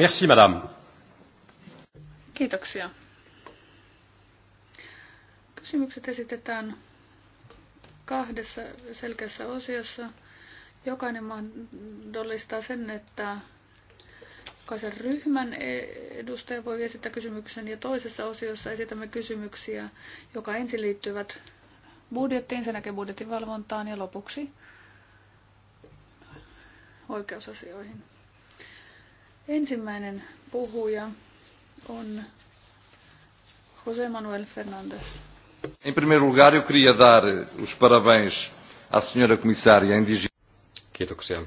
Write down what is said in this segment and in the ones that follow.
Merci, madame. Kiitoksia. Kysymykset esitetään kahdessa selkeässä osiossa. Jokainen mahdollistaa sen, että jokaisen ryhmän edustaja voi esittää kysymyksen ja toisessa osiossa esitämme kysymyksiä, joka ensin liittyvät budjettiin, sen jälkeen budjetin valvontaan ja lopuksi oikeusasioihin. Ensimmäinen puhuja on José Manuel Fernández. Em primeiro lugar, eu queria dar os parabéns à senhora comissária indígena. Kiitoksia.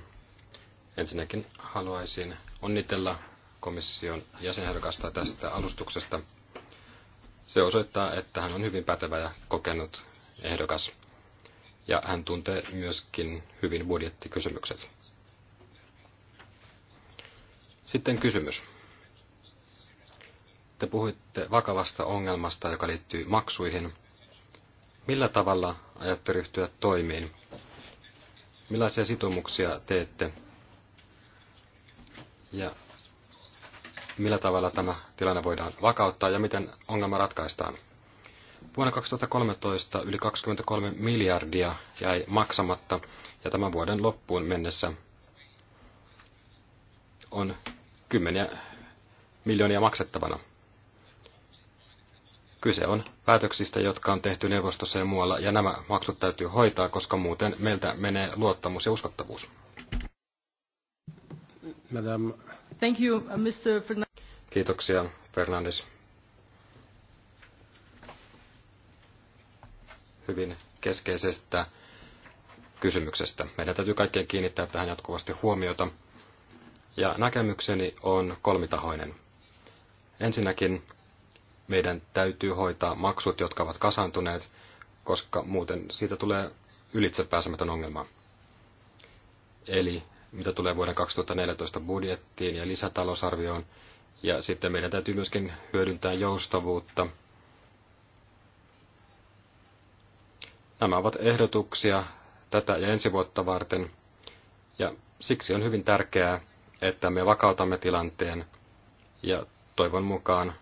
Ensinnäkin haluaisin onnitella komission jäsenherkasta tästä alustuksesta. Se osoittaa, että hän on hyvin pätevä ja kokenut ehdokas. Ja hän tuntee myöskin hyvin budjettikysymykset. Sitten kysymys. Te puhuitte vakavasta ongelmasta, joka liittyy maksuihin. Millä tavalla ajatte ryhtyä toimiin? Millaisia sitoumuksia teette? Ja millä tavalla tämä tilanne voidaan vakauttaa ja miten ongelma ratkaistaan? Vuonna 2013 yli 23 miljardia jäi maksamatta ja tämän vuoden loppuun mennessä on kymmeniä miljoonia maksettavana. Kyse on päätöksistä, jotka on tehty neuvostossa ja muualla, ja nämä maksut täytyy hoitaa, koska muuten meiltä menee luottamus ja uskottavuus. Madame. Thank you, uh, Mr. Fernandez. Kiitoksia, Fernandes. Hyvin keskeisestä kysymyksestä. Meidän täytyy kaikkien kiinnittää tähän jatkuvasti huomiota. Ja näkemykseni on kolmitahoinen. Ensinnäkin meidän täytyy hoitaa maksut, jotka ovat kasantuneet, koska muuten siitä tulee ylitsepääsemätön ongelma. Eli mitä tulee vuoden 2014 budjettiin ja lisätalousarvioon, ja sitten meidän täytyy myöskin hyödyntää joustavuutta. Nämä ovat ehdotuksia tätä ja ensi vuotta varten, ja siksi on hyvin tärkeää, että me vakautamme tilanteen ja toivon mukaan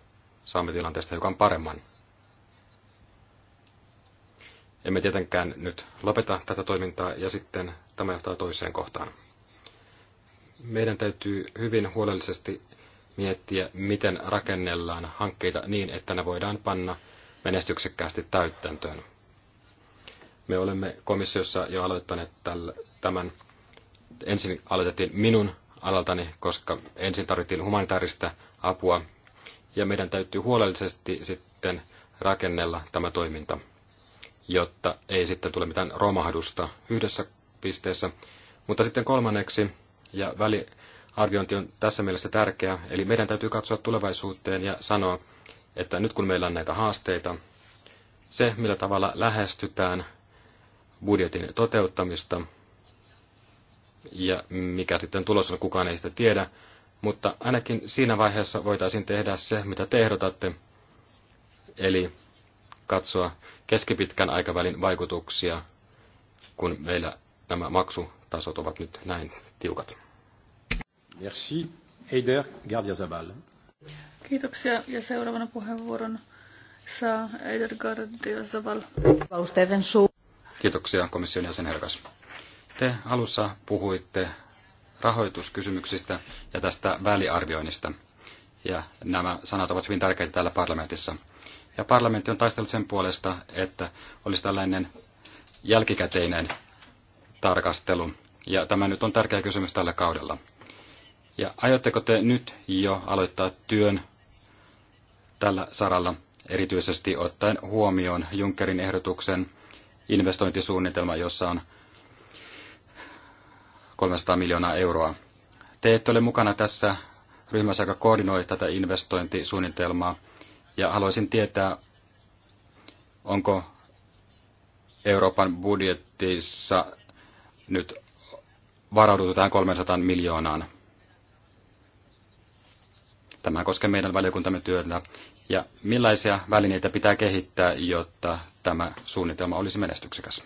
saamme tilanteesta hiukan paremman. Emme tietenkään nyt lopeta tätä toimintaa ja sitten tämä johtaa toiseen kohtaan. Meidän täytyy hyvin huolellisesti miettiä, miten rakennellaan hankkeita niin, että ne voidaan panna menestyksekkäästi täyttäntöön. Me olemme komissiossa jo aloittaneet tämän. Ensin aloitettiin minun alaltani, koska ensin tarvittiin humanitaarista apua ja meidän täytyy huolellisesti sitten rakennella tämä toiminta, jotta ei sitten tule mitään romahdusta yhdessä pisteessä. Mutta sitten kolmanneksi, ja väliarviointi on tässä mielessä tärkeä, eli meidän täytyy katsoa tulevaisuuteen ja sanoa, että nyt kun meillä on näitä haasteita, se millä tavalla lähestytään budjetin toteuttamista ja mikä sitten tulos on, kukaan ei sitä tiedä. Mutta ainakin siinä vaiheessa voitaisiin tehdä se, mitä te ehdotatte, eli katsoa keskipitkän aikavälin vaikutuksia, kun meillä nämä maksutasot ovat nyt näin tiukat. Merci. Eider Gardiazabal. Kiitoksia ja seuraavana puheenvuoron saa Eider Gardiazabal. Kiitoksia komission jäsen herkas. Te alussa puhuitte rahoituskysymyksistä ja tästä väliarvioinnista. Ja nämä sanat ovat hyvin tärkeitä täällä parlamentissa. Ja parlamentti on taistellut sen puolesta, että olisi tällainen jälkikäteinen tarkastelu. Ja tämä nyt on tärkeä kysymys tällä kaudella. Ja aiotteko te nyt jo aloittaa työn tällä saralla, erityisesti ottaen huomioon Junckerin ehdotuksen investointisuunnitelma, jossa on 300 miljoonaa euroa. Te ette ole mukana tässä ryhmässä, joka koordinoi tätä investointisuunnitelmaa, ja haluaisin tietää, onko Euroopan budjetissa nyt varauduttu tähän 300 miljoonaan. Tämä koskee meidän valiokuntamme työtä. Ja millaisia välineitä pitää kehittää, jotta tämä suunnitelma olisi menestyksekäs?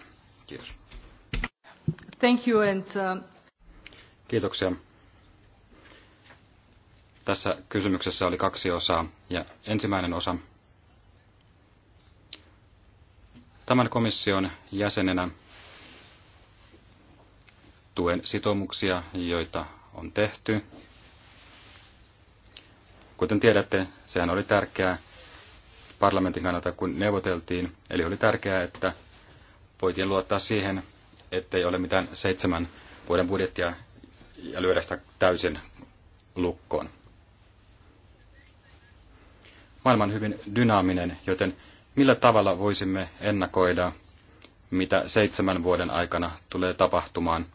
Kiitos. Thank you and, uh... Kiitoksia. Tässä kysymyksessä oli kaksi osaa, ja ensimmäinen osa. Tämän komission jäsenenä tuen sitoumuksia, joita on tehty. Kuten tiedätte, sehän oli tärkeää parlamentin kannalta, kun neuvoteltiin. Eli oli tärkeää, että voitiin luottaa siihen, ettei ole mitään seitsemän vuoden budjettia, ja lyödä sitä täysin lukkoon. Maailma on hyvin dynaaminen, joten millä tavalla voisimme ennakoida, mitä seitsemän vuoden aikana tulee tapahtumaan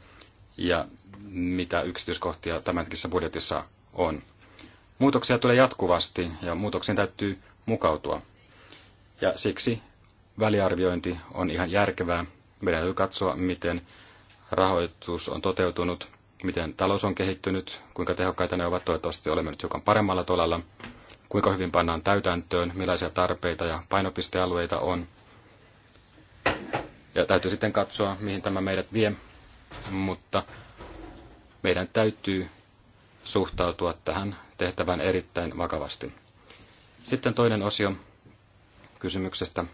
ja mitä yksityiskohtia tämänkin budjetissa on. Muutoksia tulee jatkuvasti ja muutoksiin täytyy mukautua. Ja siksi väliarviointi on ihan järkevää. Meidän täytyy katsoa, miten rahoitus on toteutunut miten talous on kehittynyt, kuinka tehokkaita ne ovat, toivottavasti olemme nyt hiukan paremmalla tolalla, kuinka hyvin pannaan täytäntöön, millaisia tarpeita ja painopistealueita on. Ja täytyy sitten katsoa, mihin tämä meidät vie, mutta meidän täytyy suhtautua tähän tehtävään erittäin vakavasti. Sitten toinen osio kysymyksestä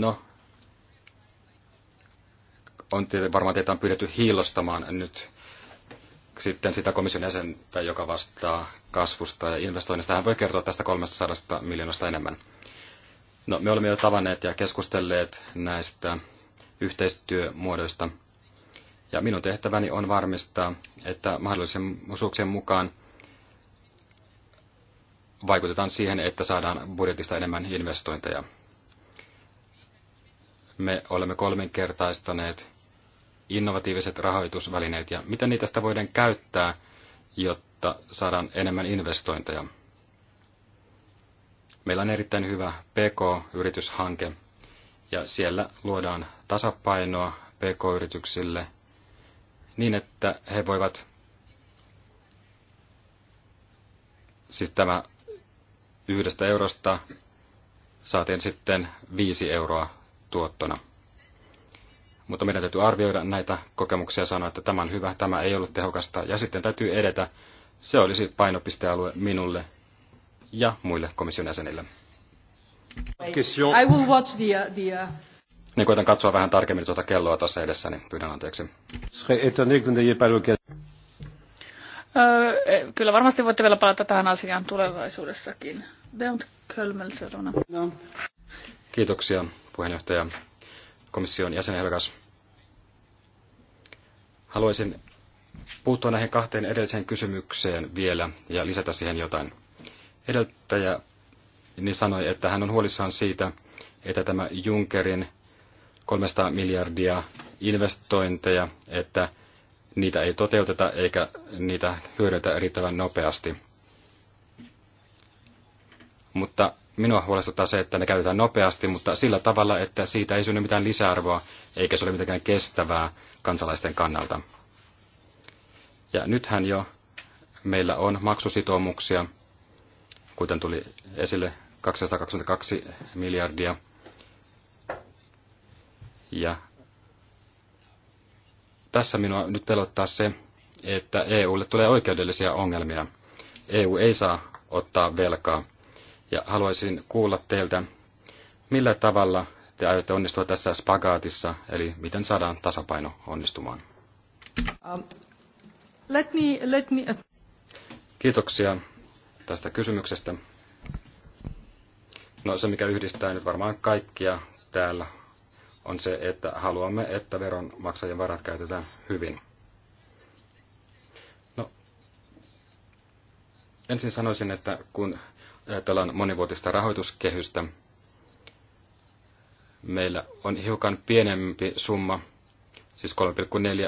No, on te, varmaan teitä on pyydetty hiilostamaan nyt sitten sitä komission jäsentä, joka vastaa kasvusta ja investoinnista. Hän voi kertoa tästä 300 miljoonasta enemmän. No, me olemme jo tavanneet ja keskustelleet näistä yhteistyömuodoista. Ja minun tehtäväni on varmistaa, että osuuksien mukaan vaikutetaan siihen, että saadaan budjetista enemmän investointeja. Me olemme kolminkertaistaneet innovatiiviset rahoitusvälineet ja miten niitä sitä voidaan käyttää, jotta saadaan enemmän investointeja. Meillä on erittäin hyvä PK-yrityshanke ja siellä luodaan tasapainoa PK-yrityksille niin, että he voivat, siis tämä yhdestä eurosta saatiin sitten viisi euroa tuottona. Mutta meidän täytyy arvioida näitä kokemuksia ja sanoa, että tämä on hyvä, tämä ei ollut tehokasta, ja sitten täytyy edetä. Se olisi painopistealue minulle ja muille komission jäsenille. I will watch the, uh, the, uh, Niin koitan katsoa vähän tarkemmin tuota kelloa tuossa edessäni, niin pyydän anteeksi. E, kyllä varmasti voitte vielä palata tähän asiaan tulevaisuudessakin. Kiitoksia puheenjohtaja, komission jäsenehdokas. Haluaisin puuttua näihin kahteen edelliseen kysymykseen vielä ja lisätä siihen jotain. Edeltäjä niin sanoi, että hän on huolissaan siitä, että tämä Junckerin 300 miljardia investointeja, että niitä ei toteuteta eikä niitä hyödyntä riittävän nopeasti. Mutta minua huolestuttaa se, että ne käytetään nopeasti, mutta sillä tavalla, että siitä ei synny mitään lisäarvoa, eikä se ole mitenkään kestävää kansalaisten kannalta. Ja nythän jo meillä on maksusitoumuksia, kuten tuli esille 222 miljardia. Ja tässä minua nyt pelottaa se, että EUlle tulee oikeudellisia ongelmia. EU ei saa ottaa velkaa ja haluaisin kuulla teiltä, millä tavalla te aiotte onnistua tässä spagaatissa, eli miten saadaan tasapaino onnistumaan? Um, let me, let me... Uh, Kiitoksia tästä kysymyksestä. No se, mikä yhdistää nyt varmaan kaikkia täällä, on se, että haluamme, että veronmaksajien varat käytetään hyvin. No, ensin sanoisin, että kun ajatellaan monivuotista rahoituskehystä, meillä on hiukan pienempi summa, siis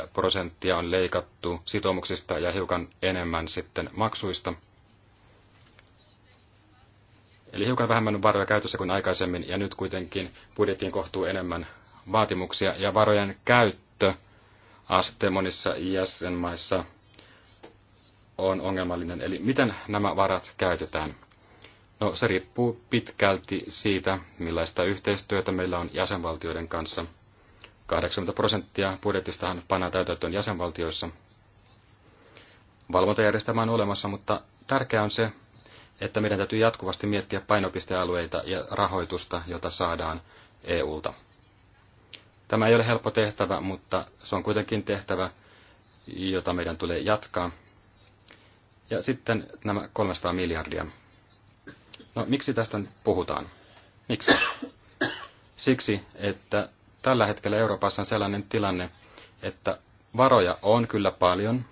3,4 prosenttia on leikattu sitoumuksista ja hiukan enemmän sitten maksuista. Eli hiukan vähemmän varoja käytössä kuin aikaisemmin, ja nyt kuitenkin budjettiin kohtuu enemmän vaatimuksia, ja varojen käyttöaste monissa jäsenmaissa on ongelmallinen. Eli miten nämä varat käytetään? No se riippuu pitkälti siitä, millaista yhteistyötä meillä on jäsenvaltioiden kanssa. 80 prosenttia budjetistahan panna täytäntöön jäsenvaltioissa. Valvontajärjestelmä on olemassa, mutta tärkeää on se, että meidän täytyy jatkuvasti miettiä painopistealueita ja rahoitusta, jota saadaan EUlta. Tämä ei ole helppo tehtävä, mutta se on kuitenkin tehtävä, jota meidän tulee jatkaa. Ja sitten nämä 300 miljardia. No miksi tästä nyt puhutaan? Miksi? Siksi, että tällä hetkellä Euroopassa on sellainen tilanne, että varoja on kyllä paljon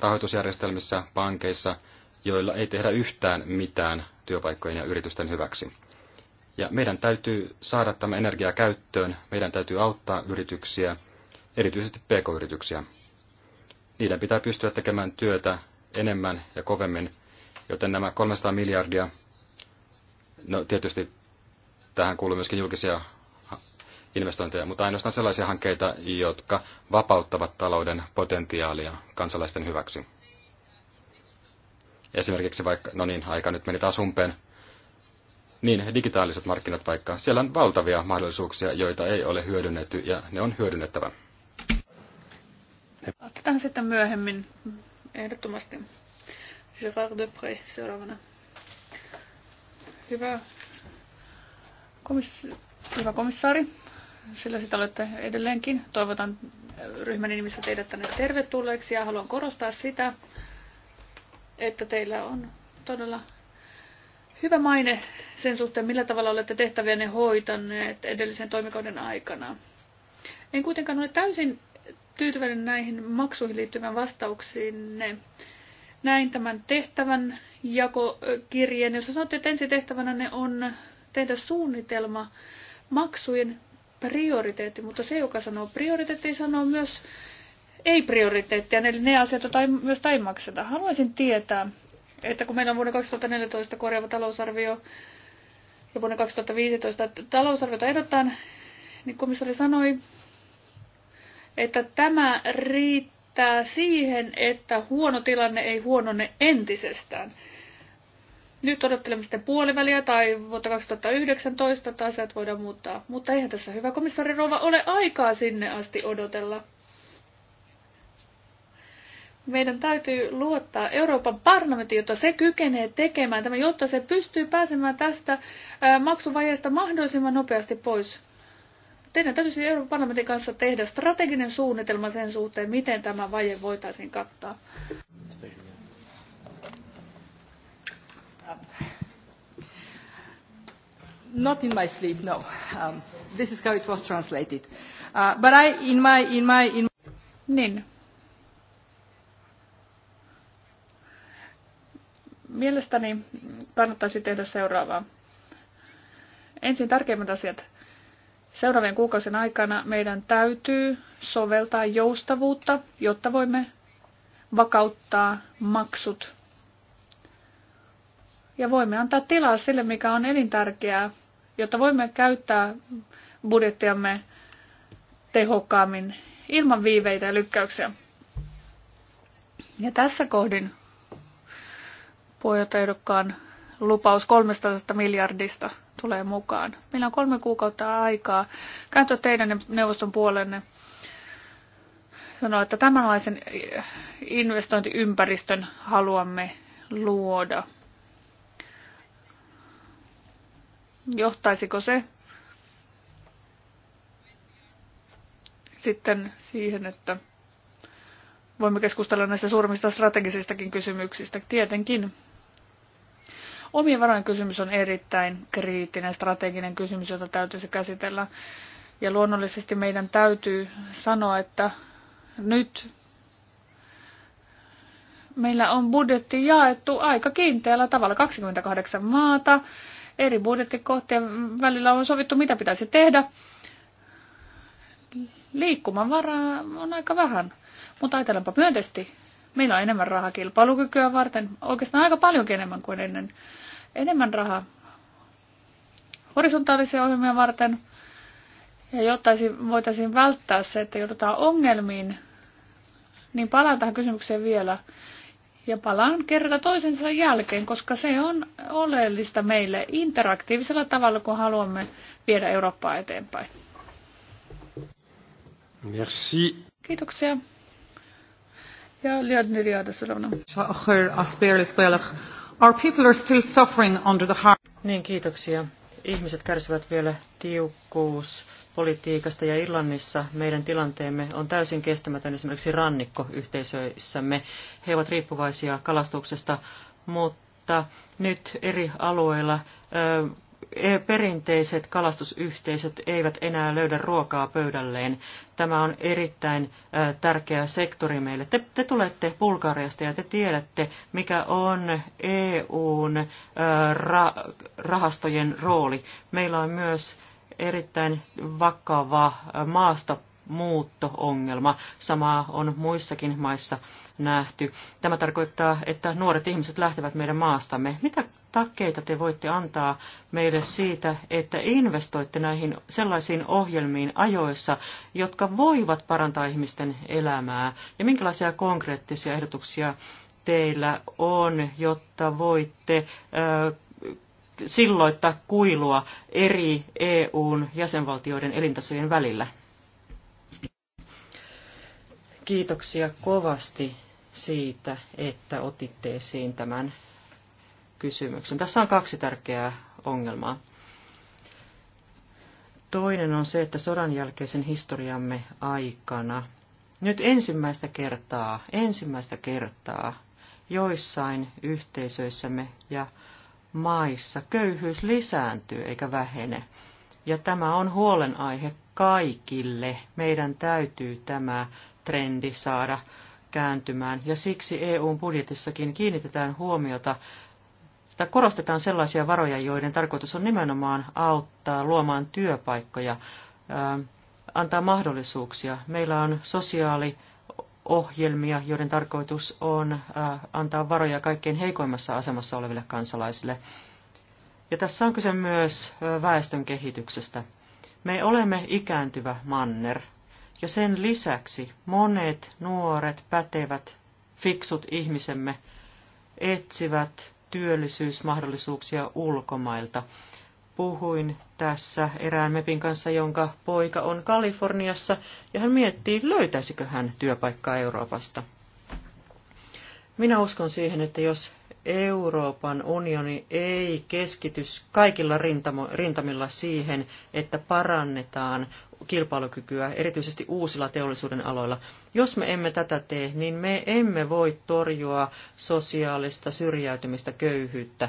rahoitusjärjestelmissä, pankeissa, joilla ei tehdä yhtään mitään työpaikkojen ja yritysten hyväksi. Ja meidän täytyy saada tämä energia käyttöön, meidän täytyy auttaa yrityksiä, erityisesti pk-yrityksiä. Niiden pitää pystyä tekemään työtä enemmän ja kovemmin, Joten nämä 300 miljardia, no tietysti tähän kuuluu myöskin julkisia investointeja, mutta ainoastaan sellaisia hankkeita, jotka vapauttavat talouden potentiaalia kansalaisten hyväksi. Esimerkiksi vaikka, no niin, aika nyt meni taas umpeen, niin digitaaliset markkinat vaikka. Siellä on valtavia mahdollisuuksia, joita ei ole hyödynnetty ja ne on hyödynnettävä. Otetaan sitten myöhemmin ehdottomasti. Gérard Depré seuraavana. Hyvä, komissi- hyvä komissaari, sillä sitä olette edelleenkin. Toivotan äh, ryhmän nimissä teidät tänne tervetulleeksi ja haluan korostaa sitä, että teillä on todella hyvä maine sen suhteen, millä tavalla olette tehtäviänne hoitaneet edellisen toimikauden aikana. En kuitenkaan ole täysin tyytyväinen näihin maksuihin liittyvän vastauksiinne näin tämän tehtävän jakokirjeen, jossa sanottiin, että ensi tehtävänä ne on tehdä suunnitelma maksujen prioriteetti, mutta se, joka sanoo prioriteetti, sanoo myös ei-prioriteettia, eli ne asiat, joita myös ei makseta. Haluaisin tietää, että kun meillä on vuonna 2014 korjaava talousarvio ja vuonna 2015 että talousarviota ehdottaa, niin komissaari sanoi, että tämä riittää tähtää siihen, että huono tilanne ei huononne entisestään. Nyt odottelemme sitten puoliväliä tai vuotta 2019, että asiat voidaan muuttaa. Mutta eihän tässä hyvä komissaari Rova ole aikaa sinne asti odotella. Meidän täytyy luottaa Euroopan parlamentti, jotta se kykenee tekemään tämä, jotta se pystyy pääsemään tästä maksuvajeesta mahdollisimman nopeasti pois. Teidän täytyisi Euroopan parlamentin kanssa tehdä strateginen suunnitelma sen suhteen, miten tämä vaje voitaisiin kattaa. Uh, not in my sleep, no. Um, this is how it was translated. Uh, but I, in my, in my, in niin. Mielestäni kannattaisi tehdä seuraavaa. Ensin tärkeimmät asiat Seuraavien kuukausien aikana meidän täytyy soveltaa joustavuutta, jotta voimme vakauttaa maksut. Ja voimme antaa tilaa sille, mikä on elintärkeää, jotta voimme käyttää budjettiamme tehokkaammin ilman viiveitä ja lykkäyksiä. Ja tässä kohdin puheenjohtajan lupaus 300 miljardista – tulee mukaan. Meillä on kolme kuukautta aikaa kääntyä teidän neuvoston puolenne sanoa, että tämänlaisen eh, investointiympäristön haluamme luoda. Johtaisiko se sitten siihen, että voimme keskustella näistä suurimmista strategisistakin kysymyksistä? Tietenkin. Omien varojen kysymys on erittäin kriittinen strateginen kysymys, jota täytyisi käsitellä. Ja luonnollisesti meidän täytyy sanoa, että nyt meillä on budjetti jaettu aika kiinteällä tavalla. 28 maata, eri budjettikohtien välillä on sovittu, mitä pitäisi tehdä. Liikkumavaraa on aika vähän. Mutta ajatellaanpa myönteisesti Meillä on enemmän rahaa kilpailukykyä varten, oikeastaan aika paljonkin enemmän kuin ennen. Enemmän rahaa horisontaalisia ohjelmia varten, ja jotta voitaisiin välttää se, että joudutaan ongelmiin, niin palaan tähän kysymykseen vielä. Ja palaan kerta toisensa jälkeen, koska se on oleellista meille interaktiivisella tavalla, kun haluamme viedä Eurooppaa eteenpäin. Merci. Kiitoksia. Ja li li għada s-salona. Xaħħer għasbir li spelħ. Our people are still suffering under the hard... Niin, kiitoksia. Ihmiset kärsivät vielä tiukkuuspolitiikasta ja Irlannissa meidän tilanteemme on täysin kestämätön esimerkiksi rannikkoyhteisöissämme. He ovat riippuvaisia kalastuksesta, mutta nyt eri alueilla E, perinteiset kalastusyhteisöt eivät enää löydä ruokaa pöydälleen. Tämä on erittäin tärkeä sektori meille. Te, te tulette Bulgariasta ja te tiedätte, mikä on EUn ra, rahastojen rooli. Meillä on myös erittäin vakava maasta muuttoongelma. Samaa on muissakin maissa nähty. Tämä tarkoittaa, että nuoret ihmiset lähtevät meidän maastamme. Mitä takkeita te voitte antaa meille siitä, että investoitte näihin sellaisiin ohjelmiin ajoissa, jotka voivat parantaa ihmisten elämää? Ja minkälaisia konkreettisia ehdotuksia teillä on, jotta voitte silloittaa kuilua eri EUn jäsenvaltioiden elintasojen välillä? Kiitoksia kovasti siitä, että otitte esiin tämän kysymyksen. Tässä on kaksi tärkeää ongelmaa. Toinen on se, että sodan jälkeisen historiamme aikana nyt ensimmäistä kertaa, ensimmäistä kertaa joissain yhteisöissämme ja maissa köyhyys lisääntyy eikä vähene. Ja tämä on huolenaihe kaikille. Meidän täytyy tämä trendi saada kääntymään. Ja siksi EUn budjetissakin kiinnitetään huomiota tai korostetaan sellaisia varoja, joiden tarkoitus on nimenomaan auttaa luomaan työpaikkoja, antaa mahdollisuuksia. Meillä on sosiaali ohjelmia, joiden tarkoitus on antaa varoja kaikkein heikoimmassa asemassa oleville kansalaisille. Ja tässä on kyse myös väestön kehityksestä. Me olemme ikääntyvä manner, ja sen lisäksi monet nuoret, pätevät, fiksut ihmisemme etsivät työllisyysmahdollisuuksia ulkomailta. Puhuin tässä erään mepin kanssa, jonka poika on Kaliforniassa, ja hän miettii, löytäisikö hän työpaikkaa Euroopasta. Minä uskon siihen, että jos Euroopan unioni ei keskity kaikilla rintamo, rintamilla siihen, että parannetaan kilpailukykyä, erityisesti uusilla teollisuuden aloilla. Jos me emme tätä tee, niin me emme voi torjua sosiaalista syrjäytymistä, köyhyyttä.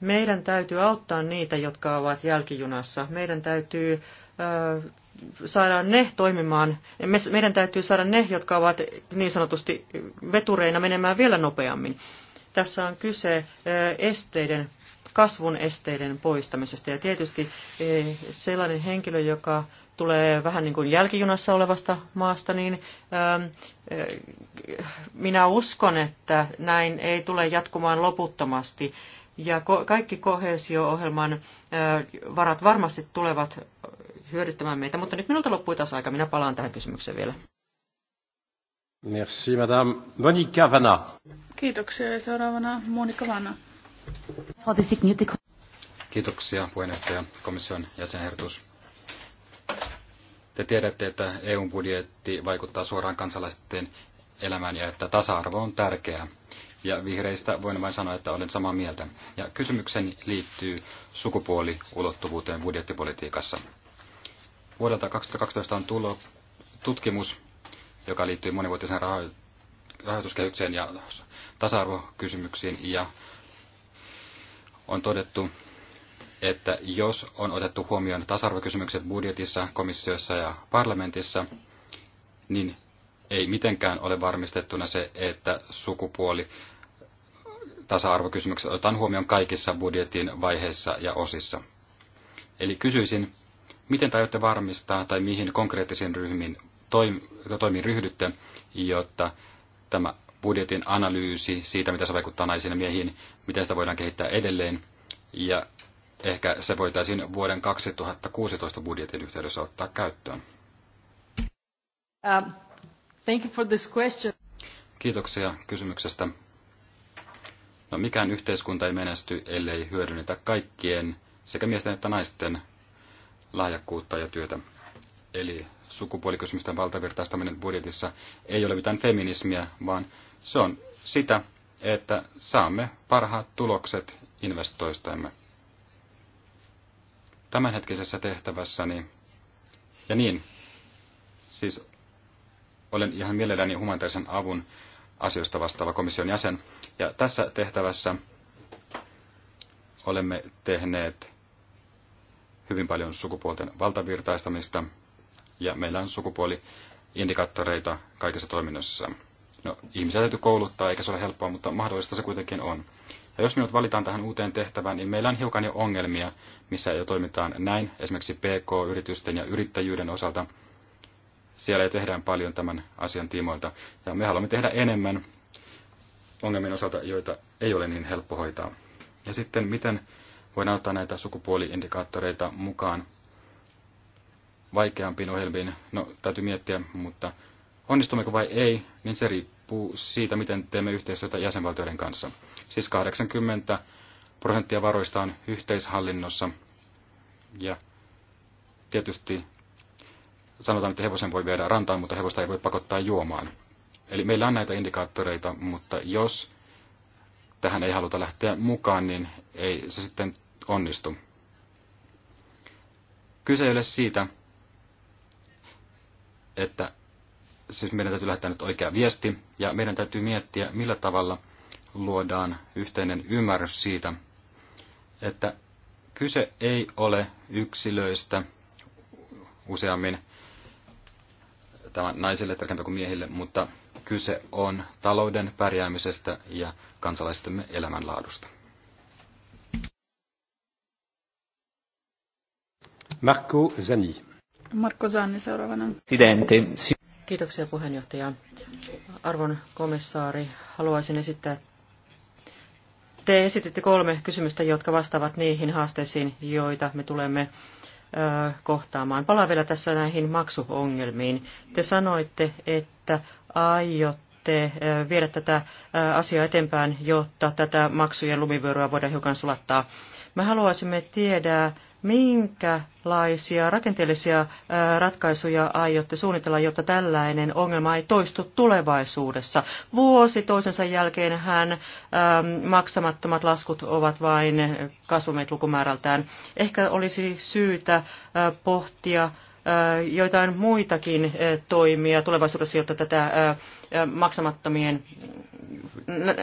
Meidän täytyy auttaa niitä, jotka ovat jälkijunassa. Meidän täytyy saada ne toimimaan, meidän täytyy saada ne, jotka ovat niin sanotusti vetureina menemään vielä nopeammin. Tässä on kyse esteiden, kasvun esteiden poistamisesta. Ja tietysti sellainen henkilö, joka tulee vähän niin kuin jälkijunassa olevasta maasta, niin minä uskon, että näin ei tule jatkumaan loputtomasti. Ja kaikki kohesio-ohjelman varat varmasti tulevat hyödyttämään meitä, mutta nyt minulta loppui taas aika. Minä palaan tähän kysymykseen vielä. Merci, madame. Monika Vana. Kiitoksia. Ja seuraavana Monika Vana. Kiitoksia, puheenjohtaja, komission jäsenehdotus. Te tiedätte, että EUn budjetti vaikuttaa suoraan kansalaisten elämään ja että tasa-arvo on tärkeää. Ja vihreistä voin vain sanoa, että olen samaa mieltä. Ja kysymykseni liittyy sukupuoliulottuvuuteen budjettipolitiikassa. Vuodelta 2012 on tulo, tutkimus, joka liittyy monivuotiseen rahoituskehykseen ja tasa-arvokysymyksiin. Ja on todettu, että jos on otettu huomioon tasa-arvokysymykset budjetissa, komissiossa ja parlamentissa, niin ei mitenkään ole varmistettuna se, että sukupuoli tasa-arvokysymykset otetaan huomioon kaikissa budjetin vaiheissa ja osissa. Eli kysyisin, Miten te aiotte varmistaa tai mihin konkreettisiin ryhmiin toimiin ryhdytte, jotta tämä budjetin analyysi siitä, mitä se vaikuttaa naisiin ja miehiin, miten sitä voidaan kehittää edelleen, ja ehkä se voitaisiin vuoden 2016 budjetin yhteydessä ottaa käyttöön. Uh, thank you for this question. Kiitoksia kysymyksestä. No, mikään yhteiskunta ei menesty, ellei hyödynnetä kaikkien sekä miesten että naisten lahjakkuutta ja työtä. Eli sukupuolikysymysten valtavirtaistaminen budjetissa ei ole mitään feminismiä, vaan se on sitä, että saamme parhaat tulokset investoistamme. Tämänhetkisessä tehtävässäni, ja niin, siis olen ihan mielelläni humanitaarisen avun asioista vastaava komission jäsen, ja tässä tehtävässä olemme tehneet hyvin paljon sukupuolten valtavirtaistamista ja meillä on sukupuoliindikaattoreita kaikessa toiminnassa. No, ihmisiä täytyy kouluttaa, eikä se ole helppoa, mutta mahdollista se kuitenkin on. Ja jos minut valitaan tähän uuteen tehtävään, niin meillä on hiukan jo ongelmia, missä jo toimitaan näin, esimerkiksi PK-yritysten ja yrittäjyyden osalta. Siellä jo tehdään paljon tämän asian tiimoilta, ja me haluamme tehdä enemmän ongelmien osalta, joita ei ole niin helppo hoitaa. Ja sitten, miten voidaan ottaa näitä sukupuoliindikaattoreita mukaan vaikeampiin ohjelmiin. No, täytyy miettiä, mutta onnistummeko vai ei, niin se riippuu siitä, miten teemme yhteistyötä jäsenvaltioiden kanssa. Siis 80 prosenttia varoista on yhteishallinnossa. Ja tietysti sanotaan, että hevosen voi viedä rantaan, mutta hevosta ei voi pakottaa juomaan. Eli meillä on näitä indikaattoreita, mutta jos tähän ei haluta lähteä mukaan, niin ei se sitten onnistu. Kyse ei ole siitä, että siis meidän täytyy lähettää nyt oikea viesti, ja meidän täytyy miettiä, millä tavalla luodaan yhteinen ymmärrys siitä, että kyse ei ole yksilöistä useammin tämän naisille tärkeämpää kuin miehille, mutta Kyse on talouden pärjäämisestä ja kansalaistemme elämänlaadusta. Marco Zani. Marco Zani, seuraavana. Sidente. Kiitoksia puheenjohtaja. Arvon komissaari, haluaisin esittää te esititte kolme kysymystä, jotka vastaavat niihin haasteisiin, joita me tulemme ö, kohtaamaan. Palaan vielä tässä näihin maksuongelmiin. Te sanoitte, että aiotte viedä tätä asiaa eteenpäin, jotta tätä maksujen lumivyöryä voidaan hiukan sulattaa? Me haluaisimme tietää, minkälaisia rakenteellisia ratkaisuja aiotte suunnitella, jotta tällainen ongelma ei toistu tulevaisuudessa. Vuosi toisensa jälkeen hän maksamattomat laskut ovat vain kasvumeet lukumäärältään. Ehkä olisi syytä pohtia joitain muitakin toimia tulevaisuudessa, jotta tätä maksamattomien,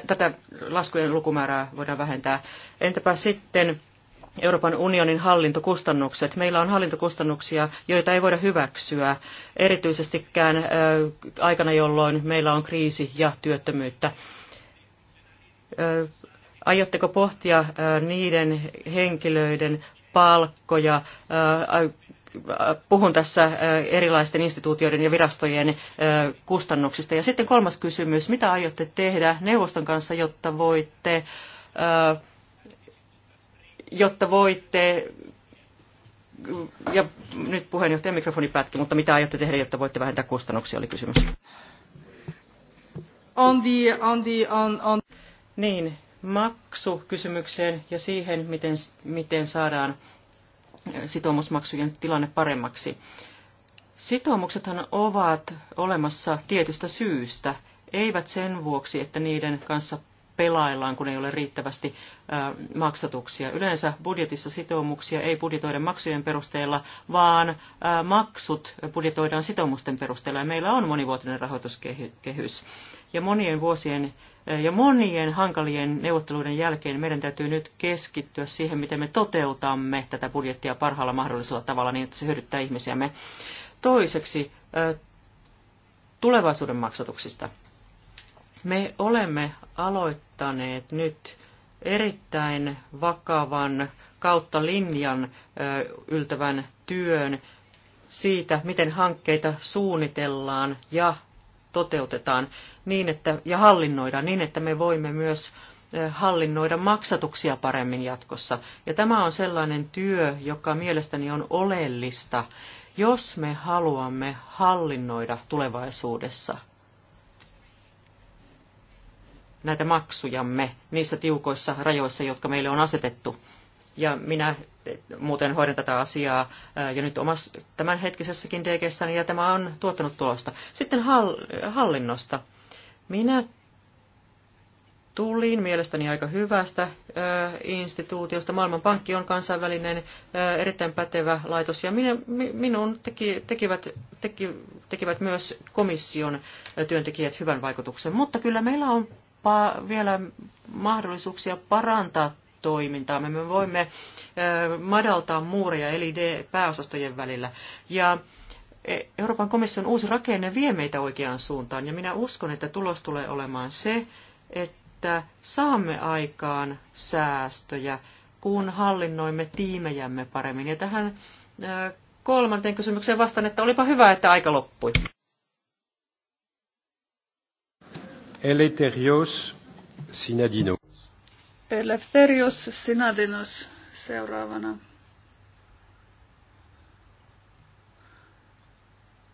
tätä laskujen lukumäärää voidaan vähentää. Entäpä sitten Euroopan unionin hallintokustannukset. Meillä on hallintokustannuksia, joita ei voida hyväksyä, erityisestikään aikana, jolloin meillä on kriisi ja työttömyyttä. Aiotteko pohtia niiden henkilöiden palkkoja, puhun tässä äh, erilaisten instituutioiden ja virastojen äh, kustannuksista. Ja sitten kolmas kysymys, mitä aiotte tehdä neuvoston kanssa, jotta voitte, äh, jotta voitte ja nyt puheenjohtajan mikrofoni pätki, mutta mitä aiotte tehdä, jotta voitte vähentää kustannuksia, oli kysymys. On the, on the, on, on. Niin, maksukysymykseen ja siihen, miten, miten saadaan sitoumusmaksujen tilanne paremmaksi. Sitoumuksethan ovat olemassa tietystä syystä, eivät sen vuoksi, että niiden kanssa pelaillaan, kun ei ole riittävästi maksatuksia. Yleensä budjetissa sitoumuksia ei budjetoida maksujen perusteella, vaan maksut budjetoidaan sitoumusten perusteella. Ja meillä on monivuotinen rahoituskehys. Ja monien vuosien ja monien hankalien neuvotteluiden jälkeen meidän täytyy nyt keskittyä siihen, miten me toteutamme tätä budjettia parhaalla mahdollisella tavalla niin, että se hyödyttää ihmisiämme. Toiseksi tulevaisuuden maksatuksista. Me olemme aloittaneet nyt erittäin vakavan kautta linjan yltävän työn siitä, miten hankkeita suunnitellaan ja toteutetaan niin, että, ja hallinnoidaan niin, että me voimme myös hallinnoida maksatuksia paremmin jatkossa. Ja tämä on sellainen työ, joka mielestäni on oleellista, jos me haluamme hallinnoida tulevaisuudessa näitä maksujamme niissä tiukoissa rajoissa, jotka meille on asetettu. Ja minä muuten hoidan tätä asiaa jo nyt omassa tämänhetkisessäkin dg ja tämä on tuottanut tulosta. Sitten hallinnosta. Minä tulin mielestäni aika hyvästä ö, instituutiosta. Maailmanpankki on kansainvälinen ö, erittäin pätevä laitos ja minä, minun teki, tekivät, teki, tekivät myös komission työntekijät hyvän vaikutuksen. Mutta kyllä meillä on pa- vielä mahdollisuuksia parantaa toimintaa. Me voimme madaltaa muureja eli pääosastojen välillä. Ja e, Euroopan komission uusi rakenne vie meitä oikeaan suuntaan ja minä uskon, että tulos tulee olemaan se, että saamme aikaan säästöjä, kun hallinnoimme tiimejämme paremmin. Ja tähän kolmanteen kysymykseen vastaan, että olipa hyvä, että aika loppui. Eleterios Sinadinos. Eleftherios Sinadinos seuraavana.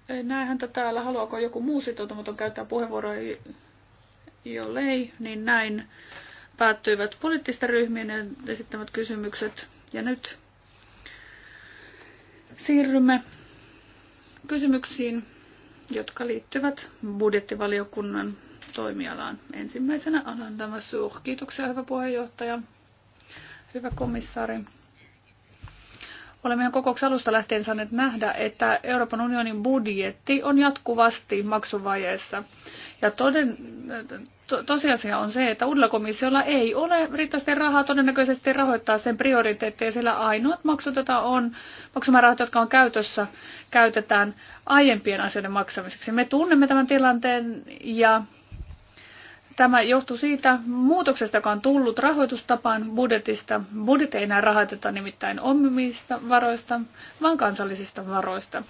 Ei näe häntä täällä. Haluaako joku muu sitoutumaton käyttää puheenvuoroa? Jollei, niin näin päättyivät poliittisten ryhmien esittämät kysymykset. Ja nyt siirrymme kysymyksiin, jotka liittyvät budjettivaliokunnan toimialaan. Ensimmäisenä Alain Damassur. Kiitoksia, hyvä puheenjohtaja. Hyvä komissaari. Olemme kokouksen alusta lähtien saaneet nähdä, että Euroopan unionin budjetti on jatkuvasti maksuvajeessa. Ja toden, to, tosiasia on se, että uudella komissiolla ei ole riittävästi rahaa todennäköisesti rahoittaa sen prioriteetteja, sillä ainoat maksut, joita on, maksumäärät, jotka on käytössä, käytetään aiempien asioiden maksamiseksi. Me tunnemme tämän tilanteen ja Tämä johtuu siitä muutoksesta, joka on tullut rahoitustapaan budjetista. Budjet ei enää rahoiteta nimittäin omista varoista, vaan kansallisista varoista.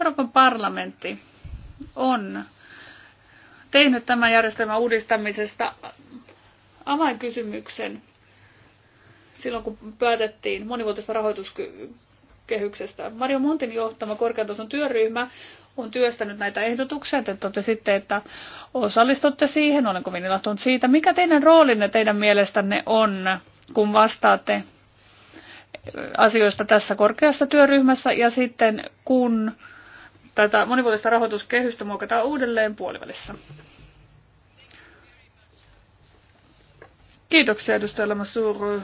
Euroopan parlamentti on tehnyt tämän järjestelmän uudistamisesta avainkysymyksen silloin, kun päätettiin monivuotisesta rahoituskehyksestä. Mario Montin johtama korkeatason työryhmä on työstänyt näitä ehdotuksia. Te totesitte, että osallistutte siihen. Olen kovin ilahtunut siitä. Mikä teidän roolinne teidän mielestänne on, kun vastaatte eh, asioista tässä korkeassa työryhmässä ja sitten kun tätä monivuotista rahoituskehystä muokataan uudelleen puolivälissä? Kiitoksia edustaja Lamassuru.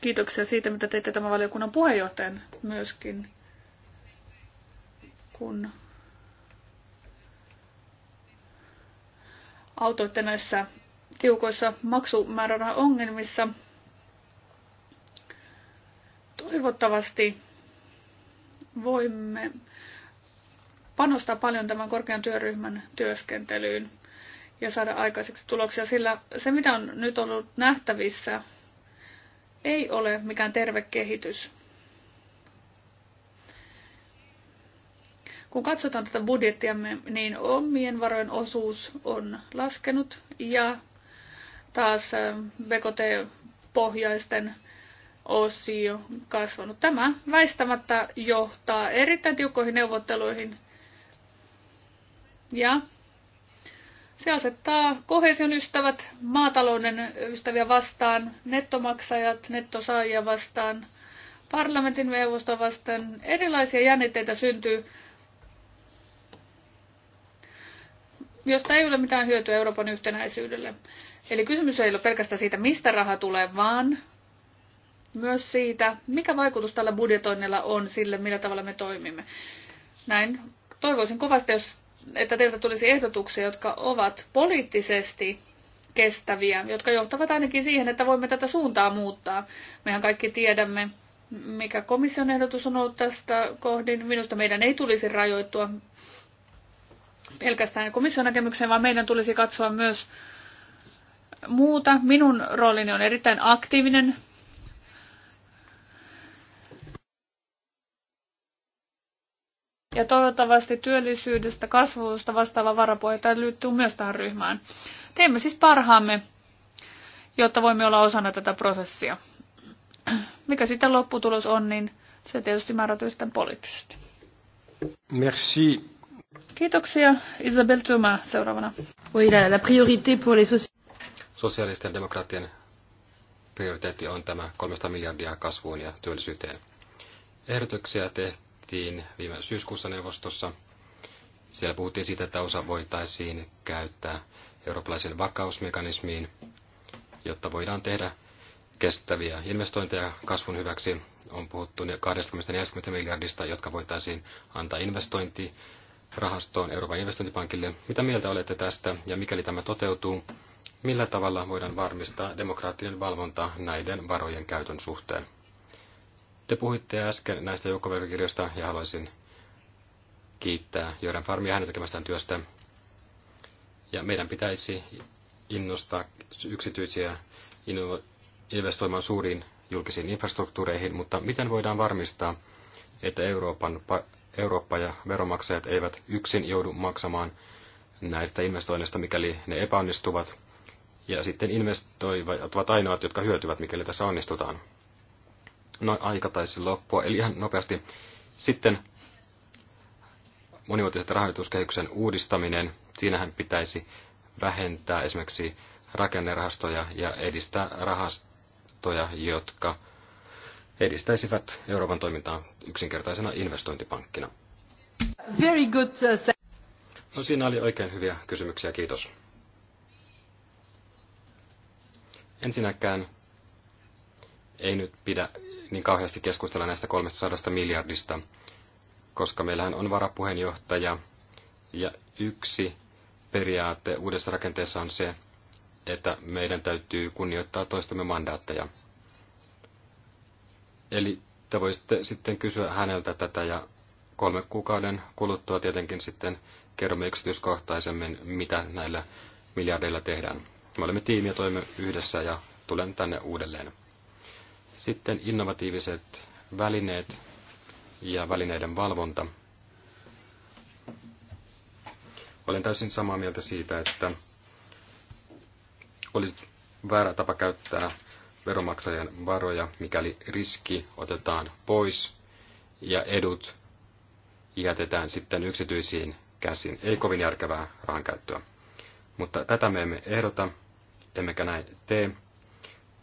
Kiitoksia siitä, mitä teitte tämän valiokunnan puheenjohtajan myöskin kun autoitte näissä tiukoissa ongelmissa Toivottavasti voimme panostaa paljon tämän korkean työryhmän työskentelyyn ja saada aikaiseksi tuloksia, sillä se mitä on nyt ollut nähtävissä ei ole mikään terve kehitys. Kun katsotaan tätä budjettiamme, niin omien varojen osuus on laskenut ja taas BKT-pohjaisten osio kasvanut. Tämä väistämättä johtaa erittäin tiukkoihin neuvotteluihin ja se asettaa kohesion ystävät, maatalouden ystäviä vastaan, nettomaksajat, nettosaajia vastaan, parlamentin neuvosta vastaan. Erilaisia jännitteitä syntyy josta ei ole mitään hyötyä Euroopan yhtenäisyydelle. Eli kysymys ei ole pelkästään siitä, mistä raha tulee, vaan myös siitä, mikä vaikutus tällä budjetoinnilla on sille, millä tavalla me toimimme. Näin toivoisin kovasti, jos, että teiltä tulisi ehdotuksia, jotka ovat poliittisesti kestäviä, jotka johtavat ainakin siihen, että voimme tätä suuntaa muuttaa. Mehän kaikki tiedämme, mikä komission ehdotus on ollut tästä kohdin. Minusta meidän ei tulisi rajoittua pelkästään komission näkemykseen, vaan meidän tulisi katsoa myös muuta. Minun roolini on erittäin aktiivinen. Ja toivottavasti työllisyydestä, kasvusta vastaava varapuheenjohtaja liittyy myös tähän ryhmään. Teemme siis parhaamme, jotta voimme olla osana tätä prosessia. Mikä sitten lopputulos on, niin se tietysti määrätyy sitten poliittisesti. Merci. Kiitoksia. Isabel Tuma seuraavana. Oui, la, la priorité pour les soci... Sosiaalisten demokraattien prioriteetti on tämä 300 miljardia kasvuun ja työllisyyteen. Ehdotuksia tehtiin viime syyskuussa neuvostossa. Siellä puhuttiin siitä, että osa voitaisiin käyttää eurooppalaisen vakausmekanismiin, jotta voidaan tehdä kestäviä investointeja kasvun hyväksi. On puhuttu 20-40 miljardista, jotka voitaisiin antaa investointi rahastoon Euroopan investointipankille. Mitä mieltä olette tästä ja mikäli tämä toteutuu, millä tavalla voidaan varmistaa demokraattinen valvonta näiden varojen käytön suhteen? Te puhuitte äsken näistä joukkovelkakirjoista ja haluaisin kiittää Jörän Farmia hänen tekemästään työstä. Ja meidän pitäisi innostaa yksityisiä investoimaan suuriin julkisiin infrastruktuureihin, mutta miten voidaan varmistaa, että Euroopan Eurooppa ja veromaksajat eivät yksin joudu maksamaan näistä investoinneista, mikäli ne epäonnistuvat. Ja sitten investoivat ovat ainoat, jotka hyötyvät, mikäli tässä onnistutaan. No, aika taisi loppua. Eli ihan nopeasti. Sitten monivuotisen rahoituskehyksen uudistaminen. Siinähän pitäisi vähentää esimerkiksi rakennerahastoja ja edistää rahastoja, jotka edistäisivät Euroopan toimintaa yksinkertaisena investointipankkina. Very good, uh, no, siinä oli oikein hyviä kysymyksiä, kiitos. Ensinnäkään ei nyt pidä niin kauheasti keskustella näistä 300 miljardista, koska meillähän on varapuheenjohtaja ja yksi periaate uudessa rakenteessa on se, että meidän täytyy kunnioittaa toistamme mandaatteja. Eli te voisitte sitten kysyä häneltä tätä ja kolme kuukauden kuluttua tietenkin sitten kerromme yksityiskohtaisemmin, mitä näillä miljardeilla tehdään. Me olemme tiimi ja toimme yhdessä ja tulen tänne uudelleen. Sitten innovatiiviset välineet ja välineiden valvonta. Olen täysin samaa mieltä siitä, että olisi väärä tapa käyttää veronmaksajien varoja, mikäli riski otetaan pois ja edut jätetään sitten yksityisiin käsiin. Ei kovin järkevää rahankäyttöä. Mutta tätä me emme ehdota, emmekä näin tee.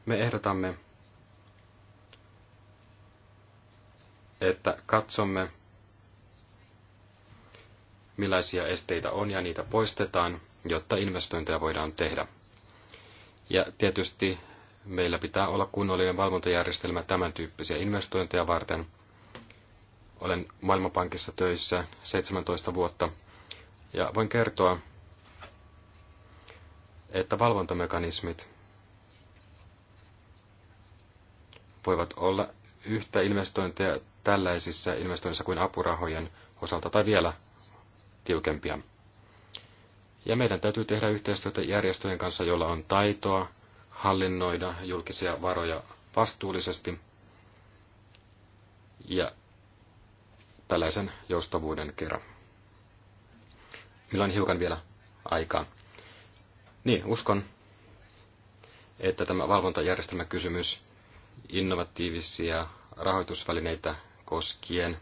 Me ehdotamme, että katsomme, millaisia esteitä on ja niitä poistetaan, jotta investointeja voidaan tehdä. Ja tietysti meillä pitää olla kunnollinen valvontajärjestelmä tämän tyyppisiä investointeja varten. Olen Maailmanpankissa töissä 17 vuotta ja voin kertoa, että valvontamekanismit voivat olla yhtä investointeja tällaisissa investoinnissa kuin apurahojen osalta tai vielä tiukempia. Ja meidän täytyy tehdä yhteistyötä järjestöjen kanssa, joilla on taitoa hallinnoida julkisia varoja vastuullisesti ja tällaisen joustavuuden kerran. Meillä on hiukan vielä aikaa. Niin, uskon, että tämä valvontajärjestelmäkysymys innovatiivisia rahoitusvälineitä koskien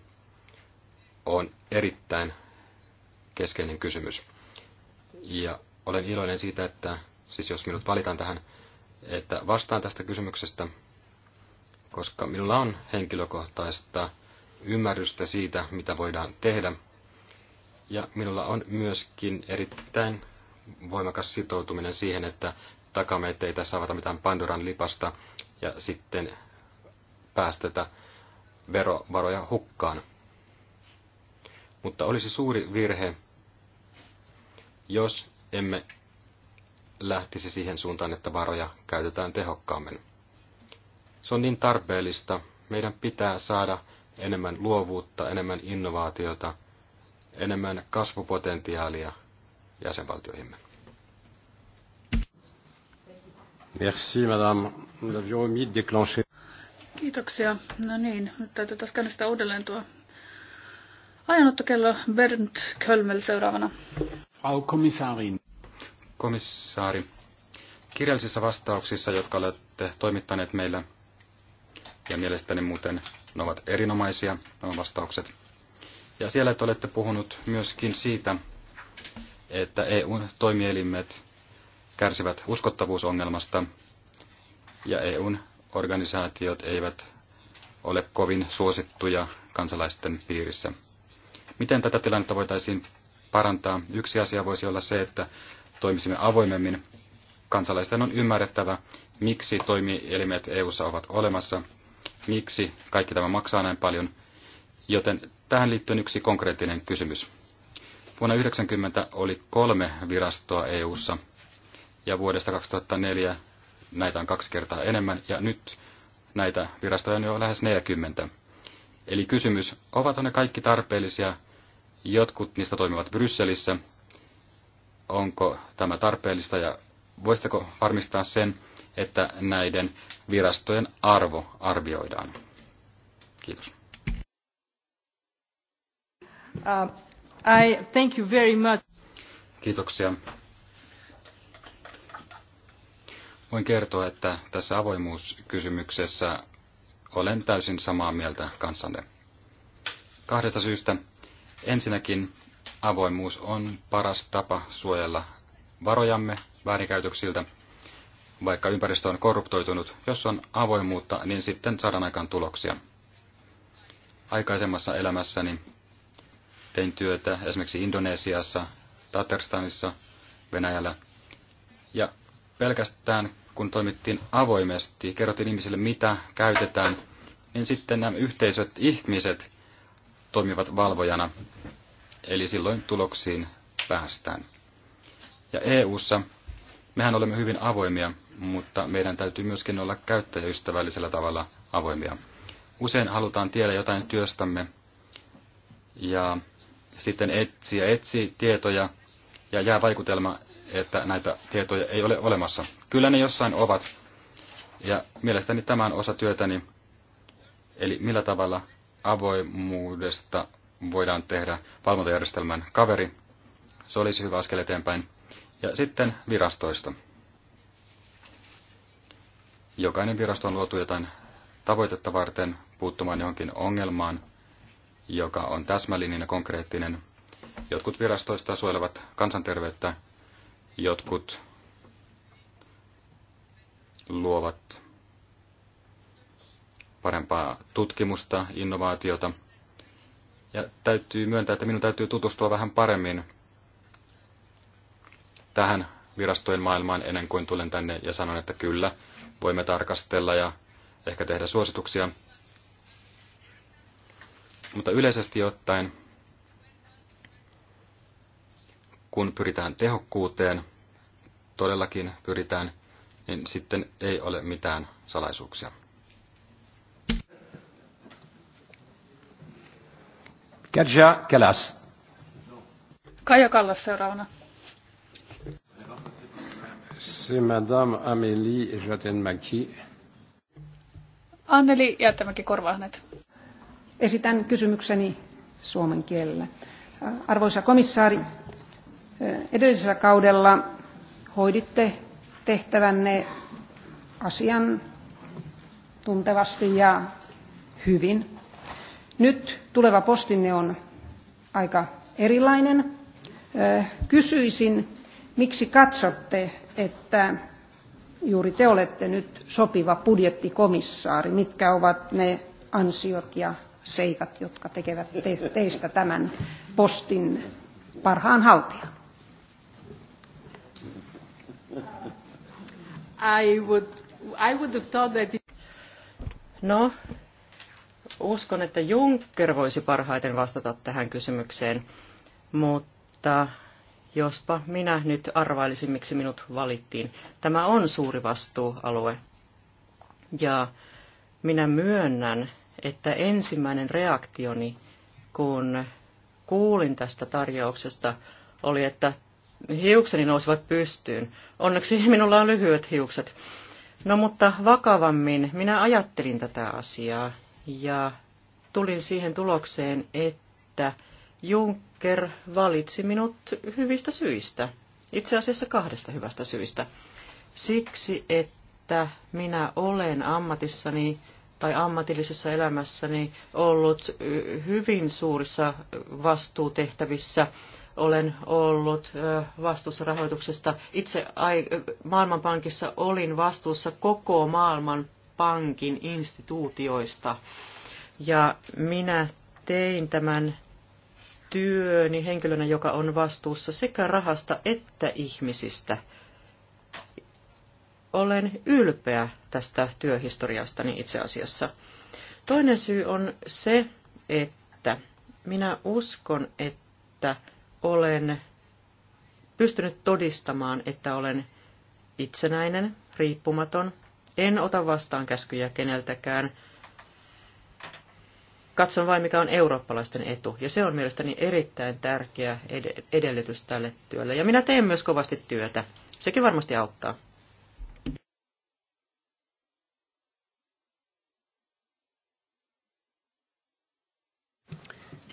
on erittäin keskeinen kysymys. Ja olen iloinen siitä, että siis jos minut valitaan tähän että vastaan tästä kysymyksestä, koska minulla on henkilökohtaista ymmärrystä siitä, mitä voidaan tehdä. Ja minulla on myöskin erittäin voimakas sitoutuminen siihen, että takamme, ettei tässä avata mitään Pandoran lipasta ja sitten päästetä verovaroja hukkaan. Mutta olisi suuri virhe, jos emme lähtisi siihen suuntaan, että varoja käytetään tehokkaammin. Se on niin tarpeellista. Meidän pitää saada enemmän luovuutta, enemmän innovaatiota, enemmän kasvupotentiaalia jäsenvaltioihimme. Merci, madame. Kiitoksia. No niin, nyt täytyy taas käynnistää uudelleen tuo ajanottokello Bernd Kölmel seuraavana. Frau Kommissarin komissaari, kirjallisissa vastauksissa, jotka olette toimittaneet meillä, ja mielestäni muuten ne ovat erinomaisia, nämä vastaukset. Ja siellä te olette puhunut myöskin siitä, että EUn toimielimet kärsivät uskottavuusongelmasta ja EUn organisaatiot eivät ole kovin suosittuja kansalaisten piirissä. Miten tätä tilannetta voitaisiin parantaa? Yksi asia voisi olla se, että toimisimme avoimemmin. Kansalaisten on ymmärrettävä, miksi toimielimet EU:ssa ovat olemassa, miksi kaikki tämä maksaa näin paljon, joten tähän liittyy yksi konkreettinen kysymys. Vuonna 1990 oli kolme virastoa EU:ssa ja vuodesta 2004 näitä on kaksi kertaa enemmän ja nyt näitä virastoja on jo lähes 40. Eli kysymys, ovat ne kaikki tarpeellisia? Jotkut niistä toimivat Brysselissä, onko tämä tarpeellista ja voisitteko varmistaa sen, että näiden virastojen arvo arvioidaan? Kiitos. Uh, I thank you very much. Kiitoksia. Voin kertoa, että tässä avoimuuskysymyksessä olen täysin samaa mieltä kanssanne. Kahdesta syystä. Ensinnäkin avoimuus on paras tapa suojella varojamme väärinkäytöksiltä. Vaikka ympäristö on korruptoitunut, jos on avoimuutta, niin sitten saadaan aikaan tuloksia. Aikaisemmassa elämässäni tein työtä esimerkiksi Indonesiassa, Tatarstanissa, Venäjällä. Ja pelkästään kun toimittiin avoimesti, kerrottiin ihmisille mitä käytetään, niin sitten nämä yhteisöt, ihmiset toimivat valvojana. Eli silloin tuloksiin päästään. Ja EU:ssa mehän olemme hyvin avoimia, mutta meidän täytyy myöskin olla käyttäjäystävällisellä tavalla avoimia. Usein halutaan tiedä jotain työstämme ja sitten etsiä etsii tietoja ja jää vaikutelma, että näitä tietoja ei ole olemassa. Kyllä ne jossain ovat. Ja mielestäni tämä on osa työtäni, eli millä tavalla avoimuudesta voidaan tehdä valvontajärjestelmän kaveri. Se olisi hyvä askel eteenpäin. Ja sitten virastoista. Jokainen virasto on luotu jotain tavoitetta varten puuttumaan johonkin ongelmaan, joka on täsmällinen ja konkreettinen. Jotkut virastoista suojelevat kansanterveyttä, jotkut luovat parempaa tutkimusta, innovaatiota – ja täytyy myöntää, että minun täytyy tutustua vähän paremmin tähän virastojen maailmaan ennen kuin tulen tänne ja sanon, että kyllä, voimme tarkastella ja ehkä tehdä suosituksia. Mutta yleisesti ottaen, kun pyritään tehokkuuteen, todellakin pyritään, niin sitten ei ole mitään salaisuuksia. Kerja Kelas. Kaija Kallas seuraavana. Se Madame Amélie Jatenmäki. Anneli Jättämäki Korvahnet. Esitän kysymykseni suomen kielellä. Arvoisa komissaari, edellisellä kaudella hoiditte tehtävänne asian tuntevasti ja hyvin nyt tuleva postinne on aika erilainen. Kysyisin, miksi katsotte, että juuri te olette nyt sopiva budjettikomissaari. Mitkä ovat ne ansiot ja seikat, jotka tekevät teistä tämän postin parhaan haltijan? I would, I would have thought that it... No, Uskon, että Juncker voisi parhaiten vastata tähän kysymykseen, mutta jospa minä nyt arvailisin, miksi minut valittiin. Tämä on suuri vastuualue. Ja minä myönnän, että ensimmäinen reaktioni, kun kuulin tästä tarjouksesta, oli, että hiukseni nousivat pystyyn. Onneksi minulla on lyhyet hiukset. No mutta vakavammin minä ajattelin tätä asiaa ja tulin siihen tulokseen, että Juncker valitsi minut hyvistä syistä. Itse asiassa kahdesta hyvästä syistä, Siksi, että minä olen ammatissani tai ammatillisessa elämässäni ollut hyvin suurissa vastuutehtävissä. Olen ollut vastuussa rahoituksesta. Itse Maailmanpankissa olin vastuussa koko maailman pankin instituutioista. Ja minä tein tämän työni henkilönä, joka on vastuussa sekä rahasta että ihmisistä. Olen ylpeä tästä työhistoriastani itse asiassa. Toinen syy on se, että minä uskon, että olen pystynyt todistamaan, että olen itsenäinen, riippumaton, en ota vastaan käskyjä keneltäkään. Katson vain, mikä on eurooppalaisten etu, ja se on mielestäni erittäin tärkeä ed- edellytys tälle työlle. Ja minä teen myös kovasti työtä. Sekin varmasti auttaa.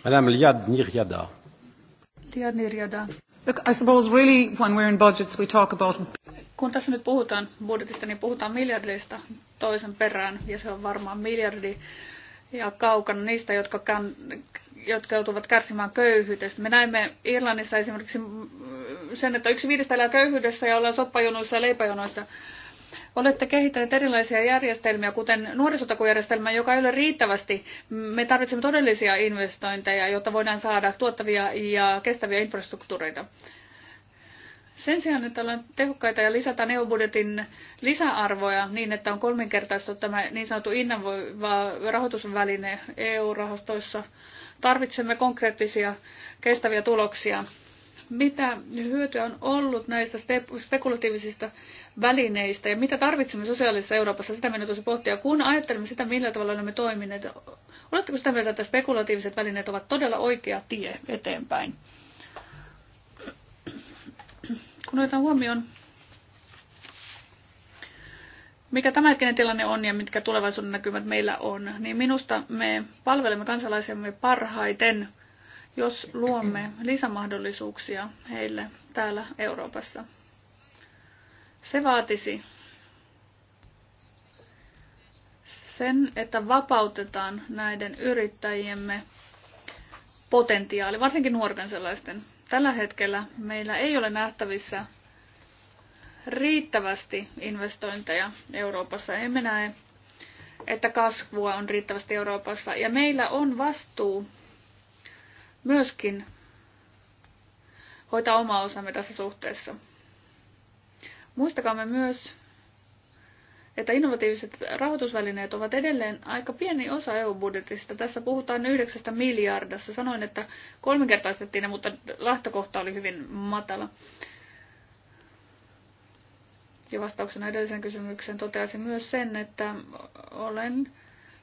Madame Liad Nirjada. Liad Nirjada. Look, I suppose really when we're in budgets we talk about kun tässä nyt puhutaan budjetista, niin puhutaan miljardista toisen perään, ja se on varmaan miljardi ja kaukana niistä, jotka, kan, jotka joutuvat kärsimään köyhyydestä. Me näemme Irlannissa esimerkiksi sen, että yksi viidestä elää köyhyydessä ja ollaan soppajonoissa ja leipäjonoissa. Olette kehittäneet erilaisia järjestelmiä, kuten nuorisotakujärjestelmä, joka ei ole riittävästi. Me tarvitsemme todellisia investointeja, jotta voidaan saada tuottavia ja kestäviä infrastruktuureita. Sen sijaan, nyt ollaan tehokkaita ja lisätään EU-budjetin lisäarvoja niin, että on kolminkertaistu tämä niin sanottu innovoiva rahoitusväline EU-rahastoissa, tarvitsemme konkreettisia kestäviä tuloksia. Mitä hyötyä on ollut näistä spekulatiivisista välineistä ja mitä tarvitsemme sosiaalisessa Euroopassa, sitä minä tosi pohtia. Kun ajattelemme sitä, millä tavalla olemme toimineet, oletteko sitä mieltä, että spekulatiiviset välineet ovat todella oikea tie eteenpäin? Kun otetaan huomioon, mikä tämänhetkinen tilanne on ja mitkä tulevaisuuden näkymät meillä on, niin minusta me palvelemme kansalaisemme parhaiten, jos luomme lisämahdollisuuksia heille täällä Euroopassa. Se vaatisi sen, että vapautetaan näiden yrittäjiemme potentiaali, varsinkin nuorten sellaisten Tällä hetkellä meillä ei ole nähtävissä riittävästi investointeja Euroopassa. Emme näe, että kasvua on riittävästi Euroopassa. Ja meillä on vastuu myöskin hoitaa oma osamme tässä suhteessa. Muistakaamme myös, että innovatiiviset rahoitusvälineet ovat edelleen aika pieni osa EU-budjetista. Tässä puhutaan 9 miljardista. Sanoin, että kolminkertaistettiin ne, mutta lähtökohta oli hyvin matala. Ja vastauksena edelliseen kysymykseen toteaisin myös sen, että olen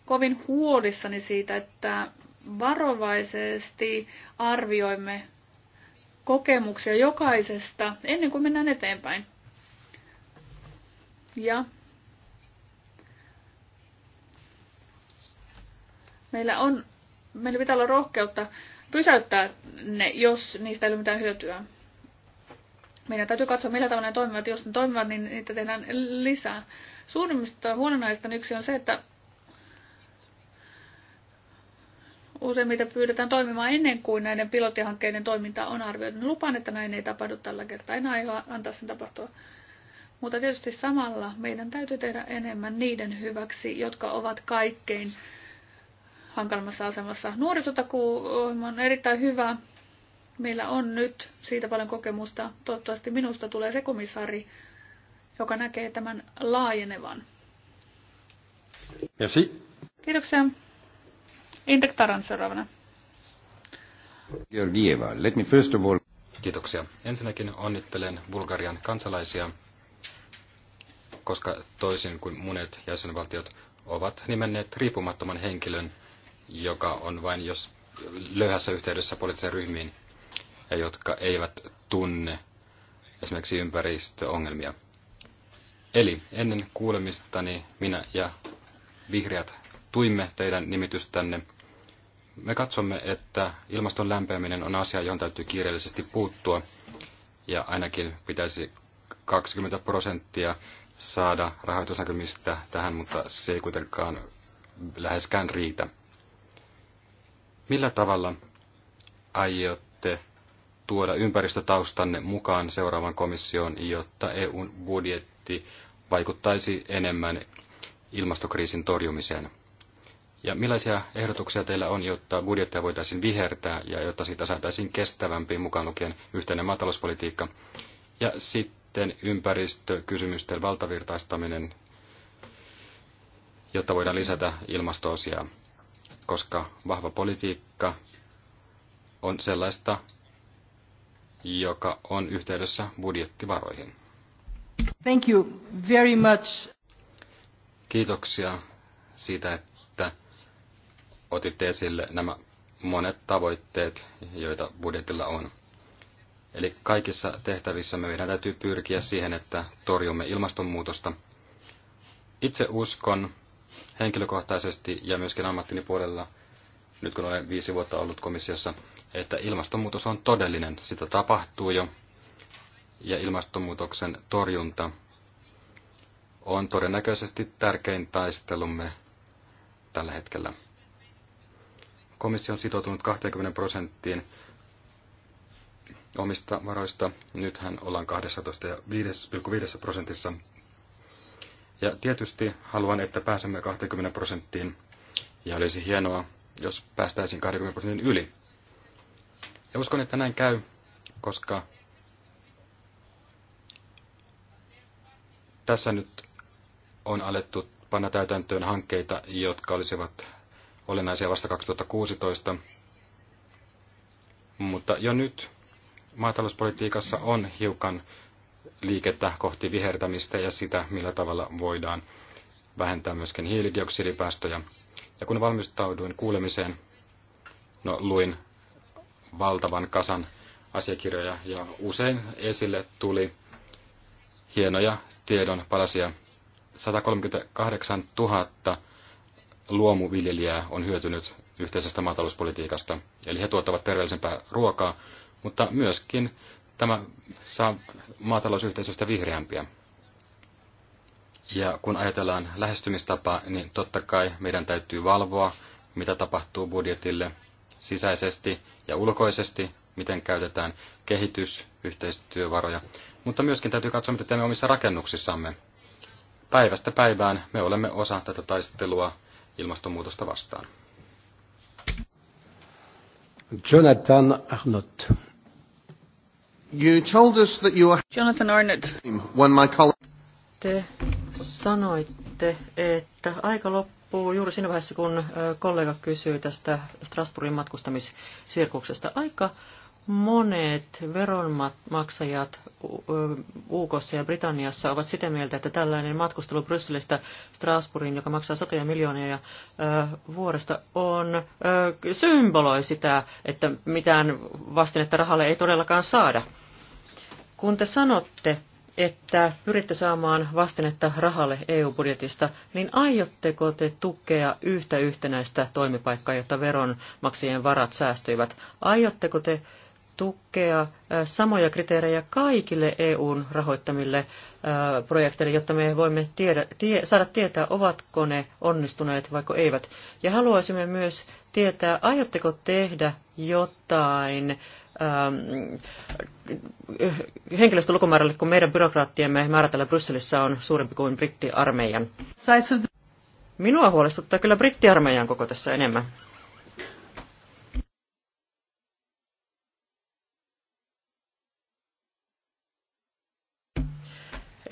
kovin huolissani siitä, että varovaisesti arvioimme kokemuksia jokaisesta ennen kuin mennään eteenpäin. Ja Meillä, on, meillä pitää olla rohkeutta pysäyttää ne, jos niistä ei ole mitään hyötyä. Meidän täytyy katsoa, millä tavalla ne toimivat. Jos ne toimivat, niin niitä tehdään lisää. Suurimmista huononaista yksi on se, että useimmiten pyydetään toimimaan ennen kuin näiden pilottihankkeiden toiminta on arvioitu. Lupaan, että näin ei tapahdu tällä kertaa. En aio antaa sen tapahtua. Mutta tietysti samalla meidän täytyy tehdä enemmän niiden hyväksi, jotka ovat kaikkein hankalammassa asemassa. Nuorisotakuu on erittäin hyvä. Meillä on nyt siitä paljon kokemusta. Toivottavasti minusta tulee se komissaari, joka näkee tämän laajenevan. Merci. Kiitoksia. Indrek Taran seuraavana. Georgieva, let me first of all... Kiitoksia. Ensinnäkin onnittelen Bulgarian kansalaisia, koska toisin kuin monet jäsenvaltiot ovat nimenneet riippumattoman henkilön, joka on vain jos löyhässä yhteydessä poliittisiin ryhmiin ja jotka eivät tunne esimerkiksi ympäristöongelmia. Eli ennen kuulemistani minä ja vihreät tuimme teidän nimitystänne. Me katsomme, että ilmaston lämpeäminen on asia, johon täytyy kiireellisesti puuttua, ja ainakin pitäisi 20 prosenttia saada rahoitusnäkymistä tähän, mutta se ei kuitenkaan läheskään riitä. Millä tavalla aiotte tuoda ympäristötaustanne mukaan seuraavan komission, jotta EUn budjetti vaikuttaisi enemmän ilmastokriisin torjumiseen? Ja millaisia ehdotuksia teillä on, jotta budjettia voitaisiin vihertää ja jotta siitä saataisiin kestävämpi mukaan lukien yhteinen maatalouspolitiikka? Ja sitten ympäristökysymysten valtavirtaistaminen, jotta voidaan lisätä ilmastoasiaa koska vahva politiikka on sellaista, joka on yhteydessä budjettivaroihin. Thank you very much. Kiitoksia siitä, että otitte esille nämä monet tavoitteet, joita budjetilla on. Eli kaikissa tehtävissä meidän täytyy pyrkiä siihen, että torjumme ilmastonmuutosta. Itse uskon, henkilökohtaisesti ja myöskin ammattini puolella, nyt kun olen viisi vuotta ollut komissiossa, että ilmastonmuutos on todellinen. Sitä tapahtuu jo. Ja ilmastonmuutoksen torjunta on todennäköisesti tärkein taistelumme tällä hetkellä. Komissio on sitoutunut 20 prosenttiin omista varoista. Nythän ollaan 12,5 prosentissa ja tietysti haluan, että pääsemme 20 prosenttiin, ja olisi hienoa, jos päästäisiin 20 prosentin yli. Ja uskon, että näin käy, koska tässä nyt on alettu panna täytäntöön hankkeita, jotka olisivat olennaisia vasta 2016. Mutta jo nyt maatalouspolitiikassa on hiukan liikettä kohti vihertämistä ja sitä, millä tavalla voidaan vähentää myöskin hiilidioksidipäästöjä. Ja kun valmistauduin kuulemiseen, no, luin valtavan kasan asiakirjoja ja usein esille tuli hienoja tiedon palasia. 138 000 luomuviljelijää on hyötynyt yhteisestä maatalouspolitiikasta. Eli he tuottavat terveellisempää ruokaa, mutta myöskin Tämä saa maatalousyhteisöstä vihreämpiä. Ja kun ajatellaan lähestymistapaa, niin totta kai meidän täytyy valvoa, mitä tapahtuu budjetille sisäisesti ja ulkoisesti, miten käytetään kehitysyhteistyövaroja, mutta myöskin täytyy katsoa, mitä teemme omissa rakennuksissamme. Päivästä päivään me olemme osa tätä taistelua ilmastonmuutosta vastaan. Jonathan Arnott. You told us that you are... Jonathan Arnott. When my colleague... Te sanoitte, että aika loppuu juuri siinä vaiheessa, kun kollega kysyy tästä Strasbourgin matkustamissirkuksesta. Aika Monet veronmaksajat UKssa ja Britanniassa ovat sitä mieltä, että tällainen matkustelu Brysselistä Strasbourgin, joka maksaa satoja miljoonia vuodesta, on symboloi sitä, että mitään vastinetta rahalle ei todellakaan saada. Kun te sanotte, että pyritte saamaan vastinetta rahalle EU-budjetista, niin aiotteko te tukea yhtä yhtenäistä toimipaikkaa, jotta veronmaksajien varat säästyivät? Aiotteko te tukea samoja kriteerejä kaikille EUn rahoittamille projekteille, jotta me voimme tiedä, tie, saada tietää, ovatko ne onnistuneet vai eivät. Ja haluaisimme myös tietää, aiotteko tehdä jotain ähm, henkilöstölukumäärälle, kun meidän byrokraattiemme määrä täällä Brysselissä on suurempi kuin brittiarmeijan. Minua huolestuttaa kyllä brittiarmeijan koko tässä enemmän.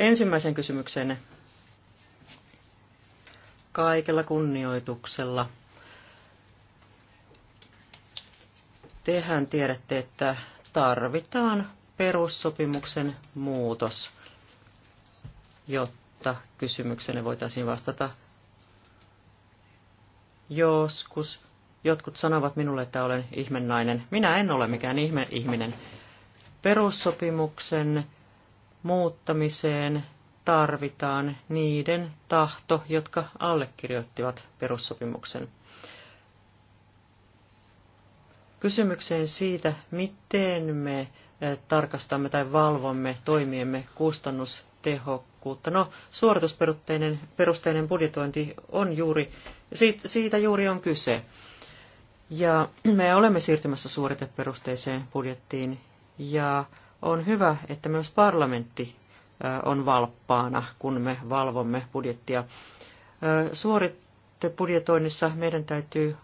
Ensimmäisen kysymyksen kaikella kunnioituksella. Tehän tiedätte, että tarvitaan perussopimuksen muutos, jotta kysymyksenne voitaisiin vastata. Joskus jotkut sanovat minulle, että olen ihmennainen. Minä en ole mikään ihme ihminen. Perussopimuksen muuttamiseen tarvitaan niiden tahto, jotka allekirjoittivat perussopimuksen. Kysymykseen siitä, miten me eh, tarkastamme tai valvomme toimiemme kustannustehokkuutta. No, suoritusperusteinen perusteinen budjetointi on juuri, siitä, siitä juuri on kyse. Ja me olemme siirtymässä suoriteperusteiseen budjettiin ja on hyvä, että myös parlamentti on valppaana, kun me valvomme budjettia. Suoritebudjetoinnissa meidän täytyy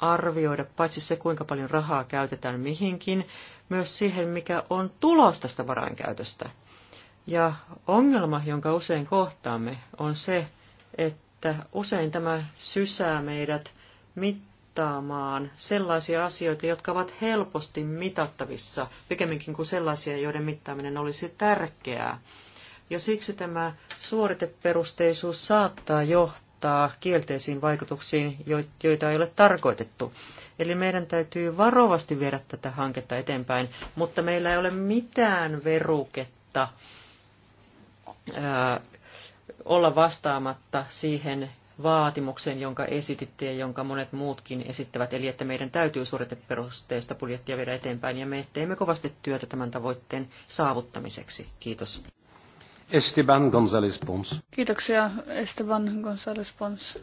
arvioida paitsi se, kuinka paljon rahaa käytetään mihinkin, myös siihen, mikä on tulos tästä varainkäytöstä. Ja ongelma, jonka usein kohtaamme, on se, että usein tämä sysää meidät mit- mittaamaan sellaisia asioita, jotka ovat helposti mitattavissa, pikemminkin kuin sellaisia, joiden mittaaminen olisi tärkeää. Ja siksi tämä suoriteperusteisuus saattaa johtaa kielteisiin vaikutuksiin, joita ei ole tarkoitettu. Eli meidän täytyy varovasti viedä tätä hanketta eteenpäin, mutta meillä ei ole mitään veruketta ää, olla vastaamatta siihen vaatimuksen, jonka esititte ja jonka monet muutkin esittävät, eli että meidän täytyy suoriteperusteista budjettia viedä eteenpäin, ja me teemme kovasti työtä tämän tavoitteen saavuttamiseksi. Kiitos. Esteban González Pons. Kiitoksia, Esteban González Pons.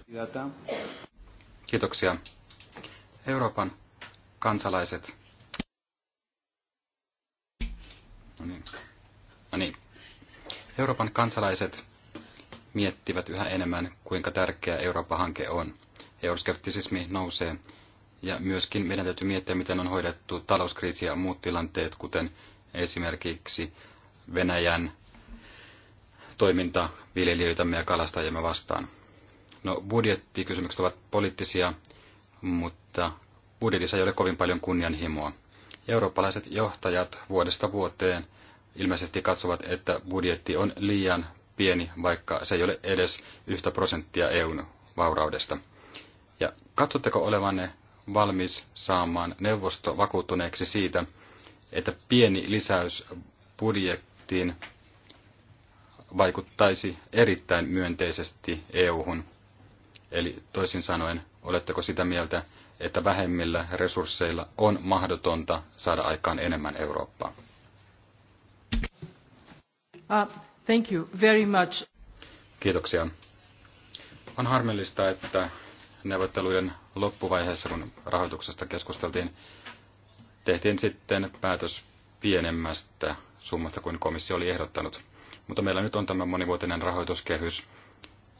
Kiitoksia. Euroopan kansalaiset. No niin. No niin. Euroopan kansalaiset miettivät yhä enemmän, kuinka tärkeä Eurooppa-hanke on. Euroskeptisismi nousee, ja myöskin meidän täytyy miettiä, miten on hoidettu talouskriisi ja muut tilanteet, kuten esimerkiksi Venäjän toiminta viljelijöitämme ja kalastajamme vastaan. No budjettikysymykset ovat poliittisia, mutta budjetissa ei ole kovin paljon kunnianhimoa. Eurooppalaiset johtajat vuodesta vuoteen ilmeisesti katsovat, että budjetti on liian pieni, vaikka se ei ole edes yhtä prosenttia EUn vauraudesta. Ja katsotteko olevanne valmis saamaan neuvosto vakuuttuneeksi siitä, että pieni lisäys budjettiin vaikuttaisi erittäin myönteisesti EU:hun, Eli toisin sanoen, oletteko sitä mieltä, että vähemmillä resursseilla on mahdotonta saada aikaan enemmän Eurooppaa? Uh, Thank you very much. Kiitoksia. On harmillista, että neuvottelujen loppuvaiheessa, kun rahoituksesta keskusteltiin, tehtiin sitten päätös pienemmästä summasta kuin komissio oli ehdottanut. Mutta meillä nyt on tämä monivuotinen rahoituskehys,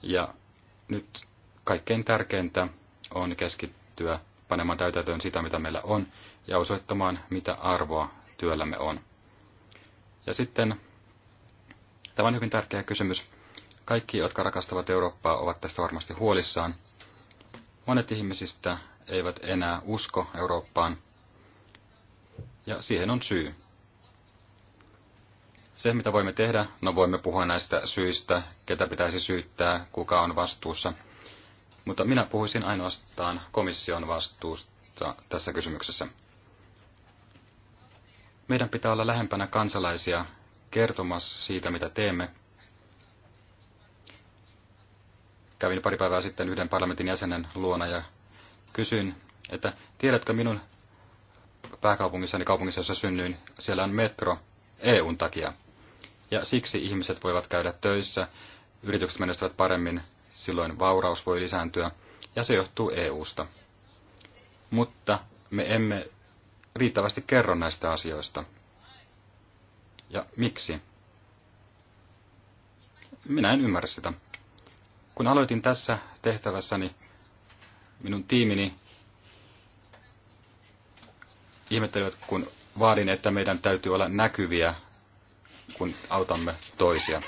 ja nyt kaikkein tärkeintä on keskittyä panemaan täytäntöön sitä, mitä meillä on, ja osoittamaan, mitä arvoa työllämme on. Ja sitten Tämä on hyvin tärkeä kysymys. Kaikki, jotka rakastavat Eurooppaa, ovat tästä varmasti huolissaan. Monet ihmisistä eivät enää usko Eurooppaan, ja siihen on syy. Se, mitä voimme tehdä, no voimme puhua näistä syistä, ketä pitäisi syyttää, kuka on vastuussa. Mutta minä puhuisin ainoastaan komission vastuusta tässä kysymyksessä. Meidän pitää olla lähempänä kansalaisia kertomassa siitä, mitä teemme. Kävin pari päivää sitten yhden parlamentin jäsenen luona ja kysyin, että tiedätkö minun pääkaupungissani, kaupungissa, jossa synnyin, siellä on metro EUn takia. Ja siksi ihmiset voivat käydä töissä, yritykset menestyvät paremmin, silloin vauraus voi lisääntyä, ja se johtuu EUsta. Mutta me emme riittävästi kerro näistä asioista. Ja miksi? Minä en ymmärrä sitä. Kun aloitin tässä tehtävässäni, minun tiimini ihmettelivät, kun vaadin, että meidän täytyy olla näkyviä, kun autamme toisia.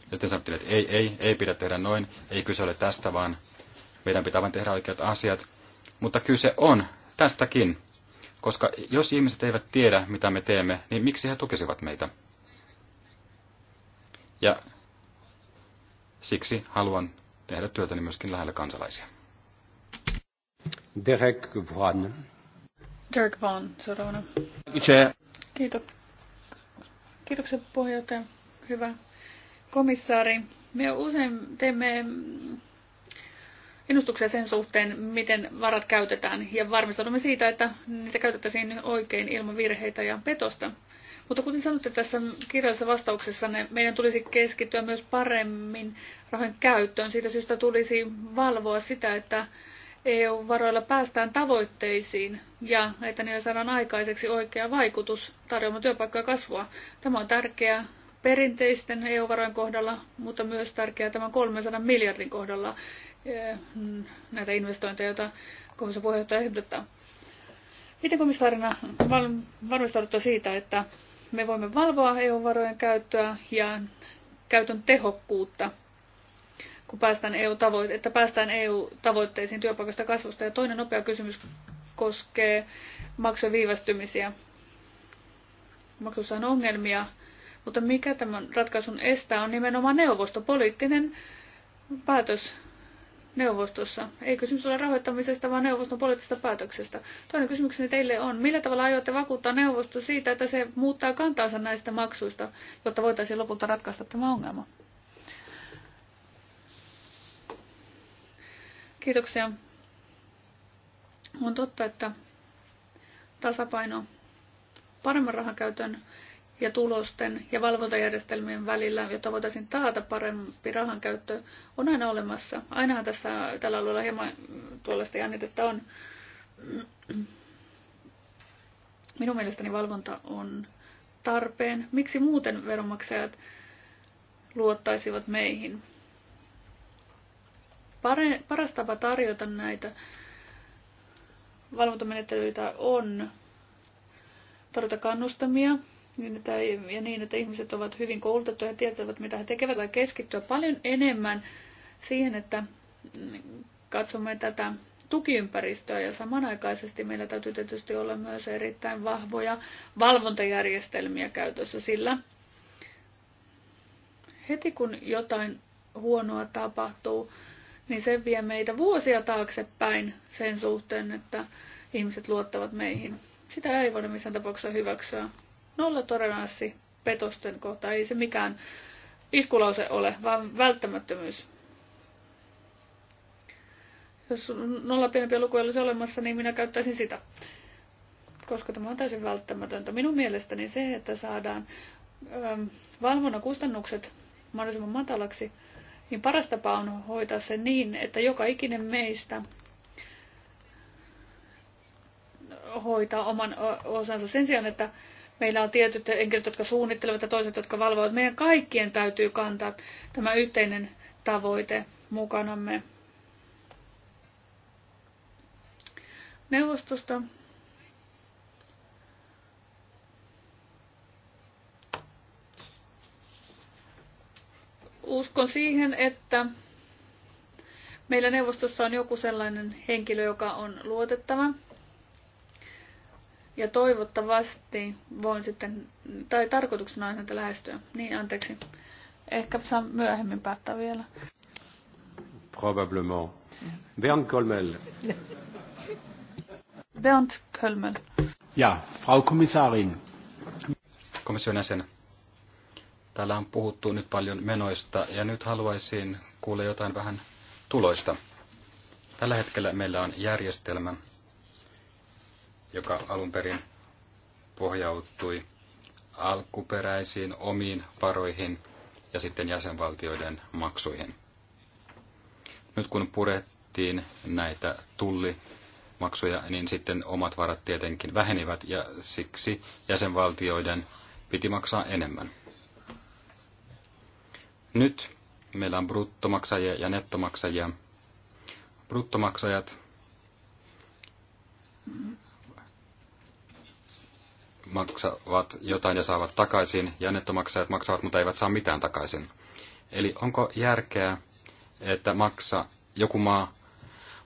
Ja sitten sanottiin, että ei, ei, ei pidä tehdä noin, ei kyse ole tästä, vaan meidän pitää vain tehdä oikeat asiat. Mutta kyse on tästäkin, koska jos ihmiset eivät tiedä, mitä me teemme, niin miksi he tukisivat meitä? Ja siksi haluan tehdä työtäni myöskin lähellä kansalaisia. Derek Vaughan. Derek Vaughan, seuraavana. Kiitos. Kiitoksia puheenjohtaja. Hyvä komissaari. Me usein teemme ennustuksia sen suhteen, miten varat käytetään ja varmistaudumme siitä, että niitä käytettäisiin oikein ilman virheitä ja petosta. Mutta kuten sanotte tässä kirjallisessa vastauksessa, meidän tulisi keskittyä myös paremmin rahojen käyttöön. Siitä syystä tulisi valvoa sitä, että EU-varoilla päästään tavoitteisiin ja että niillä saadaan aikaiseksi oikea vaikutus tarjoamaan työpaikkoja kasvua. Tämä on tärkeää perinteisten EU-varojen kohdalla, mutta myös tärkeää tämän 300 miljardin kohdalla eh, näitä investointeja, joita komission puheenjohtaja ehdottaa. Miten komissaarina varmistaudutte siitä, että me voimme valvoa EU-varojen käyttöä ja käytön tehokkuutta, kun päästään EU että päästään EU-tavoitteisiin työpaikasta kasvusta. Ja toinen nopea kysymys koskee maksujen viivästymisiä. Maksussa on ongelmia, mutta mikä tämän ratkaisun estää on nimenomaan neuvostopoliittinen päätös neuvostossa. Ei kysymys ole rahoittamisesta, vaan neuvoston poliittisesta päätöksestä. Toinen kysymykseni teille on, millä tavalla aiotte vakuuttaa neuvosto siitä, että se muuttaa kantaansa näistä maksuista, jotta voitaisiin lopulta ratkaista tämä ongelma? Kiitoksia. On totta, että tasapaino paremman rahan käytön ja tulosten ja valvontajärjestelmien välillä, jotta voitaisiin taata parempi rahankäyttö, on aina olemassa. Ainahan tässä tällä alueella hieman tuollaista jännitettä on. Minun mielestäni valvonta on tarpeen. Miksi muuten veronmaksajat luottaisivat meihin? Pare, paras tapa tarjota näitä valvontamenettelyitä on tarjota kannustamia niin että, ja niin, että ihmiset ovat hyvin koulutettuja ja tietävät, mitä he tekevät, tai keskittyä paljon enemmän siihen, että katsomme tätä tukiympäristöä ja samanaikaisesti meillä täytyy tietysti olla myös erittäin vahvoja valvontajärjestelmiä käytössä, sillä heti kun jotain huonoa tapahtuu, niin se vie meitä vuosia taaksepäin sen suhteen, että ihmiset luottavat meihin. Sitä ei voida missään tapauksessa hyväksyä. Nollatoleranssi petosten kohta ei se mikään iskulause ole, vaan välttämättömyys. Jos nolla pienempiä lukuja olisi olemassa, niin minä käyttäisin sitä. Koska tämä on täysin välttämätöntä. Minun mielestäni se, että saadaan ähm, valvonnan kustannukset mahdollisimman matalaksi, niin paras tapa on hoitaa se niin, että joka ikinen meistä hoitaa oman osansa sen sijaan, että Meillä on tietyt henkilöt, jotka suunnittelevat ja toiset, jotka valvovat. Meidän kaikkien täytyy kantaa tämä yhteinen tavoite mukanamme. Neuvostosta uskon siihen, että meillä neuvostossa on joku sellainen henkilö, joka on luotettava. Ja toivottavasti voin sitten, tai tarkoituksena on häntä lähestyä. Niin, anteeksi. Ehkä saan myöhemmin päättää vielä. Probablement. Bernd Kolmel. Bernd Kolmel. Ja, Frau Kommissarin. Komission jäsen. Täällä on puhuttu nyt paljon menoista ja nyt haluaisin kuulla jotain vähän tuloista. Tällä hetkellä meillä on järjestelmä, joka alun perin pohjautui alkuperäisiin omiin varoihin ja sitten jäsenvaltioiden maksuihin. Nyt kun purettiin näitä tullimaksuja, niin sitten omat varat tietenkin vähenivät ja siksi jäsenvaltioiden piti maksaa enemmän. Nyt meillä on bruttomaksajia ja nettomaksajia. Bruttomaksajat maksavat jotain ja saavat takaisin, ja nettomaksajat maksavat, mutta eivät saa mitään takaisin. Eli onko järkeä, että maksa, joku maa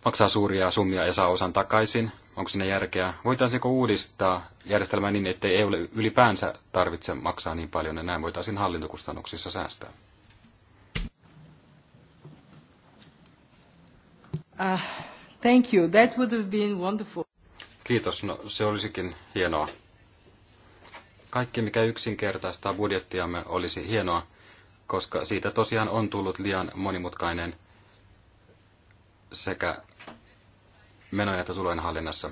maksaa suuria summia ja saa osan takaisin? Onko sinne järkeä? Voitaisiinko uudistaa järjestelmää niin, ettei EU ylipäänsä tarvitse maksaa niin paljon, ja näin voitaisiin hallintokustannuksissa säästää? Uh, thank you. That would have been wonderful. Kiitos. No, se olisikin hienoa. Kaikki, mikä yksinkertaistaa budjettiamme, olisi hienoa, koska siitä tosiaan on tullut liian monimutkainen sekä menojen että tulojen hallinnassa.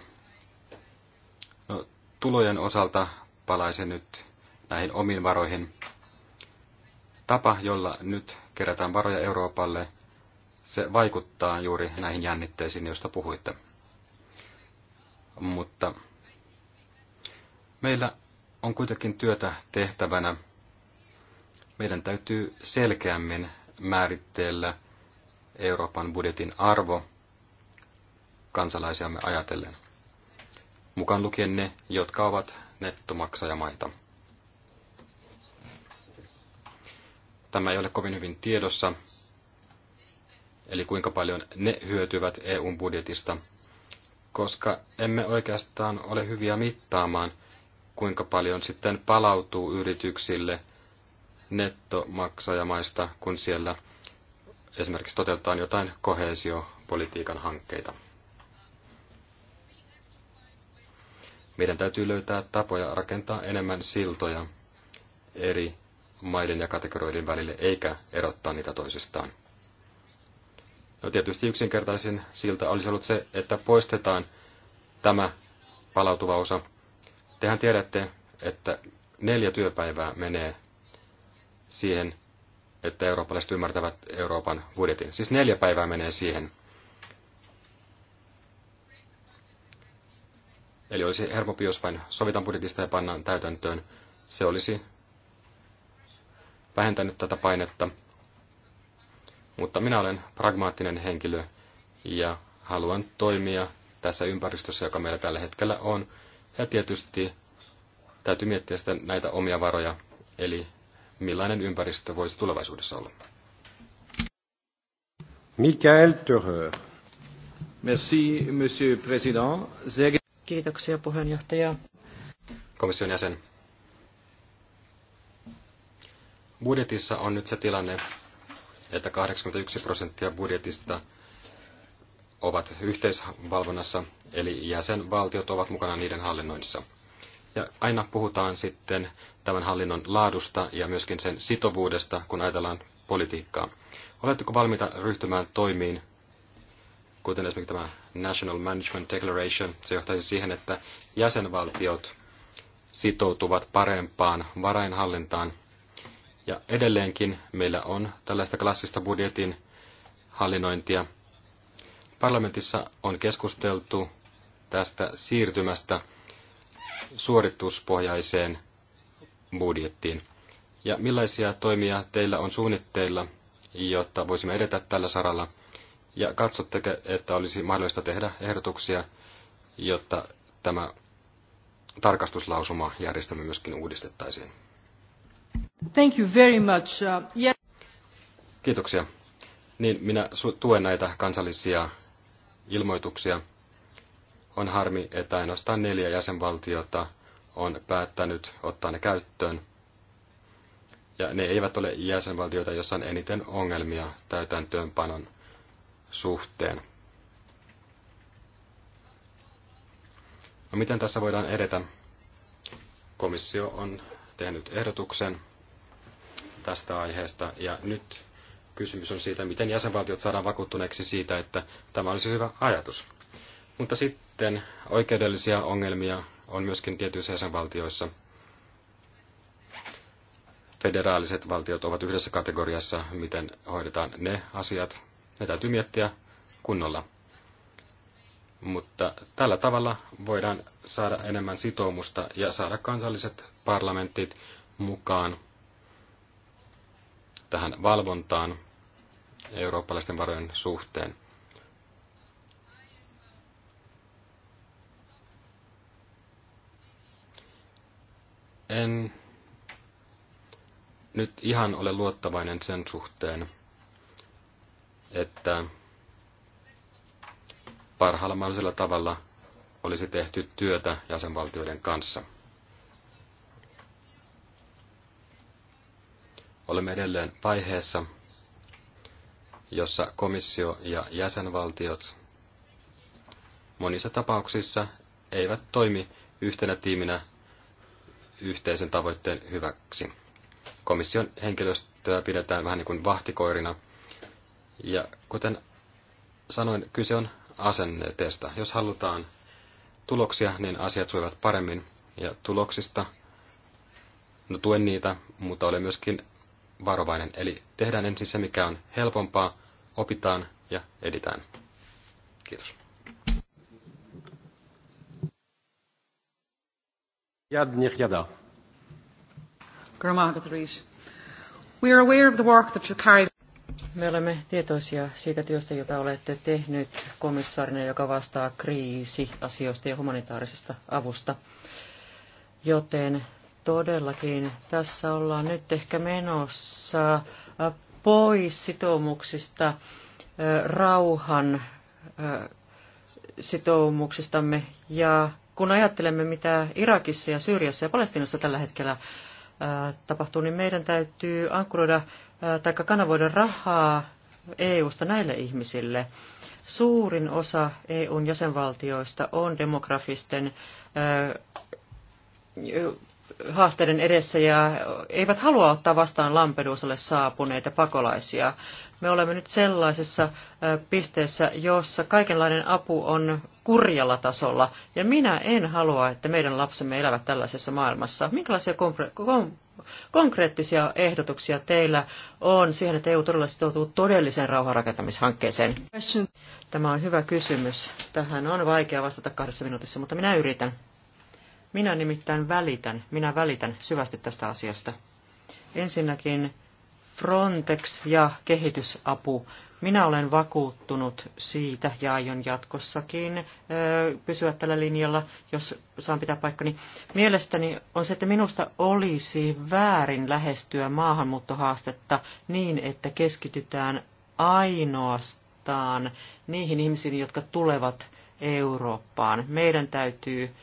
No, tulojen osalta palaisin nyt näihin omiin varoihin. Tapa, jolla nyt kerätään varoja Euroopalle, se vaikuttaa juuri näihin jännitteisiin, joista puhuitte. Mutta meillä on kuitenkin työtä tehtävänä. Meidän täytyy selkeämmin määritteellä Euroopan budjetin arvo kansalaisiamme ajatellen, mukaan lukien ne, jotka ovat nettomaksajamaita. Tämä ei ole kovin hyvin tiedossa, eli kuinka paljon ne hyötyvät EUn budjetista, koska emme oikeastaan ole hyviä mittaamaan – kuinka paljon sitten palautuu yrityksille nettomaksajamaista, kun siellä esimerkiksi toteutetaan jotain kohesiopolitiikan hankkeita. Meidän täytyy löytää tapoja rakentaa enemmän siltoja eri maiden ja kategorioiden välille, eikä erottaa niitä toisistaan. No tietysti yksinkertaisin silta olisi ollut se, että poistetaan tämä palautuva osa Tehän tiedätte, että neljä työpäivää menee siihen, että eurooppalaiset ymmärtävät Euroopan budjetin. Siis neljä päivää menee siihen. Eli olisi helpompi, jos vain sovitaan budjetista ja pannaan täytäntöön. Se olisi vähentänyt tätä painetta. Mutta minä olen pragmaattinen henkilö ja haluan toimia tässä ympäristössä, joka meillä tällä hetkellä on, ja tietysti täytyy miettiä sitä näitä omia varoja, eli millainen ympäristö voisi tulevaisuudessa olla. Mikael Törö. Merci, monsieur président. Kiitoksia puheenjohtaja. Komission jäsen. Budjetissa on nyt se tilanne, että 81 prosenttia budjetista ovat yhteisvalvonnassa, eli jäsenvaltiot ovat mukana niiden hallinnoinnissa. Ja aina puhutaan sitten tämän hallinnon laadusta ja myöskin sen sitovuudesta, kun ajatellaan politiikkaa. Oletteko valmiita ryhtymään toimiin, kuten esimerkiksi tämä National Management Declaration, se johtaisi siihen, että jäsenvaltiot sitoutuvat parempaan varainhallintaan. Ja edelleenkin meillä on tällaista klassista budjetin hallinnointia, Parlamentissa on keskusteltu tästä siirtymästä suorituspohjaiseen budjettiin. Ja millaisia toimia teillä on suunnitteilla, jotta voisimme edetä tällä saralla? Ja katsotteko, että olisi mahdollista tehdä ehdotuksia, jotta tämä tarkastuslausuma myöskin uudistettaisiin? Thank you very much. Uh, yeah. Kiitoksia. Niin, minä tuen näitä kansallisia ilmoituksia. On harmi, että ainoastaan neljä jäsenvaltiota on päättänyt ottaa ne käyttöön. Ja ne eivät ole jäsenvaltioita, joissa on eniten ongelmia täytäntöönpanon suhteen. No miten tässä voidaan edetä? Komissio on tehnyt ehdotuksen tästä aiheesta ja nyt kysymys on siitä, miten jäsenvaltiot saadaan vakuuttuneeksi siitä, että tämä olisi hyvä ajatus. Mutta sitten oikeudellisia ongelmia on myöskin tietyissä jäsenvaltioissa. Federaaliset valtiot ovat yhdessä kategoriassa, miten hoidetaan ne asiat. Ne täytyy miettiä kunnolla. Mutta tällä tavalla voidaan saada enemmän sitoumusta ja saada kansalliset parlamentit mukaan tähän valvontaan eurooppalaisten varojen suhteen. En nyt ihan ole luottavainen sen suhteen, että parhaalla mahdollisella tavalla olisi tehty työtä jäsenvaltioiden kanssa – Olemme edelleen vaiheessa, jossa komissio ja jäsenvaltiot monissa tapauksissa eivät toimi yhtenä tiiminä yhteisen tavoitteen hyväksi. Komission henkilöstöä pidetään vähän niin kuin vahtikoirina. Ja kuten sanoin, kyse on asenteesta. Jos halutaan tuloksia, niin asiat suivat paremmin. Ja tuloksista, no tuen niitä, mutta olen myöskin varovainen. Eli tehdään ensin se, mikä on helpompaa, opitaan ja editään. Kiitos. Jad We are aware of the work that you carried. Me olemme tietoisia siitä työstä, jota olette tehnyt komissaarina, joka vastaa kriisiasioista ja humanitaarisesta avusta. Joten Todellakin. Tässä ollaan nyt ehkä menossa äh, pois sitoumuksista, äh, rauhan äh, sitoumuksistamme. Ja kun ajattelemme, mitä Irakissa ja Syyriassa ja Palestinassa tällä hetkellä tapahtuu, niin meidän täytyy ankkuroida tai kanavoida rahaa EU-sta näille ihmisille. Suurin osa EUn jäsenvaltioista on demografisten haasteiden edessä ja eivät halua ottaa vastaan Lampedusalle saapuneita pakolaisia. Me olemme nyt sellaisessa pisteessä, jossa kaikenlainen apu on kurjalla tasolla, ja minä en halua, että meidän lapsemme elävät tällaisessa maailmassa. Minkälaisia konkreettisia ehdotuksia teillä on siihen, että EU todella sitoutuu todelliseen rauhanrakentamishankkeeseen? Tämä on hyvä kysymys. Tähän on vaikea vastata kahdessa minuutissa, mutta minä yritän. Minä nimittäin välitän, minä välitän syvästi tästä asiasta. Ensinnäkin Frontex ja kehitysapu. Minä olen vakuuttunut siitä ja aion jatkossakin pysyä tällä linjalla, jos saan pitää paikkani. Mielestäni on se, että minusta olisi väärin lähestyä maahanmuuttohaastetta niin, että keskitytään ainoastaan niihin ihmisiin, jotka tulevat Eurooppaan. Meidän täytyy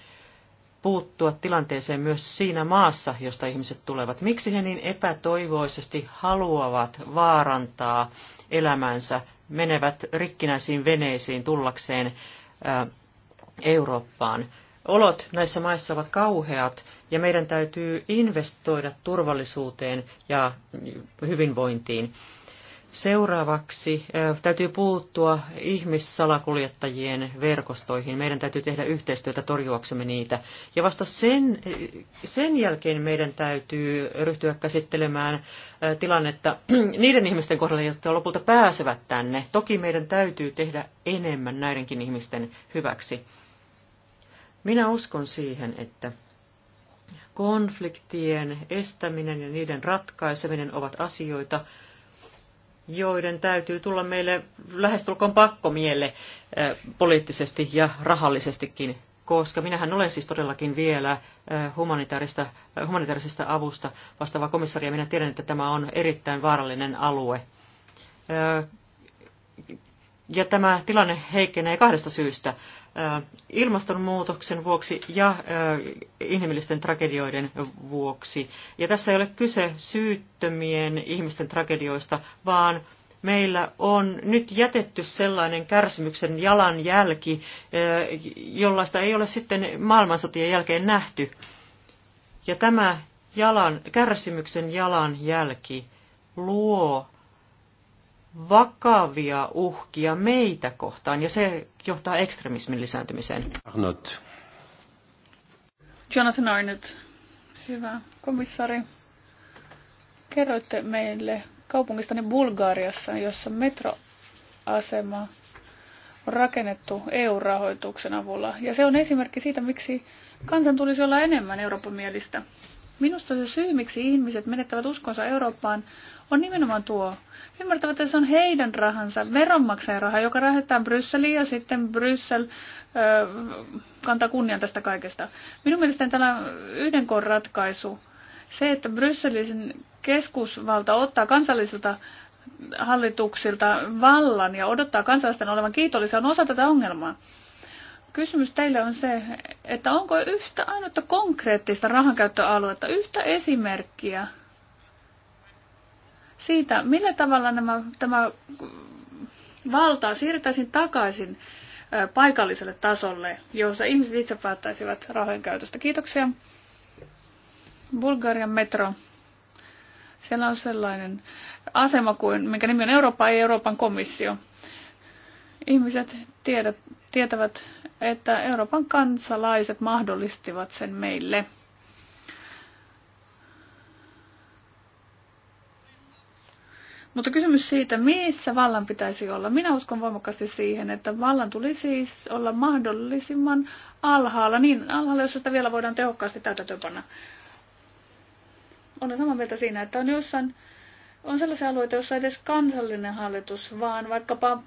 puuttua tilanteeseen myös siinä maassa, josta ihmiset tulevat. Miksi he niin epätoivoisesti haluavat vaarantaa elämänsä, menevät rikkinäisiin veneisiin tullakseen äh, Eurooppaan? Olot näissä maissa ovat kauheat ja meidän täytyy investoida turvallisuuteen ja hyvinvointiin. Seuraavaksi täytyy puuttua ihmissalakuljettajien verkostoihin. Meidän täytyy tehdä yhteistyötä torjuaksemme niitä. Ja vasta sen, sen jälkeen meidän täytyy ryhtyä käsittelemään tilannetta niiden ihmisten kohdalla, jotka lopulta pääsevät tänne. Toki meidän täytyy tehdä enemmän näidenkin ihmisten hyväksi. Minä uskon siihen, että konfliktien estäminen ja niiden ratkaiseminen ovat asioita, joiden täytyy tulla meille lähestulkoon pakkomielle eh, poliittisesti ja rahallisestikin, koska minähän olen siis todellakin vielä eh, humanitaarista, eh, humanitaarisesta avusta vastaava komissaria. Minä tiedän, että tämä on erittäin vaarallinen alue ja tämä tilanne heikkenee kahdesta syystä. Ilmastonmuutoksen vuoksi ja inhimillisten tragedioiden vuoksi. Ja tässä ei ole kyse syyttömien ihmisten tragedioista, vaan meillä on nyt jätetty sellainen kärsimyksen jalanjälki, jollaista ei ole sitten maailmansotien jälkeen nähty. Ja tämä jalan, kärsimyksen jalanjälki luo vakavia uhkia meitä kohtaan, ja se johtaa ekstremismin lisääntymiseen. Arnott. Jonathan Arnott, hyvä komissari. Kerroitte meille kaupungistani Bulgariassa, jossa metroasema on rakennettu EU-rahoituksen avulla. Ja se on esimerkki siitä, miksi kansan tulisi olla enemmän eurooppamielistä. mielistä Minusta se syy, miksi ihmiset menettävät uskonsa Eurooppaan, on nimenomaan tuo. Ymmärtävät, että se on heidän rahansa, veronmaksajan raha, joka lähetetään Brysseliin ja sitten Bryssel ö, kantaa kunnian tästä kaikesta. Minun mielestäni tällä yhden koon ratkaisu, se, että Brysselin keskusvalta ottaa kansallisilta hallituksilta vallan ja odottaa kansalaisten olevan kiitollisia, on osa tätä ongelmaa. Kysymys teille on se, että onko yhtä ainutta konkreettista rahankäyttöaluetta, yhtä esimerkkiä siitä, millä tavalla nämä, tämä valtaa siirtäisiin takaisin paikalliselle tasolle, jossa ihmiset itse päättäisivät rahojen käytöstä. Kiitoksia. Bulgarian metro. Siellä on sellainen asema, kuin, minkä nimi on Eurooppa, ja Euroopan komissio. Ihmiset tiedät, tietävät, että Euroopan kansalaiset mahdollistivat sen meille. Mutta kysymys siitä, missä vallan pitäisi olla. Minä uskon voimakkaasti siihen, että vallan tulisi siis olla mahdollisimman alhaalla, niin alhaalla, jos sitä vielä voidaan tehokkaasti täytäntöönpanna. Olen samaa mieltä siinä, että on jossain on sellaisia alueita, joissa edes kansallinen hallitus, vaan vaikkapa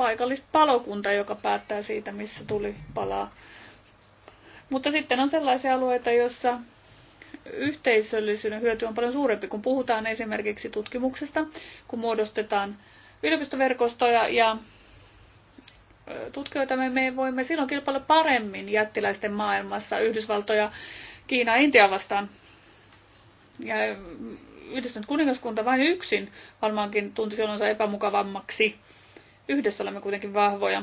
paikallispalokunta, joka päättää siitä, missä tuli palaa. Mutta sitten on sellaisia alueita, joissa yhteisöllisyyden hyöty on paljon suurempi, kun puhutaan esimerkiksi tutkimuksesta, kun muodostetaan yliopistoverkostoja ja tutkijoita me voimme silloin kilpailla paremmin jättiläisten maailmassa Yhdysvaltoja, Kiinaa, Intia vastaan. Ja yhdistynyt kuningaskunta vain yksin varmaankin tunti olonsa epämukavammaksi Yhdessä olemme kuitenkin vahvoja.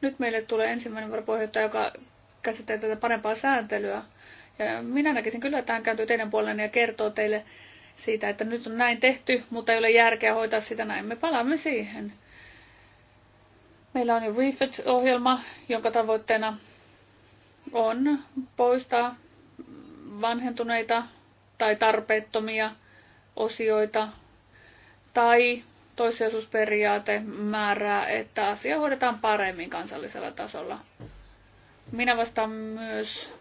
Nyt meille tulee ensimmäinen varapuheenjohtaja, joka käsittelee tätä parempaa sääntelyä. Ja minä näkisin kyllä, että hän kääntyy teidän puolenne ja kertoo teille siitä, että nyt on näin tehty, mutta ei ole järkeä hoitaa sitä näin. Me palaamme siihen. Meillä on jo Refit-ohjelma, jonka tavoitteena on poistaa vanhentuneita tai tarpeettomia osioita tai toissijaisuusperiaate määrää, että asia hoidetaan paremmin kansallisella tasolla. Minä vastaan myös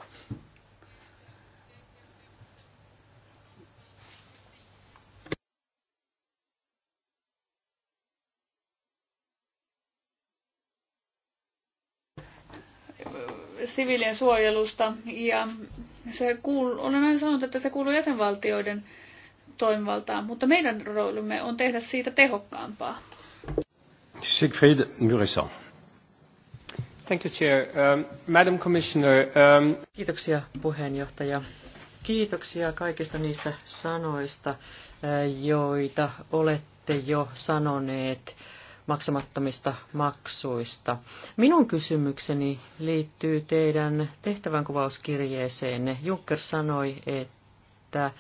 siviilien suojelusta. Ja se kuul, olen aina sanonut, että se kuuluu jäsenvaltioiden toimivaltaa, mutta meidän roolimme on tehdä siitä tehokkaampaa. Siegfried Murisson. Thank you, Chair. Um, Madam Commissioner. Um... Kiitoksia puheenjohtaja. Kiitoksia kaikista niistä sanoista, eh, joita olette jo sanoneet maksamattomista maksuista. Minun kysymykseni liittyy teidän tehtävänkuvauskirjeeseenne. Juncker sanoi, että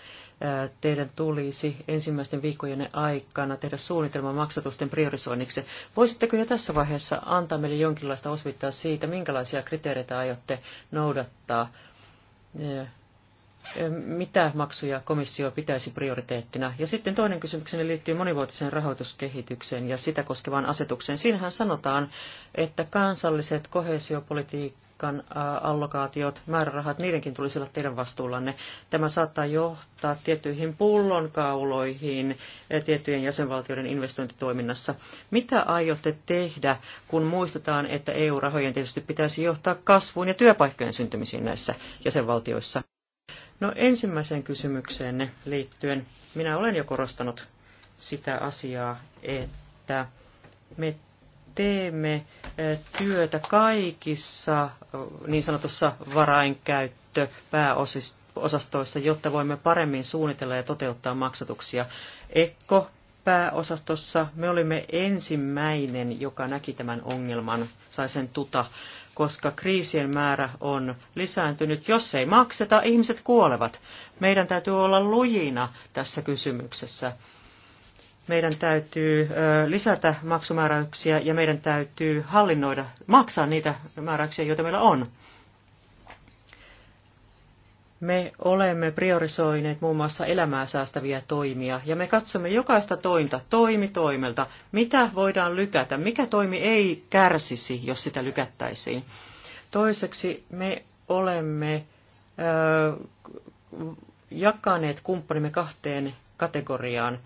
teidän tulisi ensimmäisten viikkojen aikana tehdä suunnitelma maksatusten priorisoinniksi. Voisitteko jo tässä vaiheessa antaa meille jonkinlaista osvittaa siitä, minkälaisia kriteereitä aiotte noudattaa mitä maksuja komissio pitäisi prioriteettina. Ja sitten toinen kysymykseni liittyy monivuotiseen rahoituskehitykseen ja sitä koskevaan asetukseen. Siinähän sanotaan, että kansalliset kohesiopolitiikan allokaatiot, määrärahat, niidenkin tulisi olla teidän vastuullanne. Tämä saattaa johtaa tiettyihin pullonkauloihin tiettyjen jäsenvaltioiden investointitoiminnassa. Mitä aiotte tehdä, kun muistetaan, että EU-rahojen tietysti pitäisi johtaa kasvuun ja työpaikkojen syntymiseen näissä jäsenvaltioissa? No ensimmäiseen kysymykseenne liittyen, minä olen jo korostanut sitä asiaa, että me teemme työtä kaikissa niin sanotussa varainkäyttö pääosastoissa, jotta voimme paremmin suunnitella ja toteuttaa maksatuksia. Ekko pääosastossa me olimme ensimmäinen, joka näki tämän ongelman, sai sen tuta koska kriisien määrä on lisääntynyt. Jos ei makseta, ihmiset kuolevat. Meidän täytyy olla lujina tässä kysymyksessä. Meidän täytyy lisätä maksumääräyksiä ja meidän täytyy hallinnoida, maksaa niitä määräyksiä, joita meillä on. Me olemme priorisoineet muun muassa elämää säästäviä toimia ja me katsomme jokaista tointa toimi toimelta, mitä voidaan lykätä, mikä toimi ei kärsisi, jos sitä lykättäisiin. Toiseksi me olemme ö, jakaneet kumppanimme kahteen kategoriaan.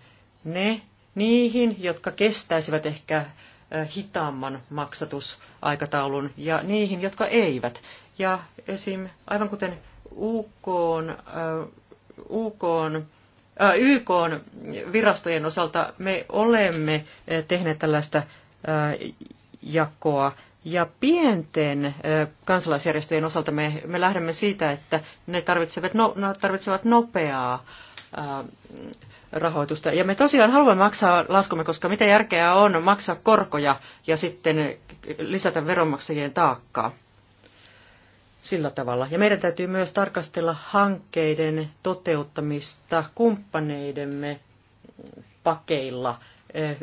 Ne niihin, jotka kestäisivät ehkä hitaamman maksatusaikataulun ja niihin, jotka eivät. Ja esim. aivan kuten UK, UK YK virastojen osalta me olemme tehneet tällaista jakoa. Ja pienten kansalaisjärjestöjen osalta me, me lähdemme siitä, että ne tarvitsevat, no, tarvitsevat nopeaa rahoitusta. Ja me tosiaan haluamme maksaa laskumme, koska mitä järkeä on maksaa korkoja ja sitten lisätä veronmaksajien taakkaa sillä tavalla. Ja meidän täytyy myös tarkastella hankkeiden toteuttamista kumppaneidemme pakeilla.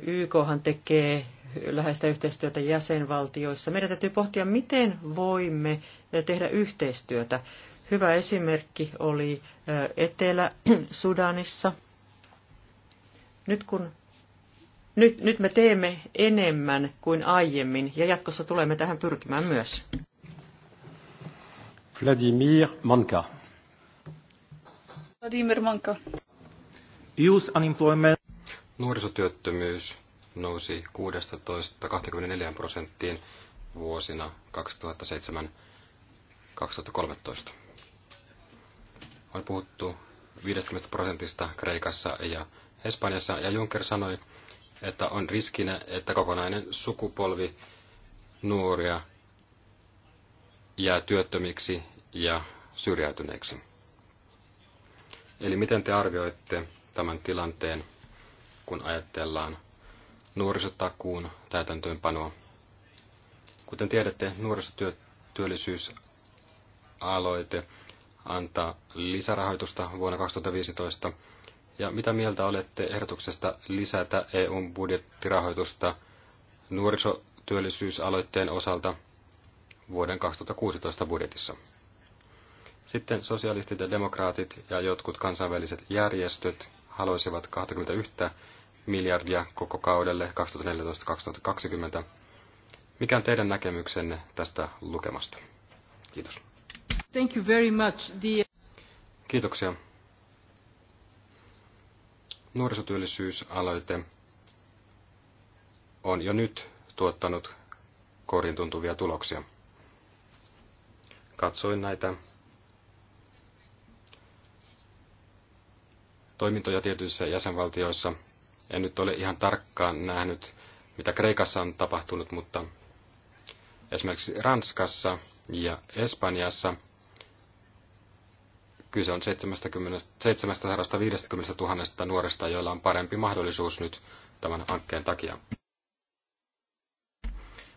YKhan tekee läheistä yhteistyötä jäsenvaltioissa. Meidän täytyy pohtia, miten voimme tehdä yhteistyötä. Hyvä esimerkki oli Etelä-Sudanissa. Nyt kun nyt, nyt me teemme enemmän kuin aiemmin ja jatkossa tulemme tähän pyrkimään myös. Vladimir Manka. Vladimir Manka. Youth unemployment. Nuorisotyöttömyys nousi 16-24 prosenttiin vuosina 2007-2013. On puhuttu 50 prosentista Kreikassa ja Espanjassa, ja Juncker sanoi, että on riskinä, että kokonainen sukupolvi nuoria jää työttömiksi ja syrjäytyneiksi. Eli miten te arvioitte tämän tilanteen, kun ajatellaan nuorisotakuun täytäntöönpanoa? Kuten tiedätte, nuorisotyöllisyysaloite antaa lisärahoitusta vuonna 2015. Ja mitä mieltä olette ehdotuksesta lisätä EUn budjettirahoitusta nuorisotyöllisyysaloitteen osalta vuoden 2016 budjetissa? Sitten sosialistit ja demokraatit ja jotkut kansainväliset järjestöt haluaisivat 21 miljardia koko kaudelle 2014-2020. Mikä on teidän näkemyksenne tästä lukemasta? Kiitos. Thank you very much, dear. Kiitoksia. Nuorisotyöllisyysaloite on jo nyt tuottanut korin tuntuvia tuloksia. Katsoin näitä toimintoja tietyissä jäsenvaltioissa. En nyt ole ihan tarkkaan nähnyt, mitä Kreikassa on tapahtunut, mutta esimerkiksi Ranskassa ja Espanjassa kyse on 70, 750 000 nuoresta, joilla on parempi mahdollisuus nyt tämän hankkeen takia.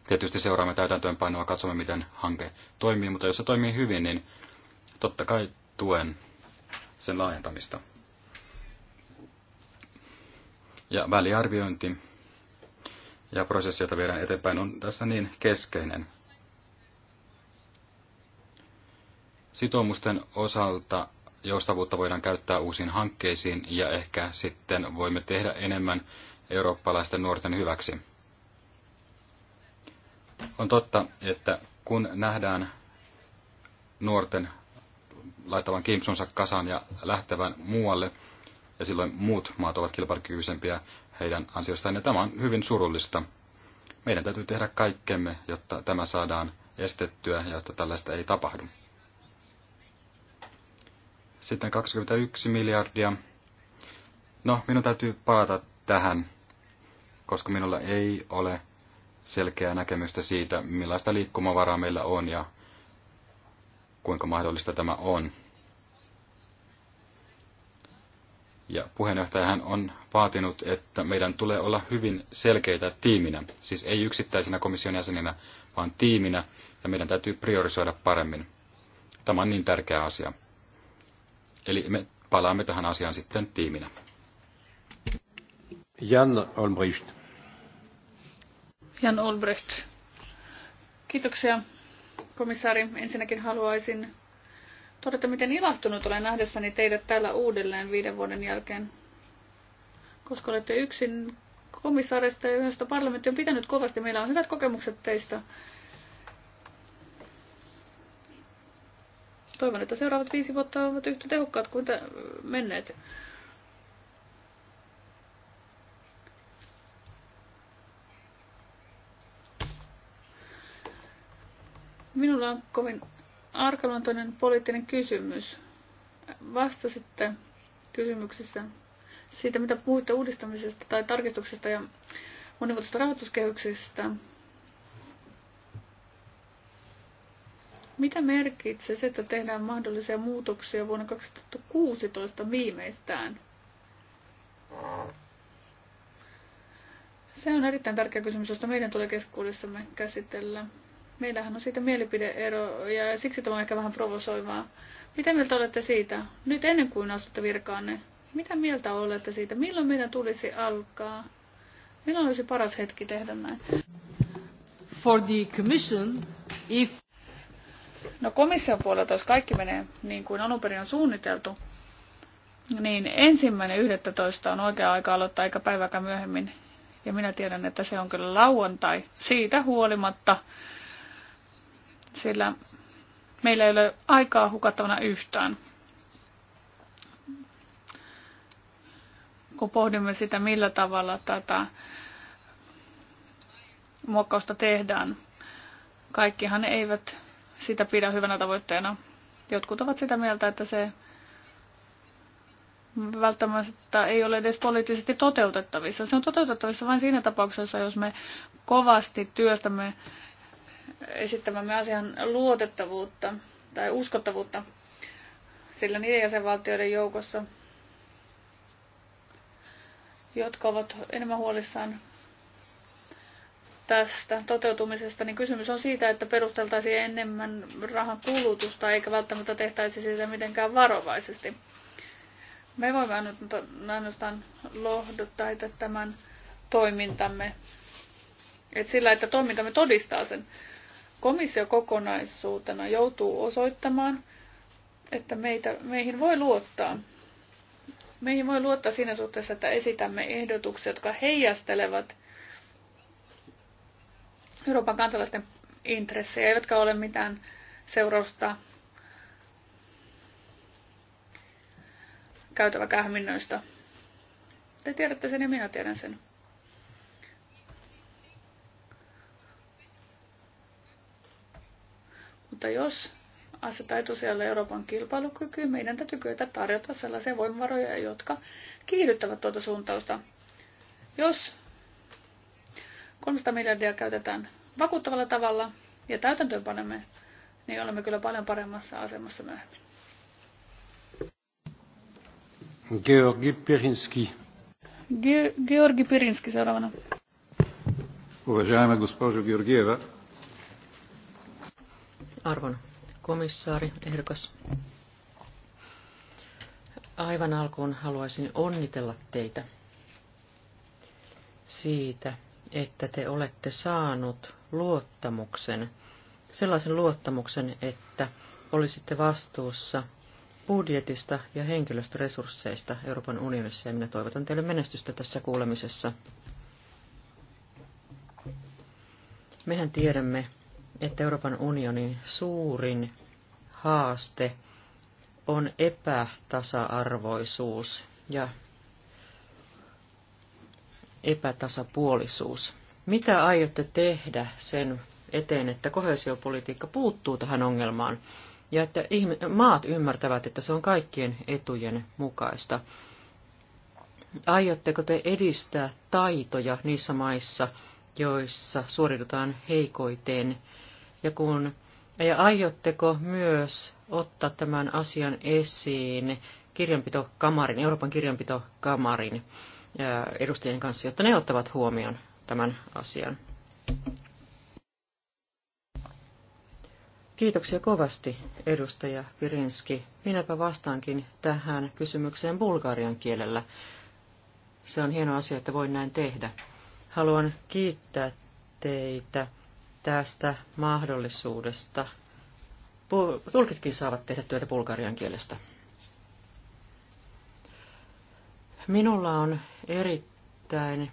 Tietysti seuraamme täytäntöönpanoa, katsomme miten hanke toimii, mutta jos se toimii hyvin, niin totta kai tuen sen laajentamista. Ja väliarviointi ja prosessi, jota viedään eteenpäin, on tässä niin keskeinen. Sitoumusten osalta joustavuutta voidaan käyttää uusiin hankkeisiin ja ehkä sitten voimme tehdä enemmän eurooppalaisten nuorten hyväksi. On totta, että kun nähdään nuorten laittavan kimpsunsa kasaan ja lähtevän muualle, ja silloin muut maat ovat kilpailukykyisempiä heidän ansiostaan, ja tämä on hyvin surullista. Meidän täytyy tehdä kaikkemme, jotta tämä saadaan estettyä ja jotta tällaista ei tapahdu. Sitten 21 miljardia. No, minun täytyy palata tähän, koska minulla ei ole selkeää näkemystä siitä, millaista liikkumavaraa meillä on ja kuinka mahdollista tämä on. Ja puheenjohtajahan on vaatinut, että meidän tulee olla hyvin selkeitä tiiminä, siis ei yksittäisenä komission jäseninä, vaan tiiminä, ja meidän täytyy priorisoida paremmin. Tämä on niin tärkeä asia. Eli me palaamme tähän asiaan sitten tiiminä. Jan Olbricht. Jan Olbricht. Kiitoksia komissaari. Ensinnäkin haluaisin todeta, miten ilahtunut olen nähdessäni teidät täällä uudelleen viiden vuoden jälkeen. Koska olette yksin komissaareista ja yhdestä parlamentti on pitänyt kovasti. Meillä on hyvät kokemukset teistä. Toivon, että seuraavat viisi vuotta ovat yhtä tehokkaat kuin äh, menneet. Minulla on kovin arkaluontoinen poliittinen kysymys. Vastasitte kysymyksessä siitä, mitä puhuitte uudistamisesta tai tarkistuksesta ja monivuotisesta rahoituskehyksestä. Mitä merkitsee se, että tehdään mahdollisia muutoksia vuonna 2016 viimeistään? Se on erittäin tärkeä kysymys, josta meidän tulee keskuudessamme käsitellä. Meillähän on siitä mielipideero ja siksi tämä on ehkä vähän provosoivaa. Mitä mieltä olette siitä? Nyt ennen kuin astutte virkaanne, mitä mieltä olette siitä? Milloin meidän tulisi alkaa? Milloin olisi paras hetki tehdä näin? For the commission, if... No komission puolelta, jos kaikki menee niin kuin alun perin on suunniteltu, niin ensimmäinen 11. on oikea aika aloittaa, eikä päiväkään myöhemmin. Ja minä tiedän, että se on kyllä lauantai. Siitä huolimatta sillä meillä ei ole aikaa hukattavana yhtään. Kun pohdimme sitä, millä tavalla tätä muokkausta tehdään, kaikkihan eivät sitä pidä hyvänä tavoitteena. Jotkut ovat sitä mieltä, että se välttämättä ei ole edes poliittisesti toteutettavissa. Se on toteutettavissa vain siinä tapauksessa, jos me kovasti työstämme esittämämme asian luotettavuutta tai uskottavuutta, sillä niiden jäsenvaltioiden joukossa, jotka ovat enemmän huolissaan tästä toteutumisesta, niin kysymys on siitä, että perusteltaisiin enemmän rahan kulutusta eikä välttämättä tehtäisi sitä mitenkään varovaisesti. Me voimme ainoastaan lohduttaa että tämän toimintamme. Et sillä, että toimintamme todistaa sen komissio kokonaisuutena joutuu osoittamaan, että meitä, meihin voi luottaa. Meihin voi luottaa siinä suhteessa, että esitämme ehdotuksia, jotka heijastelevat Euroopan kansalaisten intressejä, eivätkä ole mitään seurausta käytäväkähminnöistä. Te tiedätte sen ja minä tiedän sen. Mutta jos asettaa etusijalle Euroopan kilpailukyky, meidän täytyy kyetä tarjota sellaisia voimavaroja, jotka kiihdyttävät tuota suuntausta. Jos 300 miljardia käytetään vakuuttavalla tavalla ja täytäntöönpanemme, niin olemme kyllä paljon paremmassa asemassa myöhemmin. Georgi Pirinski. Ge- Georgi Pirinski seuraavana. Уважаема госпожо Георгиева, Arvon komissaari, ehdokas. Aivan alkuun haluaisin onnitella teitä siitä, että te olette saanut luottamuksen, sellaisen luottamuksen, että olisitte vastuussa budjetista ja henkilöstöresursseista Euroopan unionissa, ja minä toivotan teille menestystä tässä kuulemisessa. Mehän tiedämme, että Euroopan unionin suurin haaste on epätasa-arvoisuus ja epätasapuolisuus. Mitä aiotte tehdä sen eteen, että kohesiopolitiikka puuttuu tähän ongelmaan ja että maat ymmärtävät, että se on kaikkien etujen mukaista? Aiotteko te edistää taitoja niissä maissa, joissa suoritetaan heikoiten ja, kun, ja aiotteko myös ottaa tämän asian esiin kirjanpitokamarin, Euroopan kirjanpitokamarin edustajien kanssa, jotta ne ottavat huomioon tämän asian? Kiitoksia kovasti, edustaja Pirinski. Minäpä vastaankin tähän kysymykseen bulgarian kielellä. Se on hieno asia, että voin näin tehdä. Haluan kiittää teitä tästä mahdollisuudesta. Tulkitkin saavat tehdä työtä bulgarian kielestä. Minulla on erittäin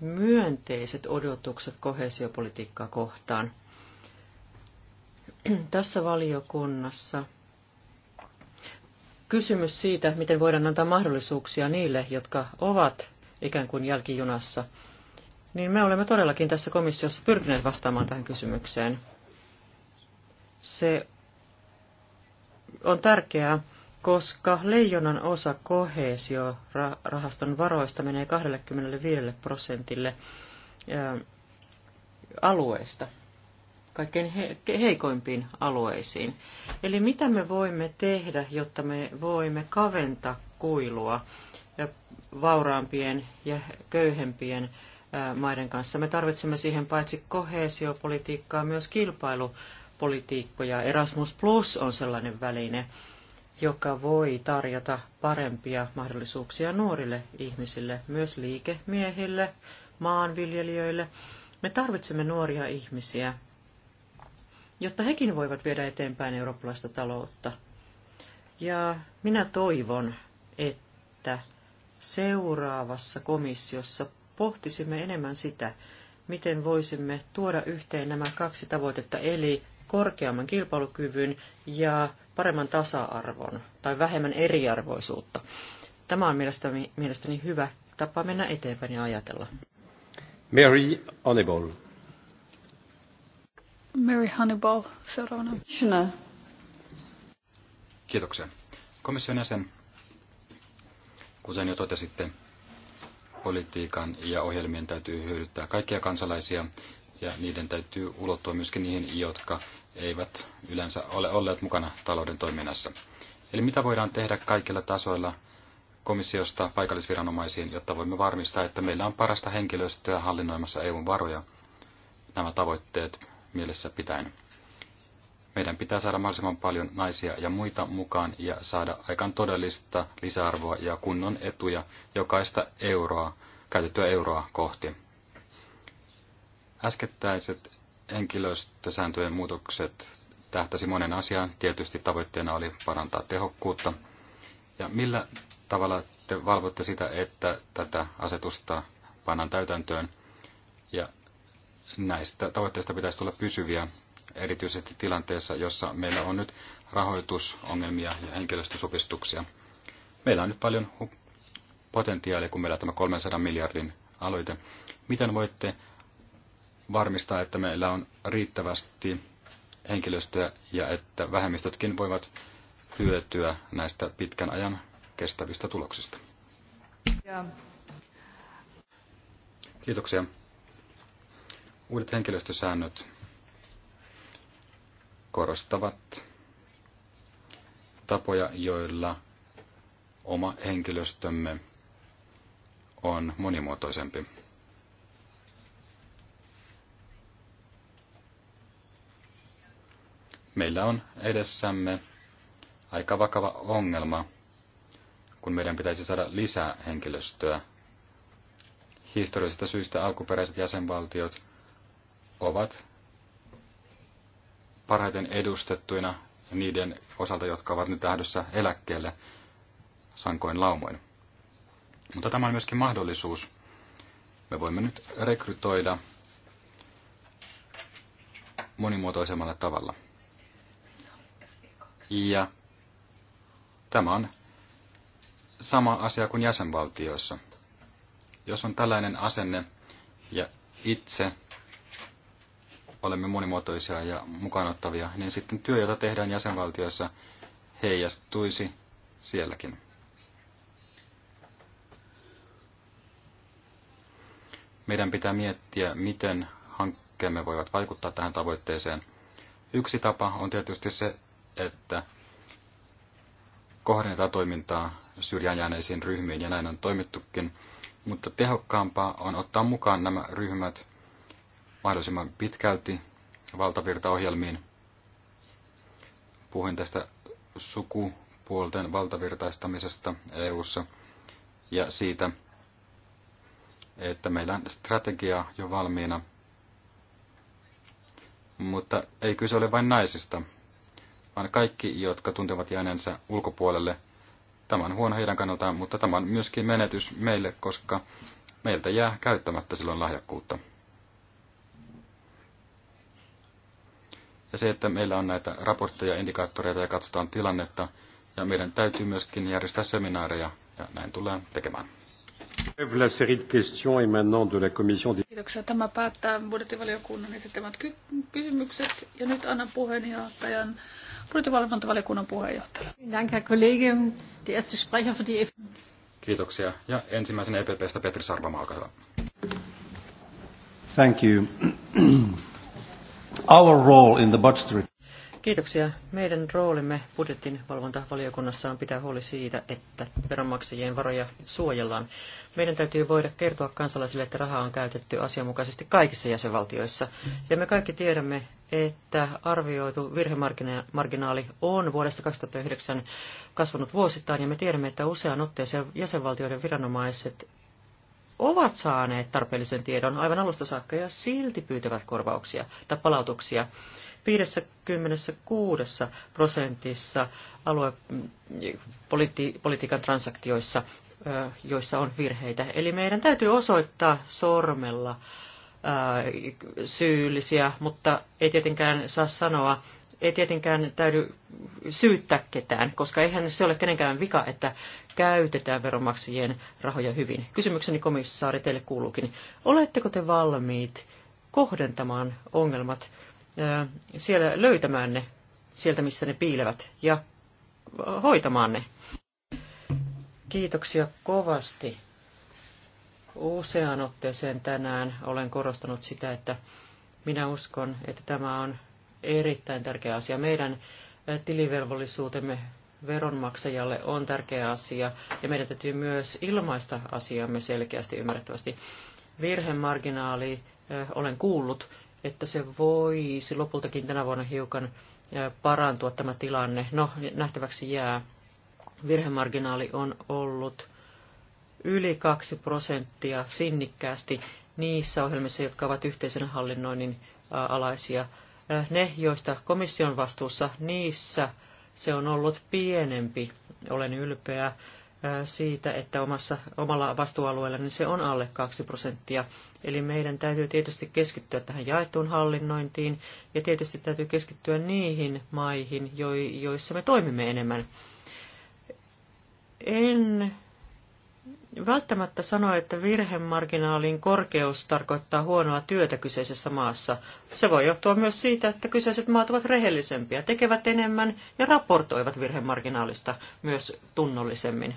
myönteiset odotukset kohesiopolitiikkaa kohtaan. Tässä valiokunnassa kysymys siitä, miten voidaan antaa mahdollisuuksia niille, jotka ovat ikään kuin jälkijunassa – niin me olemme todellakin tässä komissiossa pyrkineet vastaamaan tähän kysymykseen. Se on tärkeää, koska leijonan osa kohesiorahaston varoista menee 25 prosentille alueista, kaikkein heikoimpiin alueisiin. Eli mitä me voimme tehdä, jotta me voimme kaventaa kuilua vauraampien ja köyhempien maiden kanssa. Me tarvitsemme siihen paitsi koheesiopolitiikkaa myös kilpailupolitiikkoja. Erasmus Plus on sellainen väline, joka voi tarjota parempia mahdollisuuksia nuorille ihmisille, myös liikemiehille, maanviljelijöille. Me tarvitsemme nuoria ihmisiä, jotta hekin voivat viedä eteenpäin eurooppalaista taloutta. Ja minä toivon, että seuraavassa komissiossa pohtisimme enemmän sitä, miten voisimme tuoda yhteen nämä kaksi tavoitetta, eli korkeamman kilpailukyvyn ja paremman tasa-arvon tai vähemmän eriarvoisuutta. Tämä on mielestäni, mielestäni hyvä tapa mennä eteenpäin ja ajatella. Mary Honeyball. Mary Honeyball, seuraavana. Schöne. Kiitoksia. Komission jäsen, kuten jo totesitte, politiikan ja ohjelmien täytyy hyödyttää kaikkia kansalaisia ja niiden täytyy ulottua myöskin niihin, jotka eivät yleensä ole olleet mukana talouden toiminnassa. Eli mitä voidaan tehdä kaikilla tasoilla komissiosta paikallisviranomaisiin, jotta voimme varmistaa, että meillä on parasta henkilöstöä hallinnoimassa EUn varoja nämä tavoitteet mielessä pitäen. Meidän pitää saada mahdollisimman paljon naisia ja muita mukaan ja saada aikaan todellista lisäarvoa ja kunnon etuja jokaista euroa, käytettyä euroa kohti. Äskettäiset henkilöstösääntöjen muutokset tähtäsi monen asiaan. Tietysti tavoitteena oli parantaa tehokkuutta. Ja millä tavalla te valvotte sitä, että tätä asetusta pannaan täytäntöön? Ja näistä tavoitteista pitäisi tulla pysyviä erityisesti tilanteessa, jossa meillä on nyt rahoitusongelmia ja henkilöstösupistuksia. Meillä on nyt paljon potentiaalia, kun meillä on tämä 300 miljardin aloite. Miten voitte varmistaa, että meillä on riittävästi henkilöstöä ja että vähemmistötkin voivat hyötyä näistä pitkän ajan kestävistä tuloksista? Ja. Kiitoksia. Uudet henkilöstösäännöt korostavat tapoja, joilla oma henkilöstömme on monimuotoisempi. Meillä on edessämme aika vakava ongelma, kun meidän pitäisi saada lisää henkilöstöä. Historiallisista syistä alkuperäiset jäsenvaltiot ovat parhaiten edustettuina niiden osalta, jotka ovat nyt lähdössä eläkkeelle sankoin laumoin. Mutta tämä on myöskin mahdollisuus. Me voimme nyt rekrytoida monimuotoisemmalla tavalla. Ja tämä on sama asia kuin jäsenvaltioissa. Jos on tällainen asenne ja itse olemme monimuotoisia ja mukaanottavia, niin sitten työ, jota tehdään jäsenvaltioissa, heijastuisi sielläkin. Meidän pitää miettiä, miten hankkeemme voivat vaikuttaa tähän tavoitteeseen. Yksi tapa on tietysti se, että kohdennetaan toimintaa syrjään jääneisiin ryhmiin, ja näin on toimittukin, mutta tehokkaampaa on ottaa mukaan nämä ryhmät mahdollisimman pitkälti valtavirtaohjelmiin. Puhuin tästä sukupuolten valtavirtaistamisesta EU:ssa ja siitä, että meillä on strategia jo valmiina. Mutta ei kyse ole vain naisista, vaan kaikki, jotka tuntevat jäänensä ulkopuolelle. Tämä on huono heidän kannaltaan, mutta tämä on myöskin menetys meille, koska meiltä jää käyttämättä silloin lahjakkuutta. Ja se, että meillä on näitä raportteja, indikaattoreita ja katsotaan tilannetta. Ja meidän täytyy myöskin järjestää seminaareja ja näin tullaan tekemään. Kiitoksia. Tämä päättää budjettivaliokunnan esittämät ky- kysymykset. Ja nyt annan puheenjohtajan budjettivalvontavaliokunnan puheenjohtajalle. Kiitoksia. Ja ensimmäisen EPPstä Petri Sarvamaa, Thank you. Our role in the budgetary... Kiitoksia. Meidän roolimme budjetin valvontavaliokunnassa on pitää huoli siitä, että veronmaksajien varoja suojellaan. Meidän täytyy voida kertoa kansalaisille, että rahaa on käytetty asianmukaisesti kaikissa jäsenvaltioissa. Ja me kaikki tiedämme, että arvioitu virhemarginaali on vuodesta 2009 kasvanut vuosittain, ja me tiedämme, että usean otteeseen jäsenvaltioiden viranomaiset ovat saaneet tarpeellisen tiedon aivan alusta saakka ja silti pyytävät korvauksia tai palautuksia. 56 prosentissa aluepolitiikan transaktioissa, joissa on virheitä. Eli meidän täytyy osoittaa sormella syyllisiä, mutta ei tietenkään saa sanoa, ei tietenkään täydy syyttää ketään, koska eihän se ole kenenkään vika, että käytetään veronmaksajien rahoja hyvin. Kysymykseni komissaari teille kuuluukin. Oletteko te valmiit kohdentamaan ongelmat siellä löytämään ne sieltä, missä ne piilevät ja hoitamaan ne? Kiitoksia kovasti. Useaan otteeseen tänään olen korostanut sitä, että minä uskon, että tämä on erittäin tärkeä asia. Meidän eh, tilivelvollisuutemme veronmaksajalle on tärkeä asia, ja meidän täytyy myös ilmaista asiamme selkeästi ymmärrettävästi. Virhemarginaali, eh, olen kuullut, että se voisi lopultakin tänä vuonna hiukan eh, parantua tämä tilanne. No, nähtäväksi jää. Virhemarginaali on ollut yli 2 prosenttia sinnikkäästi niissä ohjelmissa, jotka ovat yhteisen hallinnoinnin alaisia. Ne, joista komission vastuussa, niissä se on ollut pienempi. Olen ylpeä siitä, että omassa, omalla vastuualueella niin se on alle 2 prosenttia. Eli meidän täytyy tietysti keskittyä tähän jaettuun hallinnointiin ja tietysti täytyy keskittyä niihin maihin, joissa me toimimme enemmän. En välttämättä sano, että virhemarginaalin korkeus tarkoittaa huonoa työtä kyseisessä maassa. Se voi johtua myös siitä, että kyseiset maat ovat rehellisempiä, tekevät enemmän ja raportoivat virhemarginaalista myös tunnollisemmin.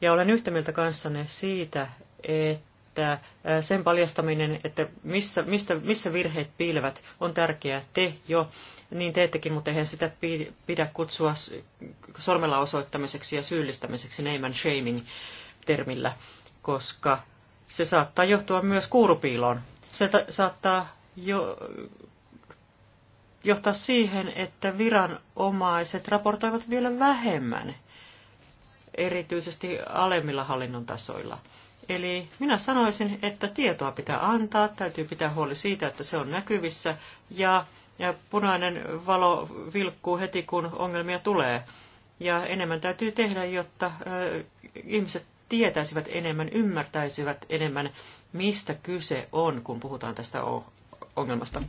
Ja olen yhtä mieltä kanssanne siitä, että sen paljastaminen, että missä, mistä, missä virheet piilevät, on tärkeää. Te jo niin teettekin, mutta eihän sitä pidä kutsua sormella osoittamiseksi ja syyllistämiseksi, name and shaming termillä, koska se saattaa johtua myös kuurupiiloon. Se saattaa jo, johtaa siihen, että viranomaiset raportoivat vielä vähemmän, erityisesti alemmilla hallinnon tasoilla. Eli minä sanoisin, että tietoa pitää antaa, täytyy pitää huoli siitä, että se on näkyvissä ja, ja punainen valo vilkkuu heti, kun ongelmia tulee. Ja enemmän täytyy tehdä, jotta äh, ihmiset tietäisivät enemmän, ymmärtäisivät enemmän, mistä kyse on, kun puhutaan tästä ongelmasta.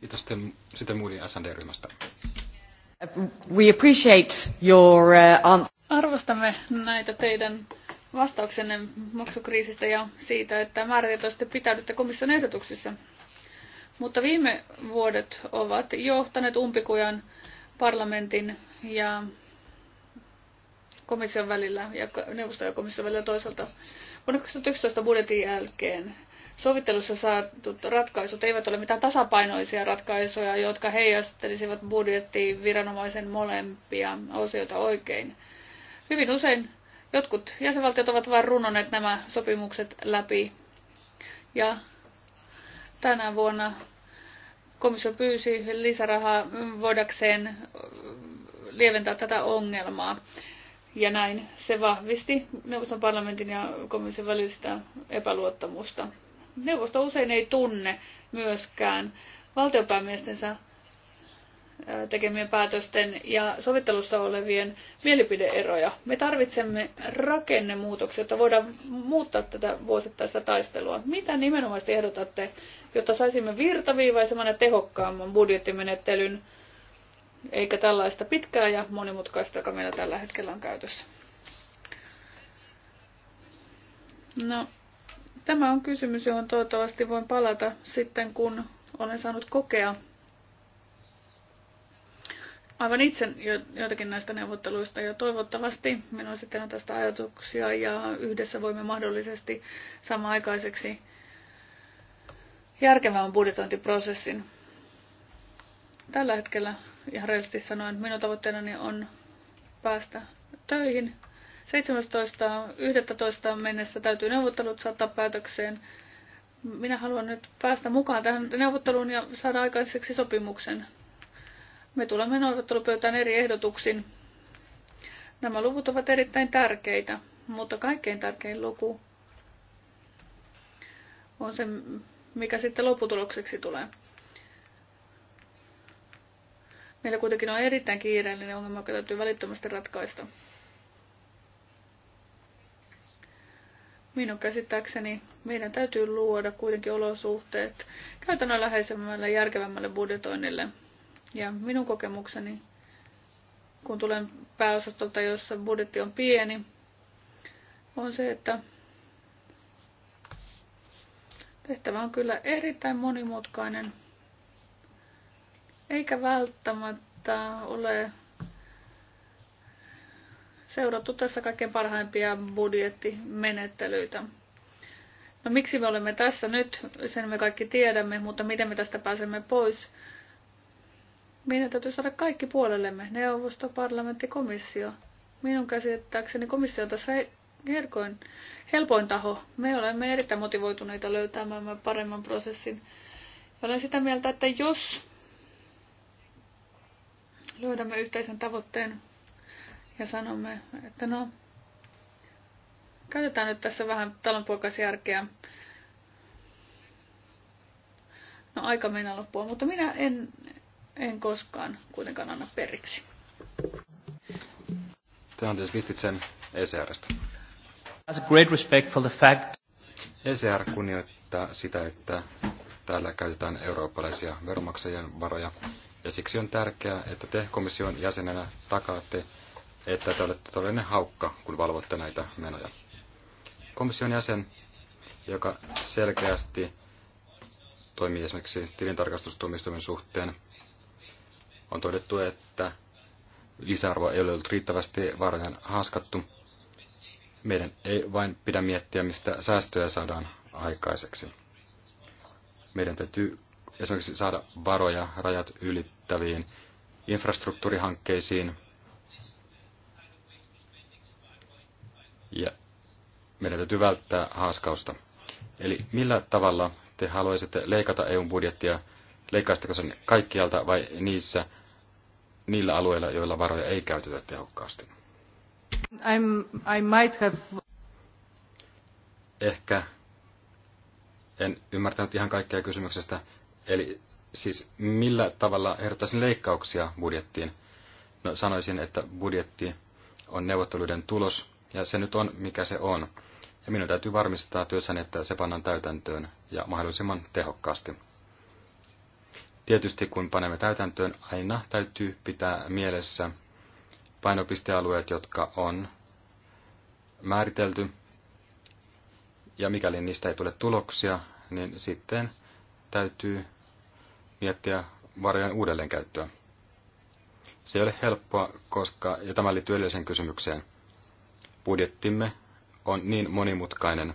Kiitos sitten muiden SND-ryhmästä. We appreciate your uh, answer. Arvostamme näitä teidän vastauksenne maksukriisistä ja siitä, että määrätietoisesti pitäydytte komission ehdotuksissa. Mutta viime vuodet ovat johtaneet umpikujan parlamentin ja komission välillä ja neuvoston ja komission välillä toisaalta. Vuonna 2011 budjetin jälkeen sovittelussa saatut ratkaisut eivät ole mitään tasapainoisia ratkaisuja, jotka heijastelisivat budjettiin viranomaisen molempia osioita oikein. Hyvin usein jotkut jäsenvaltiot ovat vain runonneet nämä sopimukset läpi. Ja tänä vuonna komissio pyysi lisärahaa voidakseen lieventää tätä ongelmaa. Ja näin se vahvisti neuvoston parlamentin ja komission välistä epäluottamusta. Neuvosto usein ei tunne myöskään valtiopäämiestensä tekemien päätösten ja sovittelussa olevien mielipideeroja. Me tarvitsemme rakennemuutoksia, jotta voidaan muuttaa tätä vuosittaista taistelua. Mitä nimenomaisesti ehdotatte, jotta saisimme virtaviivaisemman ja tehokkaamman budjettimenettelyn eikä tällaista pitkää ja monimutkaista, joka meillä tällä hetkellä on käytössä. No, tämä on kysymys, johon toivottavasti voin palata sitten, kun olen saanut kokea aivan itse joitakin näistä neuvotteluista ja toivottavasti minulla sitten on tästä ajatuksia ja yhdessä voimme mahdollisesti samaan aikaiseksi järkevän budjetointiprosessin. Tällä hetkellä ihan reilisti että minun tavoitteenani on päästä töihin. 17.11. mennessä täytyy neuvottelut saattaa päätökseen. Minä haluan nyt päästä mukaan tähän neuvotteluun ja saada aikaiseksi sopimuksen. Me tulemme neuvottelupöytään eri ehdotuksin. Nämä luvut ovat erittäin tärkeitä, mutta kaikkein tärkein luku on se, mikä sitten lopputulokseksi tulee. Meillä kuitenkin on erittäin kiireellinen ongelma, joka täytyy välittömästi ratkaista. Minun käsittääkseni meidän täytyy luoda kuitenkin olosuhteet käytännönläheisemmälle, järkevämmälle budjetoinnille. Ja minun kokemukseni, kun tulen pääosastolta, jossa budjetti on pieni, on se, että tehtävä on kyllä erittäin monimutkainen – eikä välttämättä ole seurattu tässä kaikkein parhaimpia budjettimenettelyitä. No miksi me olemme tässä nyt, sen me kaikki tiedämme, mutta miten me tästä pääsemme pois? Meidän täytyy saada kaikki puolellemme, neuvosto, parlamentti, komissio. Minun käsittääkseni komissio on tässä herkoin, helpoin taho. Me olemme erittäin motivoituneita löytämään paremman prosessin. olen sitä mieltä, että jos löydämme yhteisen tavoitteen ja sanomme, että no, käytetään nyt tässä vähän talonpoikaisjärkeä. No aika meinaa loppua, mutta minä en, en koskaan kuitenkaan anna periksi. Tämä on tietysti sen ECRstä. Has a great respect for the fact. ECR kunnioittaa sitä, että täällä käytetään eurooppalaisia veronmaksajien varoja ja siksi on tärkeää, että te komission jäsenenä takaatte, että te olette todellinen haukka, kun valvotte näitä menoja. Komission jäsen, joka selkeästi toimii esimerkiksi tilintarkastustuomioistuimen suhteen, on todettu, että lisäarvoa ei ole ollut riittävästi varojen haaskattu. Meidän ei vain pidä miettiä, mistä säästöjä saadaan aikaiseksi. Meidän täytyy esimerkiksi saada varoja rajat ylittäviin infrastruktuurihankkeisiin. Ja meidän täytyy välttää haaskausta. Eli millä tavalla te haluaisitte leikata EUn budjettia? Leikkaisitteko sen kaikkialta vai niissä, niillä alueilla, joilla varoja ei käytetä tehokkaasti? I'm, I might have... Ehkä en ymmärtänyt ihan kaikkea kysymyksestä. Eli siis millä tavalla ehdottaisin leikkauksia budjettiin? No sanoisin, että budjetti on neuvotteluiden tulos, ja se nyt on, mikä se on. Ja minun täytyy varmistaa työssäni, että se pannaan täytäntöön ja mahdollisimman tehokkaasti. Tietysti kun panemme täytäntöön, aina täytyy pitää mielessä painopistealueet, jotka on määritelty. Ja mikäli niistä ei tule tuloksia, niin sitten täytyy miettiä varojen uudelleenkäyttöä. Se ei ole helppoa, koska, ja tämä liittyy edelliseen kysymykseen, budjettimme on niin monimutkainen.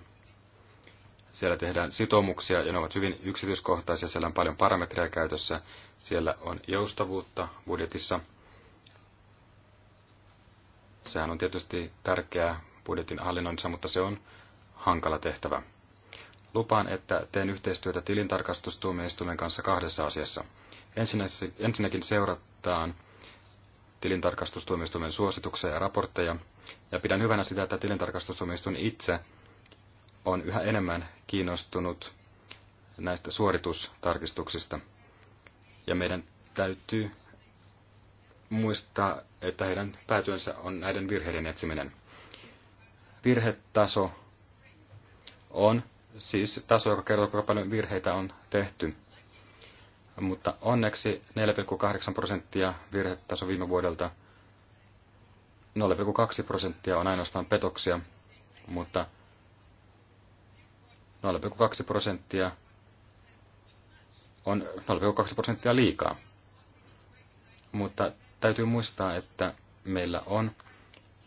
Siellä tehdään sitoumuksia ja ne ovat hyvin yksityiskohtaisia, siellä on paljon parametreja käytössä, siellä on joustavuutta budjetissa. Sehän on tietysti tärkeää budjetin hallinnoinnissa, mutta se on hankala tehtävä. Lupaan, että teen yhteistyötä tilintarkastustuomioistuimen kanssa kahdessa asiassa. Ensinnäkin seurataan tilintarkastustuomioistuimen suosituksia ja raportteja, ja pidän hyvänä sitä, että tilintarkastustuomioistuin itse on yhä enemmän kiinnostunut näistä suoritustarkistuksista. Ja meidän täytyy muistaa, että heidän päätyönsä on näiden virheiden etsiminen. Virhetaso on siis taso, joka kertoo, kuinka paljon virheitä on tehty. Mutta onneksi 4,8 prosenttia virhetaso viime vuodelta, 0,2 prosenttia on ainoastaan petoksia, mutta 0,2 prosenttia on 0,2 prosenttia liikaa. Mutta täytyy muistaa, että meillä on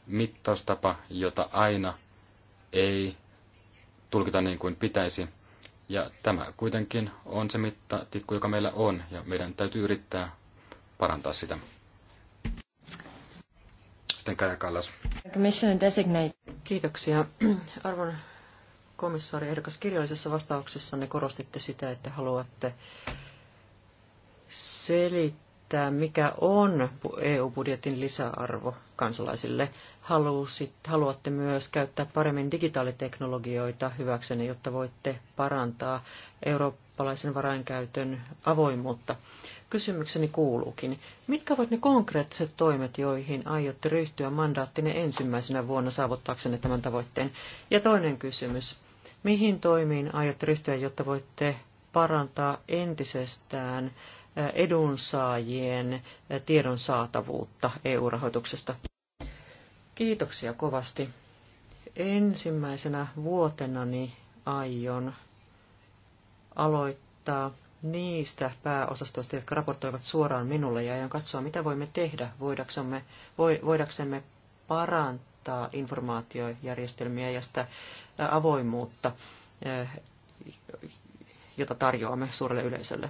mittaustapa, jota aina ei tulkita niin kuin pitäisi. Ja tämä kuitenkin on se mittatikku, joka meillä on, ja meidän täytyy yrittää parantaa sitä. Sitten Kaja Kallas. Kiitoksia. Arvon komissaari ehdokas, kirjallisessa vastauksessanne korostitte sitä, että haluatte selittää, tietää, mikä on EU-budjetin lisäarvo kansalaisille. Halusit, haluatte myös käyttää paremmin digitaaliteknologioita hyväksenne, jotta voitte parantaa eurooppalaisen varainkäytön avoimuutta. Kysymykseni kuuluukin, mitkä ovat ne konkreettiset toimet, joihin aiotte ryhtyä mandaattine ensimmäisenä vuonna saavuttaaksenne tämän tavoitteen? Ja toinen kysymys, mihin toimiin aiotte ryhtyä, jotta voitte parantaa entisestään edunsaajien tiedon saatavuutta EU-rahoituksesta. Kiitoksia kovasti. Ensimmäisenä vuotenani aion aloittaa niistä pääosastoista, jotka raportoivat suoraan minulle ja aion katsoa, mitä voimme tehdä, voidaksemme, voidaksemme parantaa informaatiojärjestelmiä ja sitä avoimuutta, jota tarjoamme suurelle yleisölle.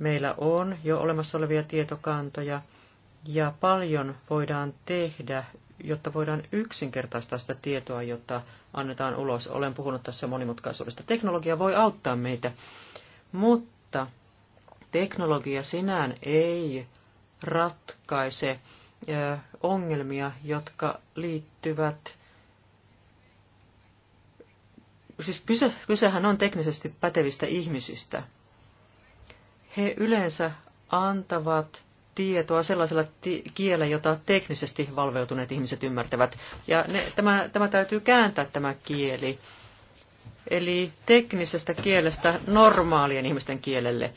Meillä on jo olemassa olevia tietokantoja ja paljon voidaan tehdä, jotta voidaan yksinkertaistaa sitä tietoa, jota annetaan ulos. Olen puhunut tässä monimutkaisuudesta. Teknologia voi auttaa meitä, mutta teknologia sinään ei ratkaise ongelmia, jotka liittyvät. Siis kyse, kysehän on teknisesti pätevistä ihmisistä, he yleensä antavat tietoa sellaisella ti- kielellä, jota teknisesti valveutuneet ihmiset ymmärtävät. Ja ne, tämä, tämä täytyy kääntää tämä kieli. Eli teknisestä kielestä normaalien ihmisten kielelle.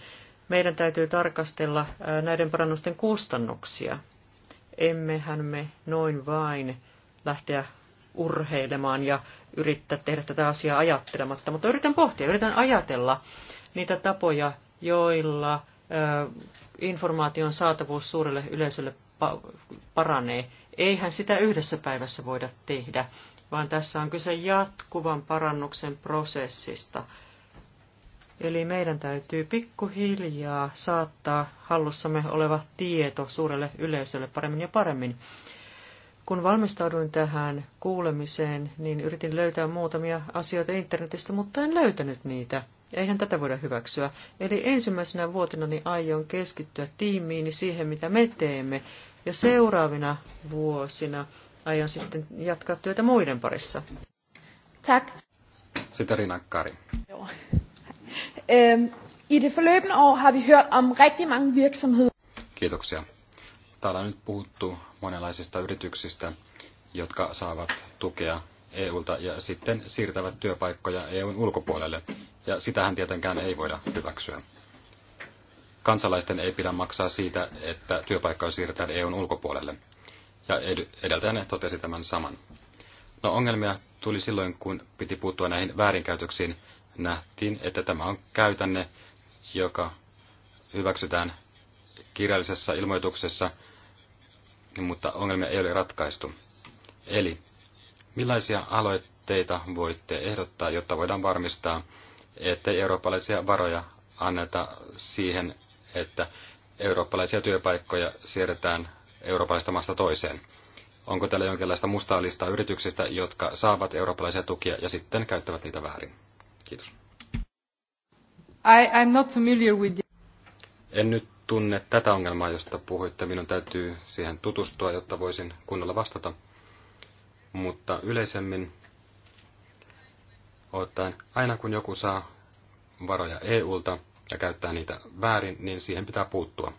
Meidän täytyy tarkastella näiden parannusten kustannuksia. Emmehän me noin vain lähteä urheilemaan ja yrittää tehdä tätä asiaa ajattelematta, mutta yritän pohtia, yritän ajatella niitä tapoja, joilla informaation saatavuus suurelle yleisölle paranee. Eihän sitä yhdessä päivässä voida tehdä, vaan tässä on kyse jatkuvan parannuksen prosessista. Eli meidän täytyy pikkuhiljaa saattaa hallussamme oleva tieto suurelle yleisölle paremmin ja paremmin. Kun valmistauduin tähän kuulemiseen, niin yritin löytää muutamia asioita internetistä, mutta en löytänyt niitä. Ja eihän tätä voida hyväksyä. Eli ensimmäisenä vuotena niin aion keskittyä tiimiini siihen, mitä me teemme. Ja seuraavina vuosina aion sitten jatkaa työtä muiden parissa. Tack. Sitä rina Joo. Ehm, I det forløbende år har vi hört om riktigt många virksomheter. Kiitoksia. Täällä on nyt puhuttu monenlaisista yrityksistä, jotka saavat tukea EUlta ja sitten siirtävät työpaikkoja EUn ulkopuolelle, ja sitähän tietenkään ei voida hyväksyä. Kansalaisten ei pidä maksaa siitä, että työpaikkaa siirretään EUn ulkopuolelle. Ja edeltäjänne totesi tämän saman. No ongelmia tuli silloin, kun piti puuttua näihin väärinkäytöksiin. Nähtiin, että tämä on käytänne, joka hyväksytään kirjallisessa ilmoituksessa, mutta ongelmia ei ole ratkaistu. Eli millaisia aloitteita voitte ehdottaa, jotta voidaan varmistaa, ettei eurooppalaisia varoja anneta siihen, että eurooppalaisia työpaikkoja siirretään eurooppalaista maasta toiseen. Onko täällä jonkinlaista mustaa listaa yrityksistä, jotka saavat eurooppalaisia tukia ja sitten käyttävät niitä väärin? Kiitos. I, I'm not familiar with the... En nyt tunne tätä ongelmaa, josta puhuitte. Minun täytyy siihen tutustua, jotta voisin kunnolla vastata. Mutta yleisemmin ottaen, aina kun joku saa varoja EUlta ja käyttää niitä väärin, niin siihen pitää puuttua.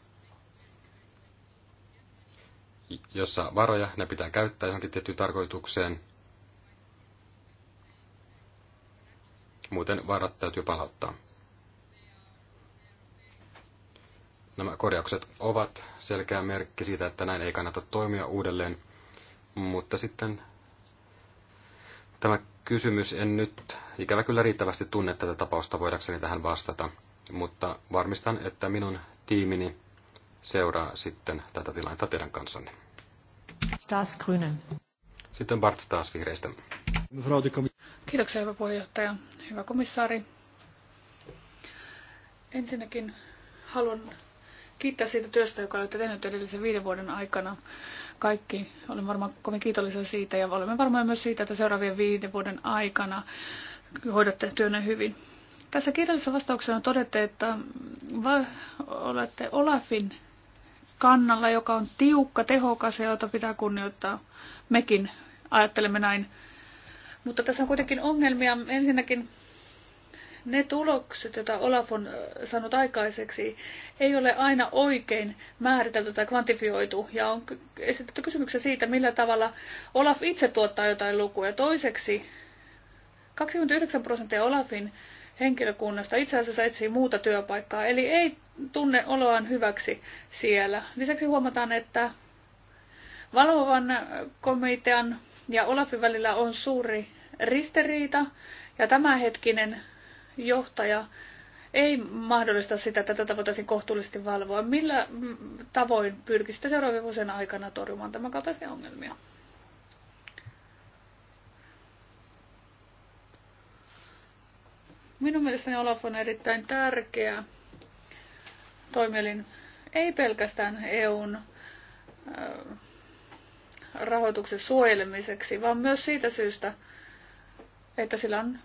Jos saa varoja, ne pitää käyttää johonkin tiettyyn tarkoitukseen. Muuten varat täytyy palauttaa. Nämä korjaukset ovat selkeä merkki siitä, että näin ei kannata toimia uudelleen, mutta sitten tämä kysymys. En nyt ikävä kyllä riittävästi tunne tätä tapausta voidakseni tähän vastata, mutta varmistan, että minun tiimini seuraa sitten tätä tilannetta teidän kanssanne. Stas Grüne. Sitten Bart Stas vihreistä. Kiitoksia, hyvä puheenjohtaja. Hyvä komissaari. Ensinnäkin haluan kiittää siitä työstä, joka olette tehnyt edellisen viiden vuoden aikana kaikki olemme varmaan kovin kiitollisia siitä ja olemme varmaan myös siitä, että seuraavien viiden vuoden aikana hoidatte työnne hyvin. Tässä kirjallisessa vastauksessa on todettu, että olette Olafin kannalla, joka on tiukka, tehokas ja jota pitää kunnioittaa. Mekin ajattelemme näin. Mutta tässä on kuitenkin ongelmia. Ensinnäkin ne tulokset, joita Olaf on saanut aikaiseksi, ei ole aina oikein määritelty tai kvantifioitu. Ja on esitetty kysymyksiä siitä, millä tavalla Olaf itse tuottaa jotain lukuja. Toiseksi 29 prosenttia Olafin henkilökunnasta itse asiassa etsii muuta työpaikkaa, eli ei tunne oloaan hyväksi siellä. Lisäksi huomataan, että valvovan komitean ja Olafin välillä on suuri ristiriita ja tämänhetkinen johtaja ei mahdollista sitä, että tätä voitaisiin kohtuullisesti valvoa. Millä tavoin pyrkisitte seuraavien vuosien aikana torjumaan tämän kaltaisia ongelmia? Minun mielestäni Olaf on erittäin tärkeä toimielin, ei pelkästään EUn rahoituksen suojelemiseksi, vaan myös siitä syystä, että sillä on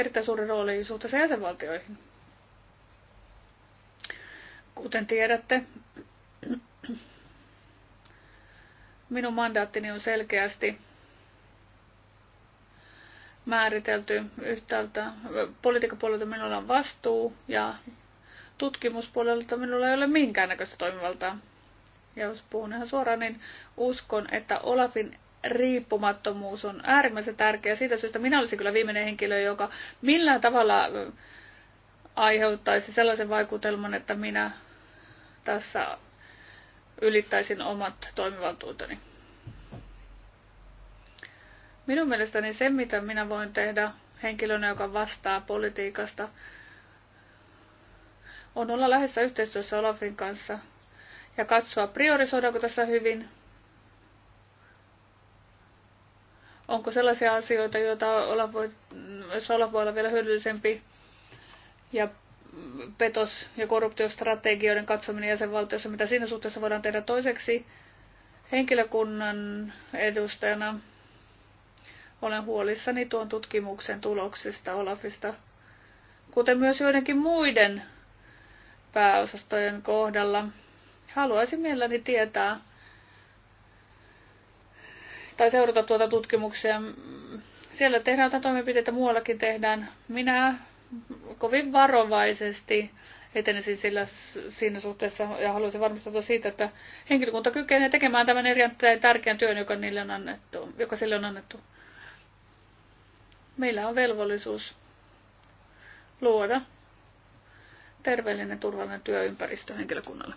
erittäin suuri rooli suhteessa jäsenvaltioihin. Kuten tiedätte, minun mandaattini on selkeästi määritelty yhtäältä. Politiikapuolelta minulla on vastuu ja tutkimuspuolelta minulla ei ole minkäännäköistä toimivaltaa. Ja jos puhun ihan suoraan, niin uskon, että Olafin riippumattomuus on äärimmäisen tärkeä. Siitä syystä minä olisin kyllä viimeinen henkilö, joka millään tavalla aiheuttaisi sellaisen vaikutelman, että minä tässä ylittäisin omat toimivaltuuteni. Minun mielestäni se, mitä minä voin tehdä henkilönä, joka vastaa politiikasta, on olla lähes yhteistyössä Olafin kanssa ja katsoa, priorisoidaanko tässä hyvin, Onko sellaisia asioita, joita olla voi, olla voi olla vielä hyödyllisempi ja petos- ja korruptiostrategioiden katsominen jäsenvaltiossa, mitä siinä suhteessa voidaan tehdä toiseksi henkilökunnan edustajana. Olen huolissani tuon tutkimuksen tuloksista Olafista, kuten myös joidenkin muiden pääosastojen kohdalla. Haluaisin mielelläni tietää, tai seurata tuota tutkimuksia. Siellä tehdään jotain toimenpiteitä, muuallakin tehdään. Minä kovin varovaisesti etenisin sillä, siinä suhteessa ja haluaisin varmistautua siitä, että henkilökunta kykenee tekemään tämän erittäin tärkeän työn, joka, niille on annettu, joka sille on annettu. Meillä on velvollisuus luoda terveellinen turvallinen työympäristö henkilökunnalle.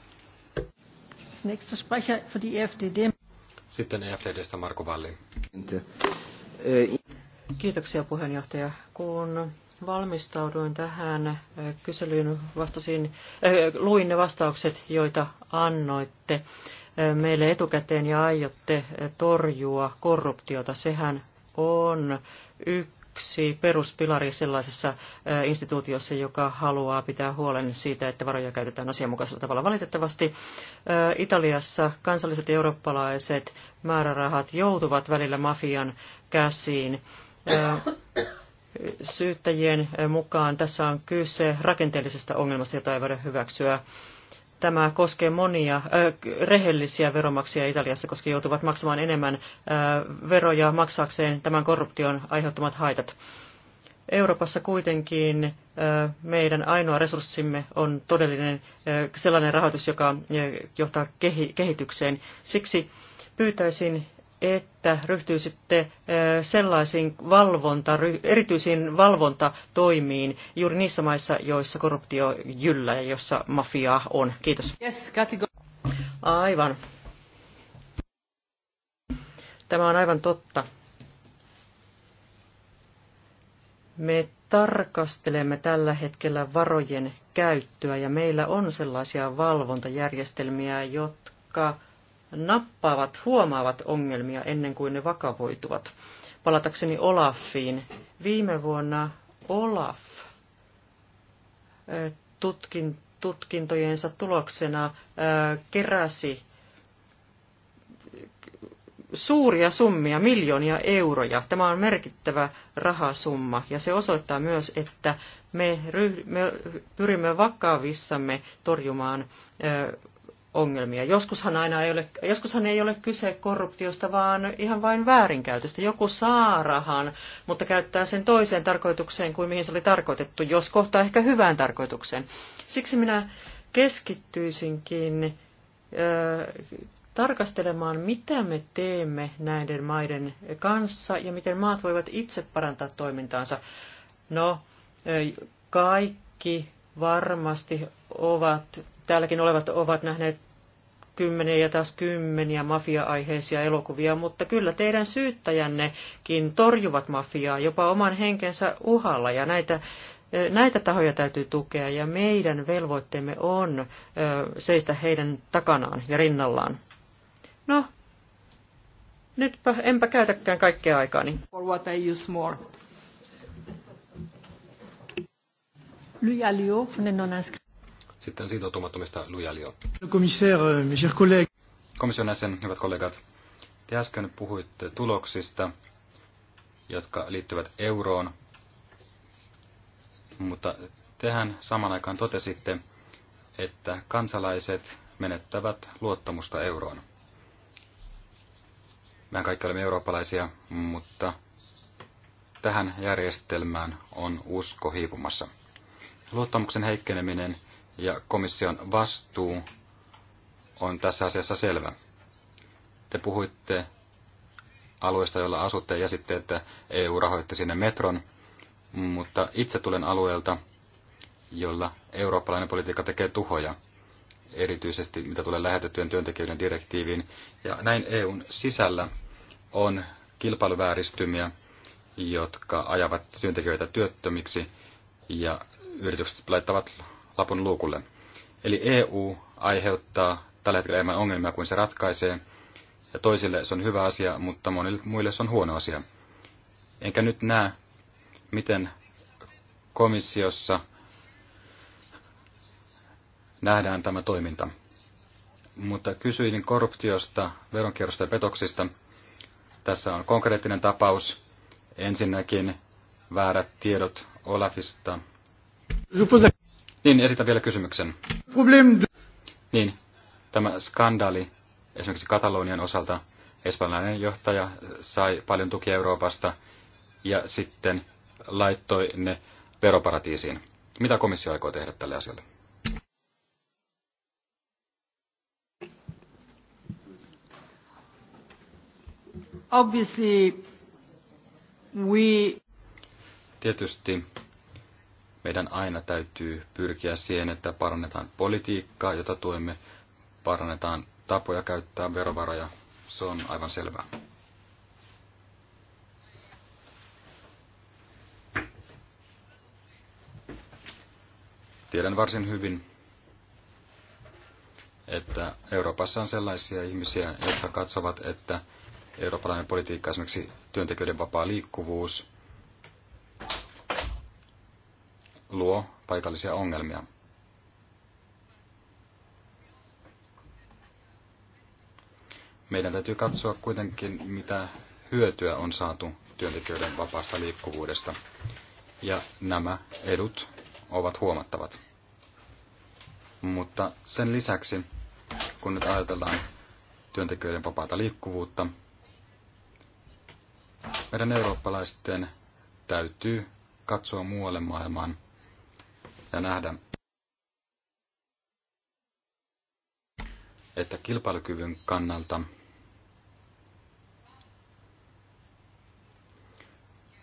Nächster Sprecher für die e FDD. Sitten EFLEDestä Marko Valli. Kiitoksia puheenjohtaja. Kun valmistauduin tähän äh, kyselyyn, vastasin, äh, luin ne vastaukset, joita annoitte äh, meille etukäteen ja aiotte äh, torjua korruptiota. Sehän on yksi yksi peruspilari sellaisessa instituutiossa, joka haluaa pitää huolen siitä, että varoja käytetään asianmukaisella tavalla. Valitettavasti Italiassa kansalliset ja eurooppalaiset määrärahat joutuvat välillä mafian käsiin. Syyttäjien mukaan tässä on kyse rakenteellisesta ongelmasta, jota ei voida hyväksyä. Tämä koskee monia äh, rehellisiä veromaksia Italiassa, koska joutuvat maksamaan enemmän äh, veroja maksaakseen tämän korruption aiheuttamat haitat. Euroopassa kuitenkin äh, meidän ainoa resurssimme on todellinen äh, sellainen rahoitus, joka äh, johtaa kehi- kehitykseen. Siksi pyytäisin, että ryhtyisitte sellaisiin valvonta, erityisiin valvontatoimiin juuri niissä maissa, joissa korruptio jyllää ja jossa mafiaa on. Kiitos. Yes, Aivan. Tämä on aivan totta. Me tarkastelemme tällä hetkellä varojen käyttöä ja meillä on sellaisia valvontajärjestelmiä, jotka nappaavat, huomaavat ongelmia ennen kuin ne vakavoituvat. Palatakseni Olafiin. Viime vuonna Olaf tutkin, tutkintojensa tuloksena keräsi suuria summia, miljoonia euroja. Tämä on merkittävä rahasumma ja se osoittaa myös, että me, ryh- me pyrimme vakavissamme torjumaan ö, ongelmia. Joskushan, aina ei ole, joskushan ei ole kyse korruptiosta, vaan ihan vain väärinkäytöstä. Joku saa rahan, mutta käyttää sen toiseen tarkoitukseen kuin mihin se oli tarkoitettu, jos kohta ehkä hyvään tarkoitukseen. Siksi minä keskittyisinkin ö, tarkastelemaan, mitä me teemme näiden maiden kanssa ja miten maat voivat itse parantaa toimintaansa. No, ö, kaikki varmasti ovat täälläkin olevat ovat nähneet kymmeniä ja taas kymmeniä mafia-aiheisia elokuvia, mutta kyllä teidän syyttäjännekin torjuvat mafiaa jopa oman henkensä uhalla ja näitä, näitä tahoja täytyy tukea ja meidän velvoitteemme on seistä heidän takanaan ja rinnallaan. No, nytpä enpä käytäkään kaikkea aikaani. For what I use more. Lui non sitten sitoutumattomista lujalio. Euh, Komission jäsen, hyvät kollegat, te äsken puhuitte tuloksista, jotka liittyvät euroon, mutta tehän saman aikaan totesitte, että kansalaiset menettävät luottamusta euroon. Mehän kaikki olemme eurooppalaisia, mutta tähän järjestelmään on usko hiipumassa. Luottamuksen heikkeneminen ja komission vastuu on tässä asiassa selvä. Te puhuitte alueesta, jolla asutte, ja sitten, että EU rahoitti sinne metron, mutta itse tulen alueelta, jolla eurooppalainen politiikka tekee tuhoja, erityisesti mitä tulee lähetettyjen työntekijöiden direktiiviin. Ja näin EUn sisällä on kilpailuvääristymiä, jotka ajavat työntekijöitä työttömiksi ja yritykset laittavat lapun luukulle. Eli EU aiheuttaa tällä hetkellä enemmän ongelmia kuin se ratkaisee, ja toisille se on hyvä asia, mutta monille muille se on huono asia. Enkä nyt näe, miten komissiossa nähdään tämä toiminta. Mutta kysyisin korruptiosta, veronkierrosta ja petoksista. Tässä on konkreettinen tapaus. Ensinnäkin väärät tiedot Olafista. Niin, esitä vielä kysymyksen. Problem. Niin, tämä skandaali esimerkiksi Katalonian osalta, espanjalainen johtaja sai paljon tukia Euroopasta ja sitten laittoi ne veroparatiisiin. Mitä komissio aikoo tehdä tälle asialle? Obviously, we... Tietysti meidän aina täytyy pyrkiä siihen, että parannetaan politiikkaa, jota tuemme, parannetaan tapoja käyttää verovaroja. Se on aivan selvää. Tiedän varsin hyvin, että Euroopassa on sellaisia ihmisiä, jotka katsovat, että eurooppalainen politiikka, esimerkiksi työntekijöiden vapaa liikkuvuus, luo paikallisia ongelmia. Meidän täytyy katsoa kuitenkin, mitä hyötyä on saatu työntekijöiden vapaasta liikkuvuudesta. Ja nämä edut ovat huomattavat. Mutta sen lisäksi, kun nyt ajatellaan työntekijöiden vapaata liikkuvuutta, meidän eurooppalaisten täytyy katsoa muualle maailmaan – ja nähdä, että kilpailukyvyn kannalta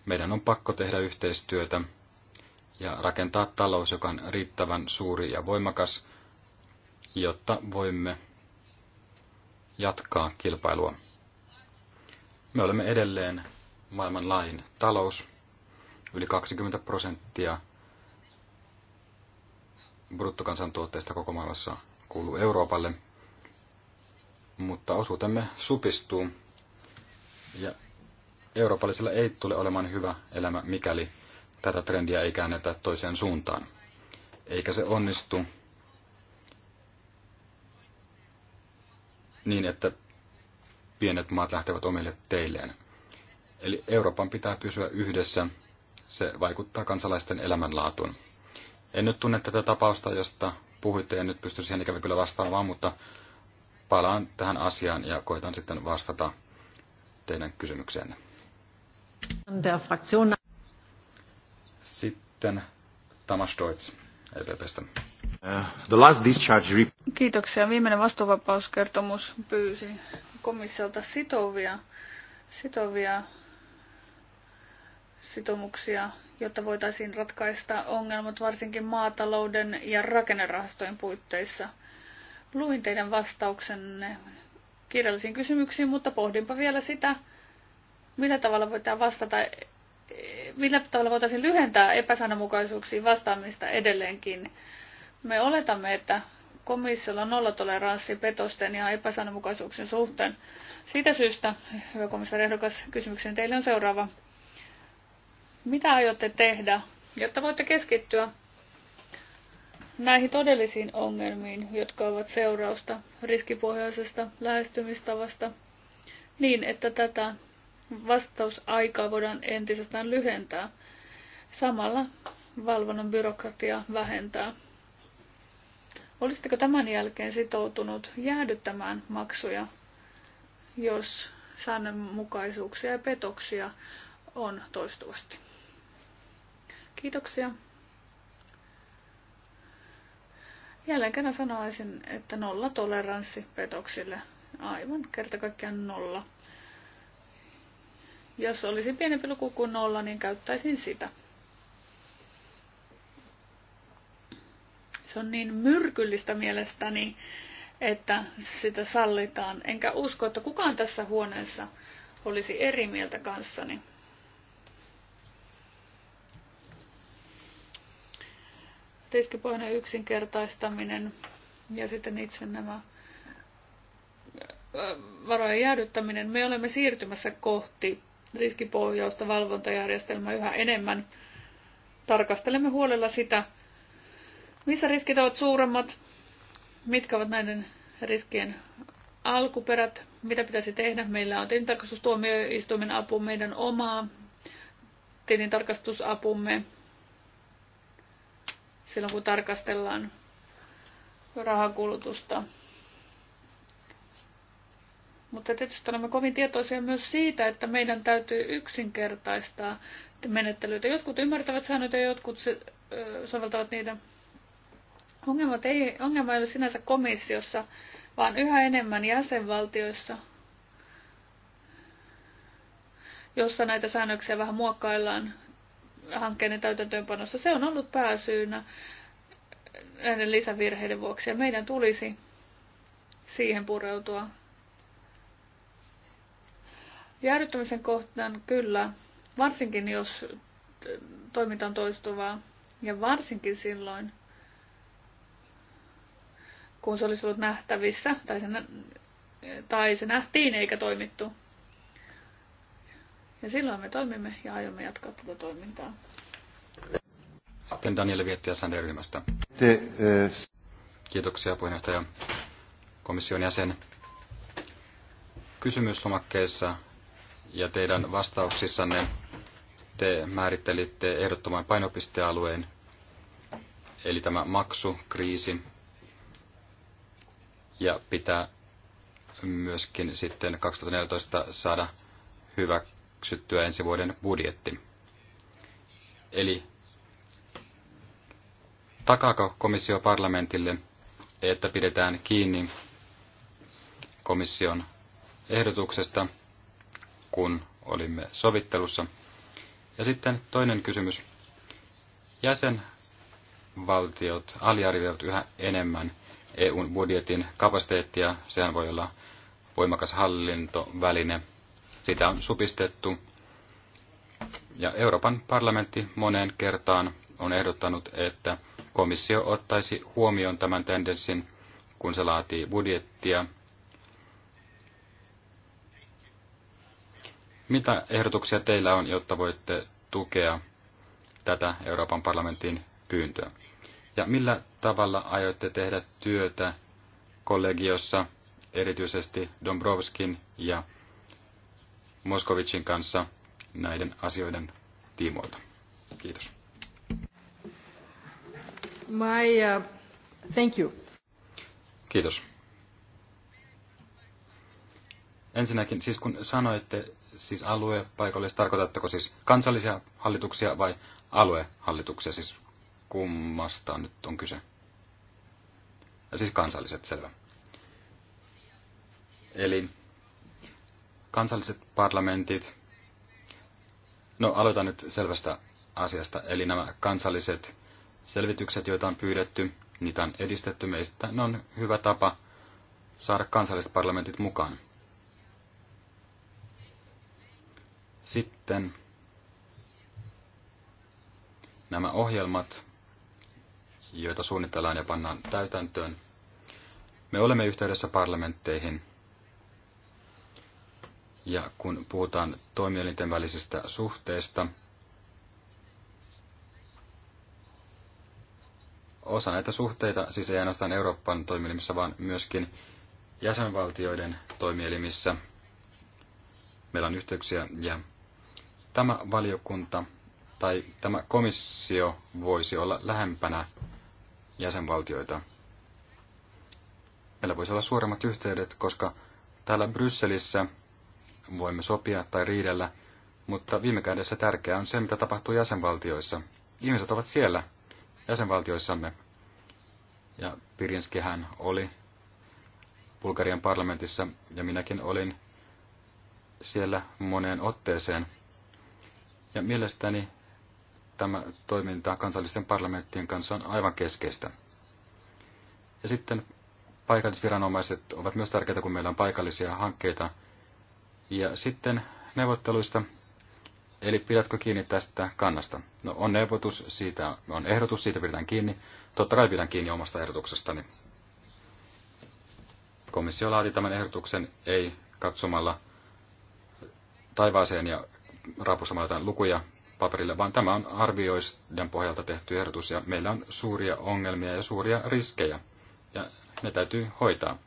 meidän on pakko tehdä yhteistyötä ja rakentaa talous, joka on riittävän suuri ja voimakas, jotta voimme jatkaa kilpailua. Me olemme edelleen maailman lain talous. Yli 20 prosenttia bruttokansantuotteesta koko maailmassa kuuluu Euroopalle, mutta osuutemme supistuu ja eurooppalaisilla ei tule olemaan hyvä elämä, mikäli tätä trendiä ei käännetä toiseen suuntaan. Eikä se onnistu niin, että pienet maat lähtevät omille teilleen. Eli Euroopan pitää pysyä yhdessä, se vaikuttaa kansalaisten elämänlaatuun. En nyt tunne tätä tapausta, josta puhuitte, en nyt pysty siihen ikävä kyllä vastaamaan, mutta palaan tähän asiaan ja koitan sitten vastata teidän kysymykseenne. Sitten Tamas Deutsch, EPPstä. The last discharge Kiitoksia. Viimeinen vastuuvapauskertomus pyysi komissiolta sitovia, sitovia sitoumuksia, jotta voitaisiin ratkaista ongelmat varsinkin maatalouden ja rakennerahastojen puitteissa. Luin teidän vastauksenne kirjallisiin kysymyksiin, mutta pohdinpa vielä sitä, millä tavalla vastata, millä tavalla voitaisiin lyhentää epäsanamukaisuuksiin vastaamista edelleenkin. Me oletamme, että komissiolla on nollatoleranssi petosten ja epäsanamukaisuuksien suhteen. Siitä syystä, hyvä komissaari ehdokas, kysymykseni teille on seuraava. Mitä aiotte tehdä, jotta voitte keskittyä näihin todellisiin ongelmiin, jotka ovat seurausta riskipohjaisesta lähestymistavasta, niin että tätä vastausaikaa voidaan entisestään lyhentää, samalla valvonnan byrokratia vähentää. Olisitteko tämän jälkeen sitoutunut jäädyttämään maksuja, jos säännönmukaisuuksia ja petoksia on toistuvasti? Kiitoksia. Jälleen kerran sanoisin, että nolla toleranssi petoksille. Aivan kerta kaikkiaan nolla. Jos olisi pienempi luku kuin nolla, niin käyttäisin sitä. Se on niin myrkyllistä mielestäni, että sitä sallitaan. Enkä usko, että kukaan tässä huoneessa olisi eri mieltä kanssani. tiskipohjainen yksinkertaistaminen ja sitten itse nämä varojen jäädyttäminen. Me olemme siirtymässä kohti riskipohjausta valvontajärjestelmää yhä enemmän. Tarkastelemme huolella sitä, missä riskit ovat suuremmat, mitkä ovat näiden riskien alkuperät, mitä pitäisi tehdä. Meillä on tilintarkastustuomioistuimen apu, meidän omaa tilintarkastusapumme, silloin kun tarkastellaan rahakulutusta. Mutta tietysti olemme kovin tietoisia myös siitä, että meidän täytyy yksinkertaistaa menettelyitä. Jotkut ymmärtävät säännöt ja jotkut soveltavat niitä. Ongelmat ei, ongelma ei ole sinänsä komissiossa, vaan yhä enemmän jäsenvaltioissa, jossa näitä säännöksiä vähän muokkaillaan hankkeiden täytäntöönpanossa. Se on ollut pääsyynä näiden lisävirheiden vuoksi ja meidän tulisi siihen pureutua. Jäädyttämisen kohtaan kyllä, varsinkin jos toiminta on toistuvaa ja varsinkin silloin, kun se olisi ollut nähtävissä tai se, tai se nähtiin eikä toimittu. Ja silloin me toimimme ja aiomme jatkaa tätä toimintaa. Sitten Daniel Viettiä Sander-ryhmästä. Eh, Kiitoksia puheenjohtaja komission jäsen. Kysymyslomakkeissa ja teidän vastauksissanne te määrittelitte ehdottoman painopistealueen, eli tämä maksukriisi, ja pitää myöskin sitten 2014 saada hyvä hyväksyttyä ensi vuoden budjetti. Eli takaako komissio parlamentille, että pidetään kiinni komission ehdotuksesta, kun olimme sovittelussa. Ja sitten toinen kysymys. Jäsenvaltiot aliarvioivat yhä enemmän EUn budjetin kapasiteettia. Sehän voi olla voimakas hallintoväline – sitä on supistettu. Ja Euroopan parlamentti moneen kertaan on ehdottanut, että komissio ottaisi huomioon tämän tendenssin, kun se laatii budjettia. Mitä ehdotuksia teillä on, jotta voitte tukea tätä Euroopan parlamentin pyyntöä? Ja millä tavalla aiotte tehdä työtä kollegiossa, erityisesti Dombrovskin ja Moskovicin kanssa näiden asioiden tiimoilta. Kiitos. My, uh, thank you. Kiitos. Ensinnäkin, siis kun sanoitte siis alue paikallis, tarkoitatteko siis kansallisia hallituksia vai aluehallituksia, siis kummasta nyt on kyse? Ja siis kansalliset, selvä. Eli kansalliset parlamentit, no aloitan nyt selvästä asiasta, eli nämä kansalliset selvitykset, joita on pyydetty, niitä on edistetty meistä, ne on hyvä tapa saada kansalliset parlamentit mukaan. Sitten nämä ohjelmat, joita suunnitellaan ja pannaan täytäntöön. Me olemme yhteydessä parlamentteihin – ja kun puhutaan toimielinten välisestä suhteesta, osa näitä suhteita, siis ei ainoastaan Euroopan toimielimissä, vaan myöskin jäsenvaltioiden toimielimissä, meillä on yhteyksiä ja tämä valiokunta tai tämä komissio voisi olla lähempänä jäsenvaltioita. Meillä voisi olla suuremmat yhteydet, koska täällä Brysselissä voimme sopia tai riidellä, mutta viime kädessä tärkeää on se, mitä tapahtuu jäsenvaltioissa. Ihmiset ovat siellä, jäsenvaltioissamme. Ja hän oli Bulgarian parlamentissa, ja minäkin olin siellä moneen otteeseen. Ja mielestäni tämä toiminta kansallisten parlamenttien kanssa on aivan keskeistä. Ja sitten paikallisviranomaiset ovat myös tärkeitä, kun meillä on paikallisia hankkeita, ja sitten neuvotteluista. Eli pidätkö kiinni tästä kannasta? No on neuvotus, siitä on ehdotus, siitä pidetään kiinni. Totta kai pidän kiinni omasta ehdotuksestani. Komissio laati tämän ehdotuksen ei katsomalla taivaaseen ja rapusamalla jotain lukuja paperille, vaan tämä on arvioiden pohjalta tehty ehdotus ja meillä on suuria ongelmia ja suuria riskejä ja ne täytyy hoitaa.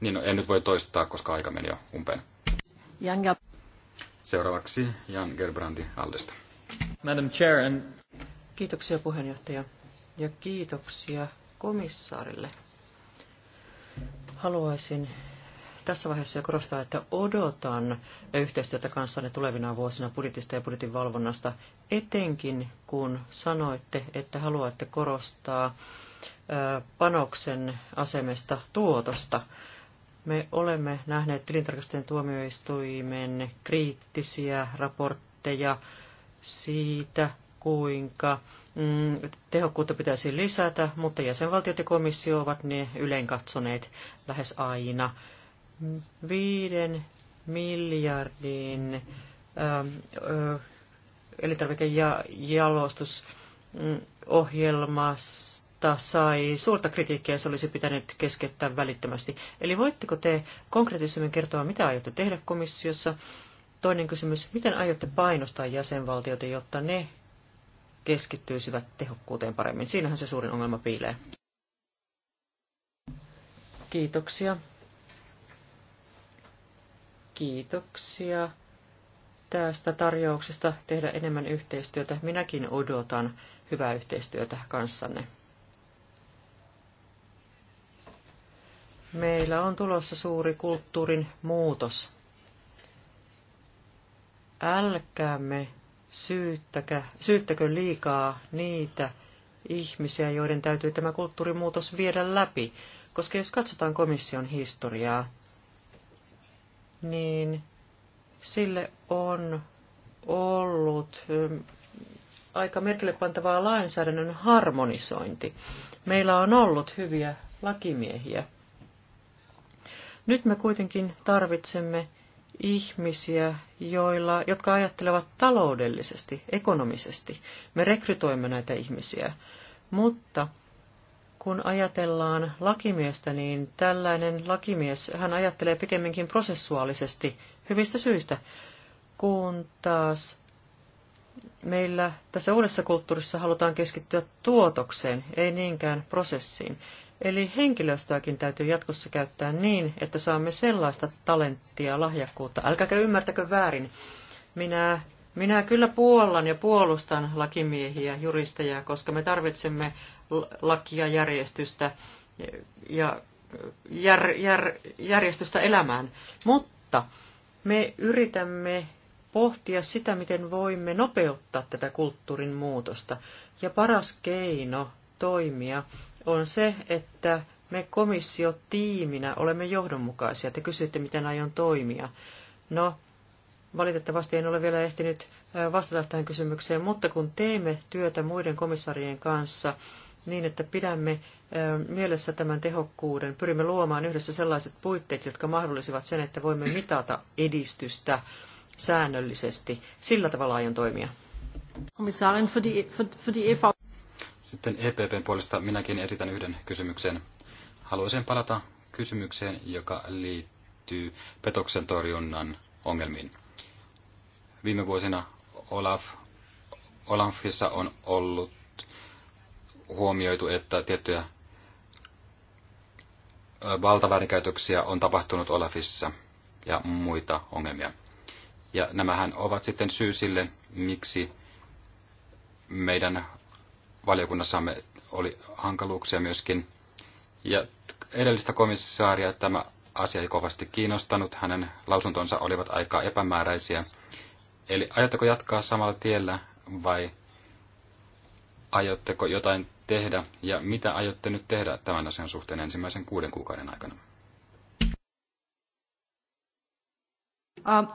Niin, no, en nyt voi toistaa, koska aika meni jo umpeen. Janga. Seuraavaksi Jan Gerbrandi Aldesta. Madam Chair and... Kiitoksia puheenjohtaja ja kiitoksia komissaarille. Haluaisin tässä vaiheessa jo korostaa, että odotan yhteistyötä kanssanne tulevina vuosina budjetista ja budjetin valvonnasta, etenkin kun sanoitte, että haluatte korostaa panoksen asemesta tuotosta. Me olemme nähneet tilintarkastajien tuomioistuimen kriittisiä raportteja siitä, kuinka mm, tehokkuutta pitäisi lisätä, mutta jäsenvaltiot ja komissio ovat ne yleen katsoneet lähes aina. Viiden miljardin ähm, elintarvikejalostusohjelmasta mutta sai suurta kritiikkiä ja se olisi pitänyt keskeyttää välittömästi. Eli voitteko te konkreettisemmin kertoa, mitä aiotte tehdä komissiossa? Toinen kysymys, miten aiotte painostaa jäsenvaltioita, jotta ne keskittyisivät tehokkuuteen paremmin? Siinähän se suurin ongelma piilee. Kiitoksia. Kiitoksia tästä tarjouksesta tehdä enemmän yhteistyötä. Minäkin odotan hyvää yhteistyötä kanssanne. Meillä on tulossa suuri kulttuurin muutos. Älkäämme syyttäkö, syyttäkö liikaa niitä ihmisiä, joiden täytyy tämä kulttuurimuutos viedä läpi. Koska jos katsotaan komission historiaa, niin sille on ollut ähm, aika merkille pantavaa lainsäädännön harmonisointi. Meillä on ollut hyviä lakimiehiä, nyt me kuitenkin tarvitsemme ihmisiä, joilla, jotka ajattelevat taloudellisesti, ekonomisesti. Me rekrytoimme näitä ihmisiä, mutta kun ajatellaan lakimiestä, niin tällainen lakimies, hän ajattelee pikemminkin prosessuaalisesti hyvistä syistä, kun taas meillä tässä uudessa kulttuurissa halutaan keskittyä tuotokseen, ei niinkään prosessiin. Eli henkilöstöäkin täytyy jatkossa käyttää niin, että saamme sellaista talenttia, lahjakkuutta. Älkääkä ymmärtäkö väärin. Minä, minä kyllä puollan ja puolustan lakimiehiä, juristeja, koska me tarvitsemme lakia, järjestystä ja jär, jär, järjestystä elämään. Mutta me yritämme pohtia sitä, miten voimme nopeuttaa tätä kulttuurin muutosta. Ja paras keino toimia on se, että me komissiotiiminä olemme johdonmukaisia. Te kysyitte, miten aion toimia. No, valitettavasti en ole vielä ehtinyt vastata tähän kysymykseen, mutta kun teemme työtä muiden komissarien kanssa niin, että pidämme mielessä tämän tehokkuuden, pyrimme luomaan yhdessä sellaiset puitteet, jotka mahdollisivat sen, että voimme mitata edistystä säännöllisesti. Sillä tavalla aion toimia. Komissaarin, für die, für, für die EV. Sitten EPPn puolesta minäkin esitän yhden kysymyksen. Haluaisin palata kysymykseen, joka liittyy petoksen torjunnan ongelmiin. Viime vuosina Olaf, Olafissa on ollut huomioitu, että tiettyjä valtaväärinkäytöksiä on tapahtunut Olafissa ja muita ongelmia. Ja nämähän ovat sitten syy sille, miksi meidän valiokunnassamme oli hankaluuksia myöskin. Ja edellistä komissaaria tämä asia ei kovasti kiinnostanut. Hänen lausuntonsa olivat aika epämääräisiä. Eli aiotteko jatkaa samalla tiellä vai aiotteko jotain tehdä ja mitä aiotte nyt tehdä tämän asian suhteen ensimmäisen kuuden kuukauden aikana? Uh,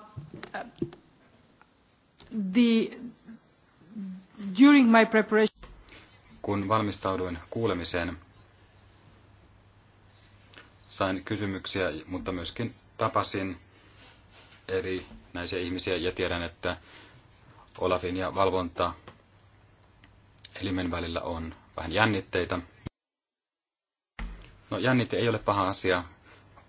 the, during my preparation kun valmistauduin kuulemiseen, sain kysymyksiä, mutta myöskin tapasin eri näisiä ihmisiä ja tiedän, että Olafin ja valvonta elimen välillä on vähän jännitteitä. No jännite ei ole paha asia,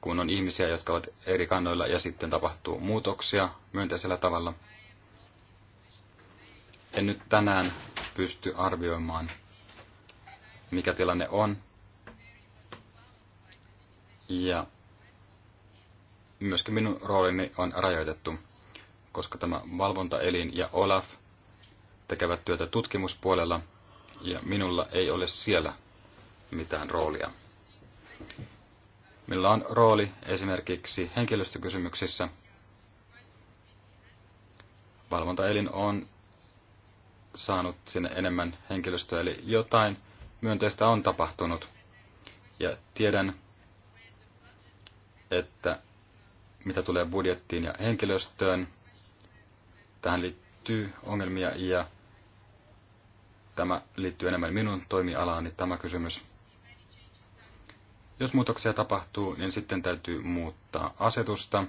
kun on ihmisiä, jotka ovat eri kannoilla ja sitten tapahtuu muutoksia myönteisellä tavalla. En nyt tänään pysty arvioimaan mikä tilanne on. Ja myöskin minun roolini on rajoitettu, koska tämä valvontaelin ja Olaf tekevät työtä tutkimuspuolella ja minulla ei ole siellä mitään roolia. Millä on rooli esimerkiksi henkilöstökysymyksissä. Valvontaelin on saanut sinne enemmän henkilöstöä, eli jotain myönteistä on tapahtunut. Ja tiedän, että mitä tulee budjettiin ja henkilöstöön, tähän liittyy ongelmia ja tämä liittyy enemmän minun toimialaani tämä kysymys. Jos muutoksia tapahtuu, niin sitten täytyy muuttaa asetusta.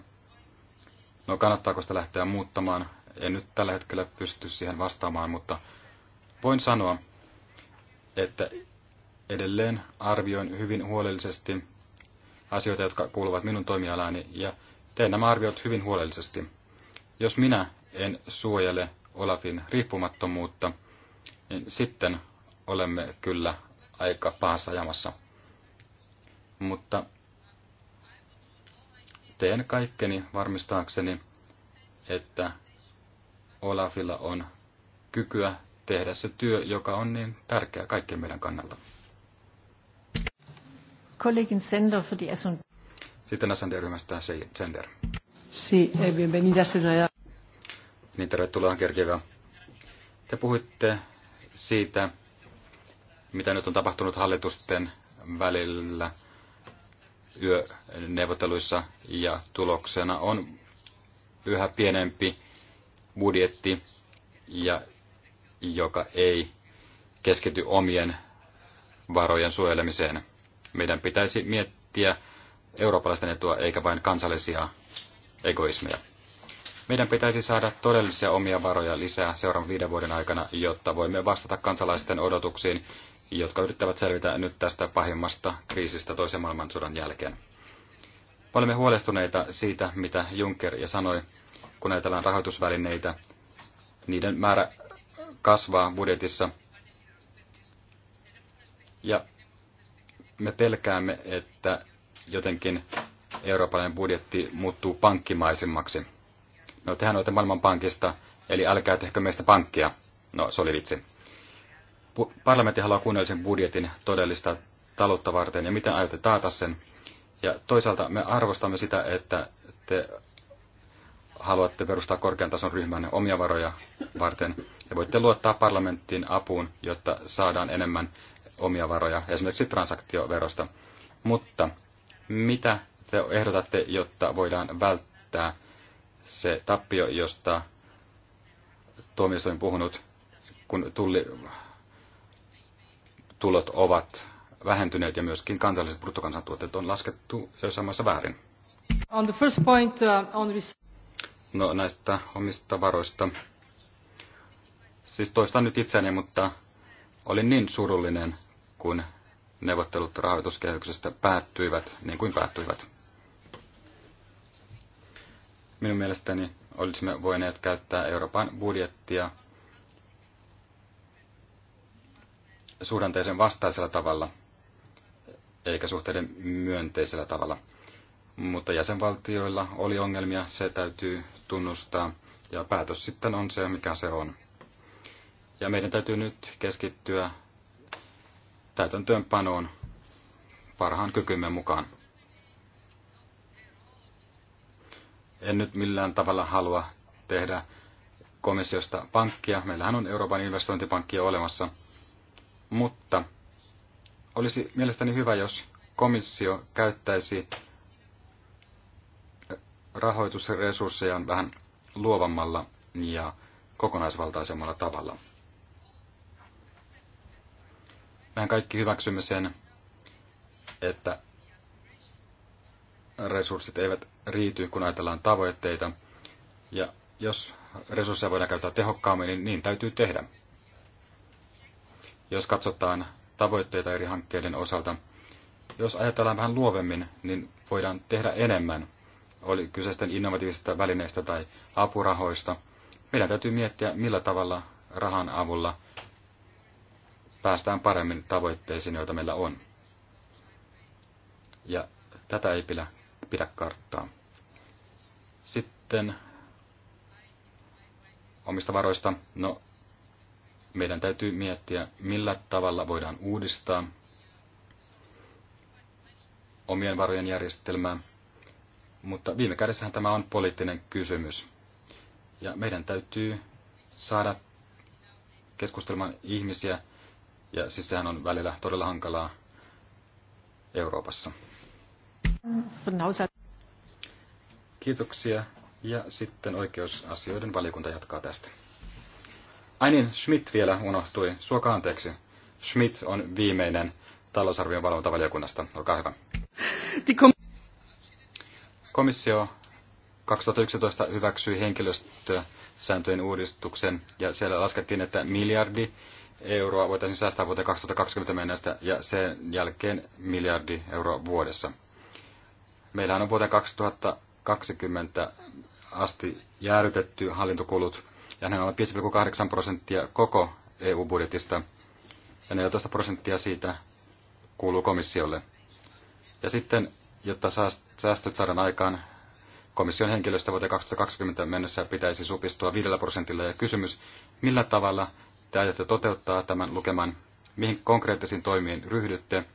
No kannattaako sitä lähteä muuttamaan? En nyt tällä hetkellä pysty siihen vastaamaan, mutta voin sanoa, että edelleen arvioin hyvin huolellisesti asioita, jotka kuuluvat minun toimialani ja teen nämä arviot hyvin huolellisesti. Jos minä en suojele Olafin riippumattomuutta, niin sitten olemme kyllä aika pahassa ajamassa. Mutta teen kaikkeni varmistaakseni, että Olafilla on kykyä tehdä se työ, joka on niin tärkeä kaikkien meidän kannalta. Kollegin Sender för die S&D. Sitten SND-ryhmästä Sender. Si, eh, bienvenida, senador. Niin, tervetuloa Kerkivä. Te puhuitte siitä, mitä nyt on tapahtunut hallitusten välillä yöneuvotteluissa ja tuloksena on yhä pienempi budjetti ja joka ei keskity omien varojen suojelemiseen. Meidän pitäisi miettiä eurooppalaisten etua eikä vain kansallisia egoismeja. Meidän pitäisi saada todellisia omia varoja lisää seuraavan viiden vuoden aikana, jotta voimme vastata kansalaisten odotuksiin, jotka yrittävät selvitä nyt tästä pahimmasta kriisistä toisen maailmansodan jälkeen. Olemme huolestuneita siitä, mitä Juncker ja sanoi, kun ajatellaan rahoitusvälineitä. Niiden määrä kasvaa budjetissa. Ja me pelkäämme, että jotenkin eurooppalainen budjetti muuttuu pankkimaisemmaksi. No tehän olette pankista, eli älkää tehkö meistä pankkia. No se oli vitsi. Parlamentti haluaa kunnollisen budjetin todellista taloutta varten ja miten aiotte taata sen. Ja toisaalta me arvostamme sitä, että te haluatte perustaa korkean tason ryhmänne omia varoja varten, ja voitte luottaa parlamenttiin apuun, jotta saadaan enemmän omia varoja, esimerkiksi transaktioverosta. Mutta mitä te ehdotatte, jotta voidaan välttää se tappio, josta tuomioistuin puhunut, kun tulli, tulot ovat vähentyneet ja myöskin kansalliset bruttokansantuotteet on laskettu jossain maassa väärin. On the first point, uh, on No näistä omista varoista. Siis toistan nyt itseäni, mutta olin niin surullinen, kun neuvottelut rahoituskehyksestä päättyivät niin kuin päättyivät. Minun mielestäni olisimme voineet käyttää Euroopan budjettia suhdanteisen vastaisella tavalla, eikä suhteiden myönteisellä tavalla. Mutta jäsenvaltioilla oli ongelmia, se täytyy tunnustaa, ja päätös sitten on se, mikä se on. Ja meidän täytyy nyt keskittyä täytäntöönpanoon parhaan kykymme mukaan. En nyt millään tavalla halua tehdä komissiosta pankkia. Meillähän on Euroopan investointipankki olemassa. Mutta olisi mielestäni hyvä, jos komissio käyttäisi rahoitusresurssejaan vähän luovammalla ja kokonaisvaltaisemmalla tavalla. Mehän kaikki hyväksymme sen, että resurssit eivät riity, kun ajatellaan tavoitteita. Ja jos resursseja voidaan käyttää tehokkaammin, niin niin täytyy tehdä. Jos katsotaan tavoitteita eri hankkeiden osalta, jos ajatellaan vähän luovemmin, niin voidaan tehdä enemmän oli kyse sitten innovatiivisista välineistä tai apurahoista. Meidän täytyy miettiä, millä tavalla rahan avulla päästään paremmin tavoitteisiin, joita meillä on. Ja tätä ei pidä, pidä karttaa. Sitten omista varoista. No, meidän täytyy miettiä, millä tavalla voidaan uudistaa omien varojen järjestelmää. Mutta viime kädessähän tämä on poliittinen kysymys. Ja meidän täytyy saada keskustelemaan ihmisiä, ja siis sehän on välillä todella hankalaa Euroopassa. Kiitoksia. Ja sitten oikeusasioiden valiokunta jatkaa tästä. Ai niin, Schmidt vielä unohtui. Suoka anteeksi. Schmidt on viimeinen talousarvion valvontavaliokunnasta. Olkaa hyvä. Komissio 2011 hyväksyi henkilöstösääntöjen uudistuksen ja siellä laskettiin, että miljardi euroa voitaisiin säästää vuoteen 2020 mennessä ja sen jälkeen miljardi euroa vuodessa. Meillähän on vuoteen 2020 asti jäädytetty hallintokulut ja ne ovat 5,8 prosenttia koko EU-budjetista ja 14 prosenttia siitä kuuluu komissiolle. Ja sitten Jotta säästöt saadaan aikaan, komission henkilöstö vuoteen 2020 mennessä pitäisi supistua 5 prosentilla. Ja kysymys, millä tavalla te aiotte toteuttaa tämän lukeman, mihin konkreettisiin toimiin ryhdytte,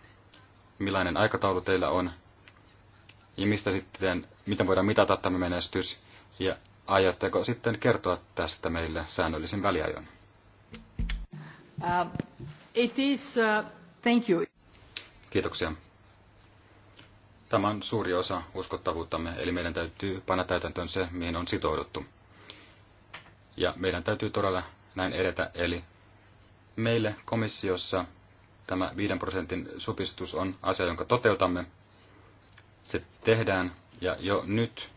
millainen aikataulu teillä on, ja mistä sitten, miten voidaan mitata tämä menestys, ja aiotteko sitten kertoa tästä meille säännöllisin väliajoin? Uh, it is, uh, thank you. Kiitoksia. Tämä on suuri osa uskottavuuttamme, eli meidän täytyy panna täytäntöön se, mihin on sitouduttu. Ja meidän täytyy todella näin edetä, eli meille komissiossa tämä 5 prosentin supistus on asia, jonka toteutamme. Se tehdään, ja jo nyt,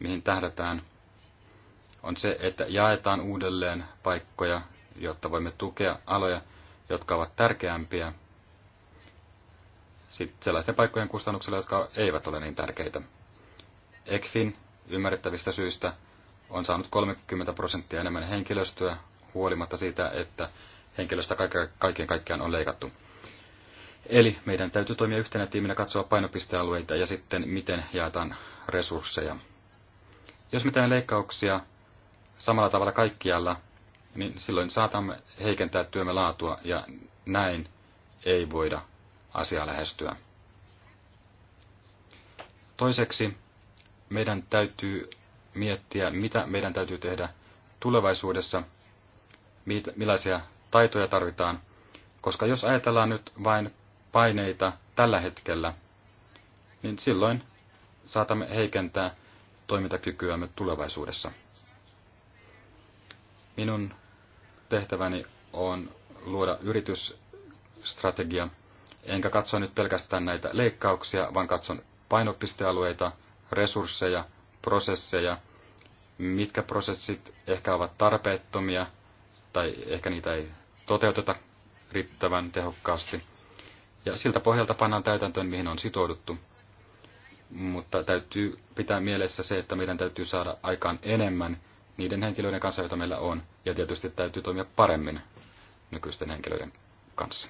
mihin tähdätään, on se, että jaetaan uudelleen paikkoja, jotta voimme tukea aloja, jotka ovat tärkeämpiä – sitten sellaisten paikkojen kustannuksella, jotka eivät ole niin tärkeitä. ECFIN ymmärrettävistä syistä on saanut 30 prosenttia enemmän henkilöstöä huolimatta siitä, että henkilöstä kaiken kaikkiaan on leikattu. Eli meidän täytyy toimia yhtenä tiiminä, katsoa painopistealueita ja sitten miten jaetaan resursseja. Jos mitään leikkauksia samalla tavalla kaikkialla, niin silloin saatamme heikentää työmme laatua ja näin ei voida asiaa lähestyä. Toiseksi meidän täytyy miettiä, mitä meidän täytyy tehdä tulevaisuudessa, millaisia taitoja tarvitaan, koska jos ajatellaan nyt vain paineita tällä hetkellä, niin silloin saatamme heikentää toimintakykyämme tulevaisuudessa. Minun tehtäväni on luoda yritysstrategia, enkä katso nyt pelkästään näitä leikkauksia, vaan katson painopistealueita, resursseja, prosesseja, mitkä prosessit ehkä ovat tarpeettomia tai ehkä niitä ei toteuteta riittävän tehokkaasti. Ja siltä pohjalta pannaan täytäntöön, mihin on sitouduttu. Mutta täytyy pitää mielessä se, että meidän täytyy saada aikaan enemmän niiden henkilöiden kanssa, joita meillä on. Ja tietysti täytyy toimia paremmin nykyisten henkilöiden kanssa.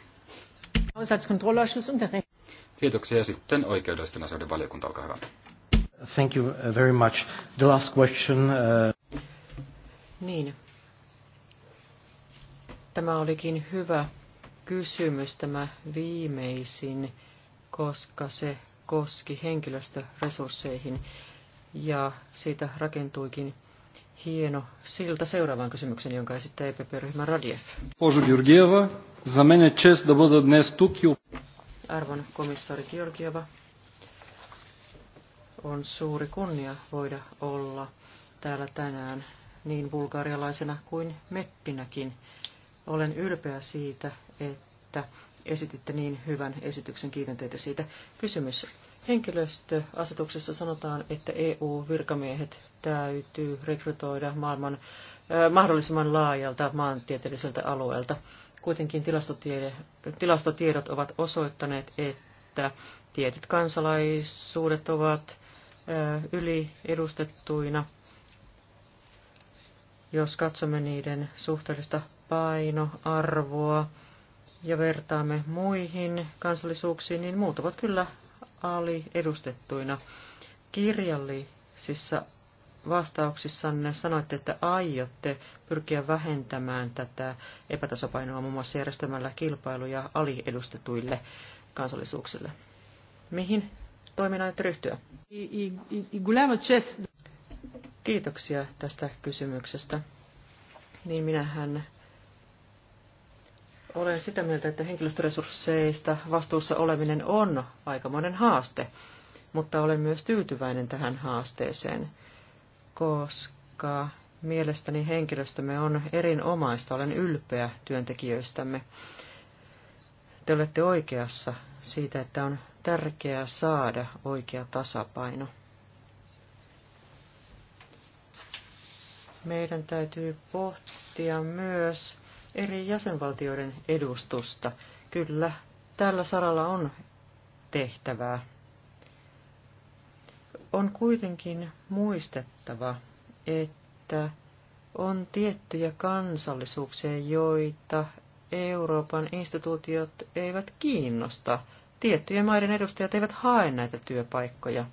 Kiitoksia. Sitten oikeudellisten asioiden valiokunta, olkaa hyvä. Thank you very much. The last question. Uh... Niin. Tämä olikin hyvä kysymys, tämä viimeisin, koska se koski henkilöstöresursseihin ja siitä rakentuikin hieno silta seuraavaan kysymyksen jonka esittää EPP-ryhmä Radiev. Požu Georgieva, za mene čest da bodo dnes tukiu. Arvon komissaari Georgieva, on suuri kunnia voida olla täällä tänään niin bulgarialaisena kuin meppinäkin. Olen ylpeä siitä, että esititte niin hyvän esityksen. Kiitän teitä siitä. Kysymys Henkilöstöasetuksessa sanotaan, että EU-virkamiehet täytyy rekrytoida maailman mahdollisimman laajalta maantieteelliseltä alueelta. Kuitenkin tilastotiedot ovat osoittaneet, että tietyt kansalaisuudet ovat yliedustettuina. Jos katsomme niiden suhteellista painoarvoa, ja vertaamme muihin kansallisuuksiin, niin muut ovat kyllä aliedustettuina. Kirjallisissa vastauksissanne sanoitte, että aiotte pyrkiä vähentämään tätä epätasapainoa muun muassa järjestämällä kilpailuja aliedustetuille kansallisuuksille. Mihin toimiin aiotte ryhtyä? Kiitoksia tästä kysymyksestä. Niin minähän olen sitä mieltä, että henkilöstöresursseista vastuussa oleminen on aikamoinen haaste, mutta olen myös tyytyväinen tähän haasteeseen, koska mielestäni henkilöstömme on erinomaista. Olen ylpeä työntekijöistämme. Te olette oikeassa siitä, että on tärkeää saada oikea tasapaino. Meidän täytyy pohtia myös eri jäsenvaltioiden edustusta. Kyllä, tällä saralla on tehtävää. On kuitenkin muistettava, että on tiettyjä kansallisuuksia, joita Euroopan instituutiot eivät kiinnosta. Tiettyjen maiden edustajat eivät hae näitä työpaikkoja.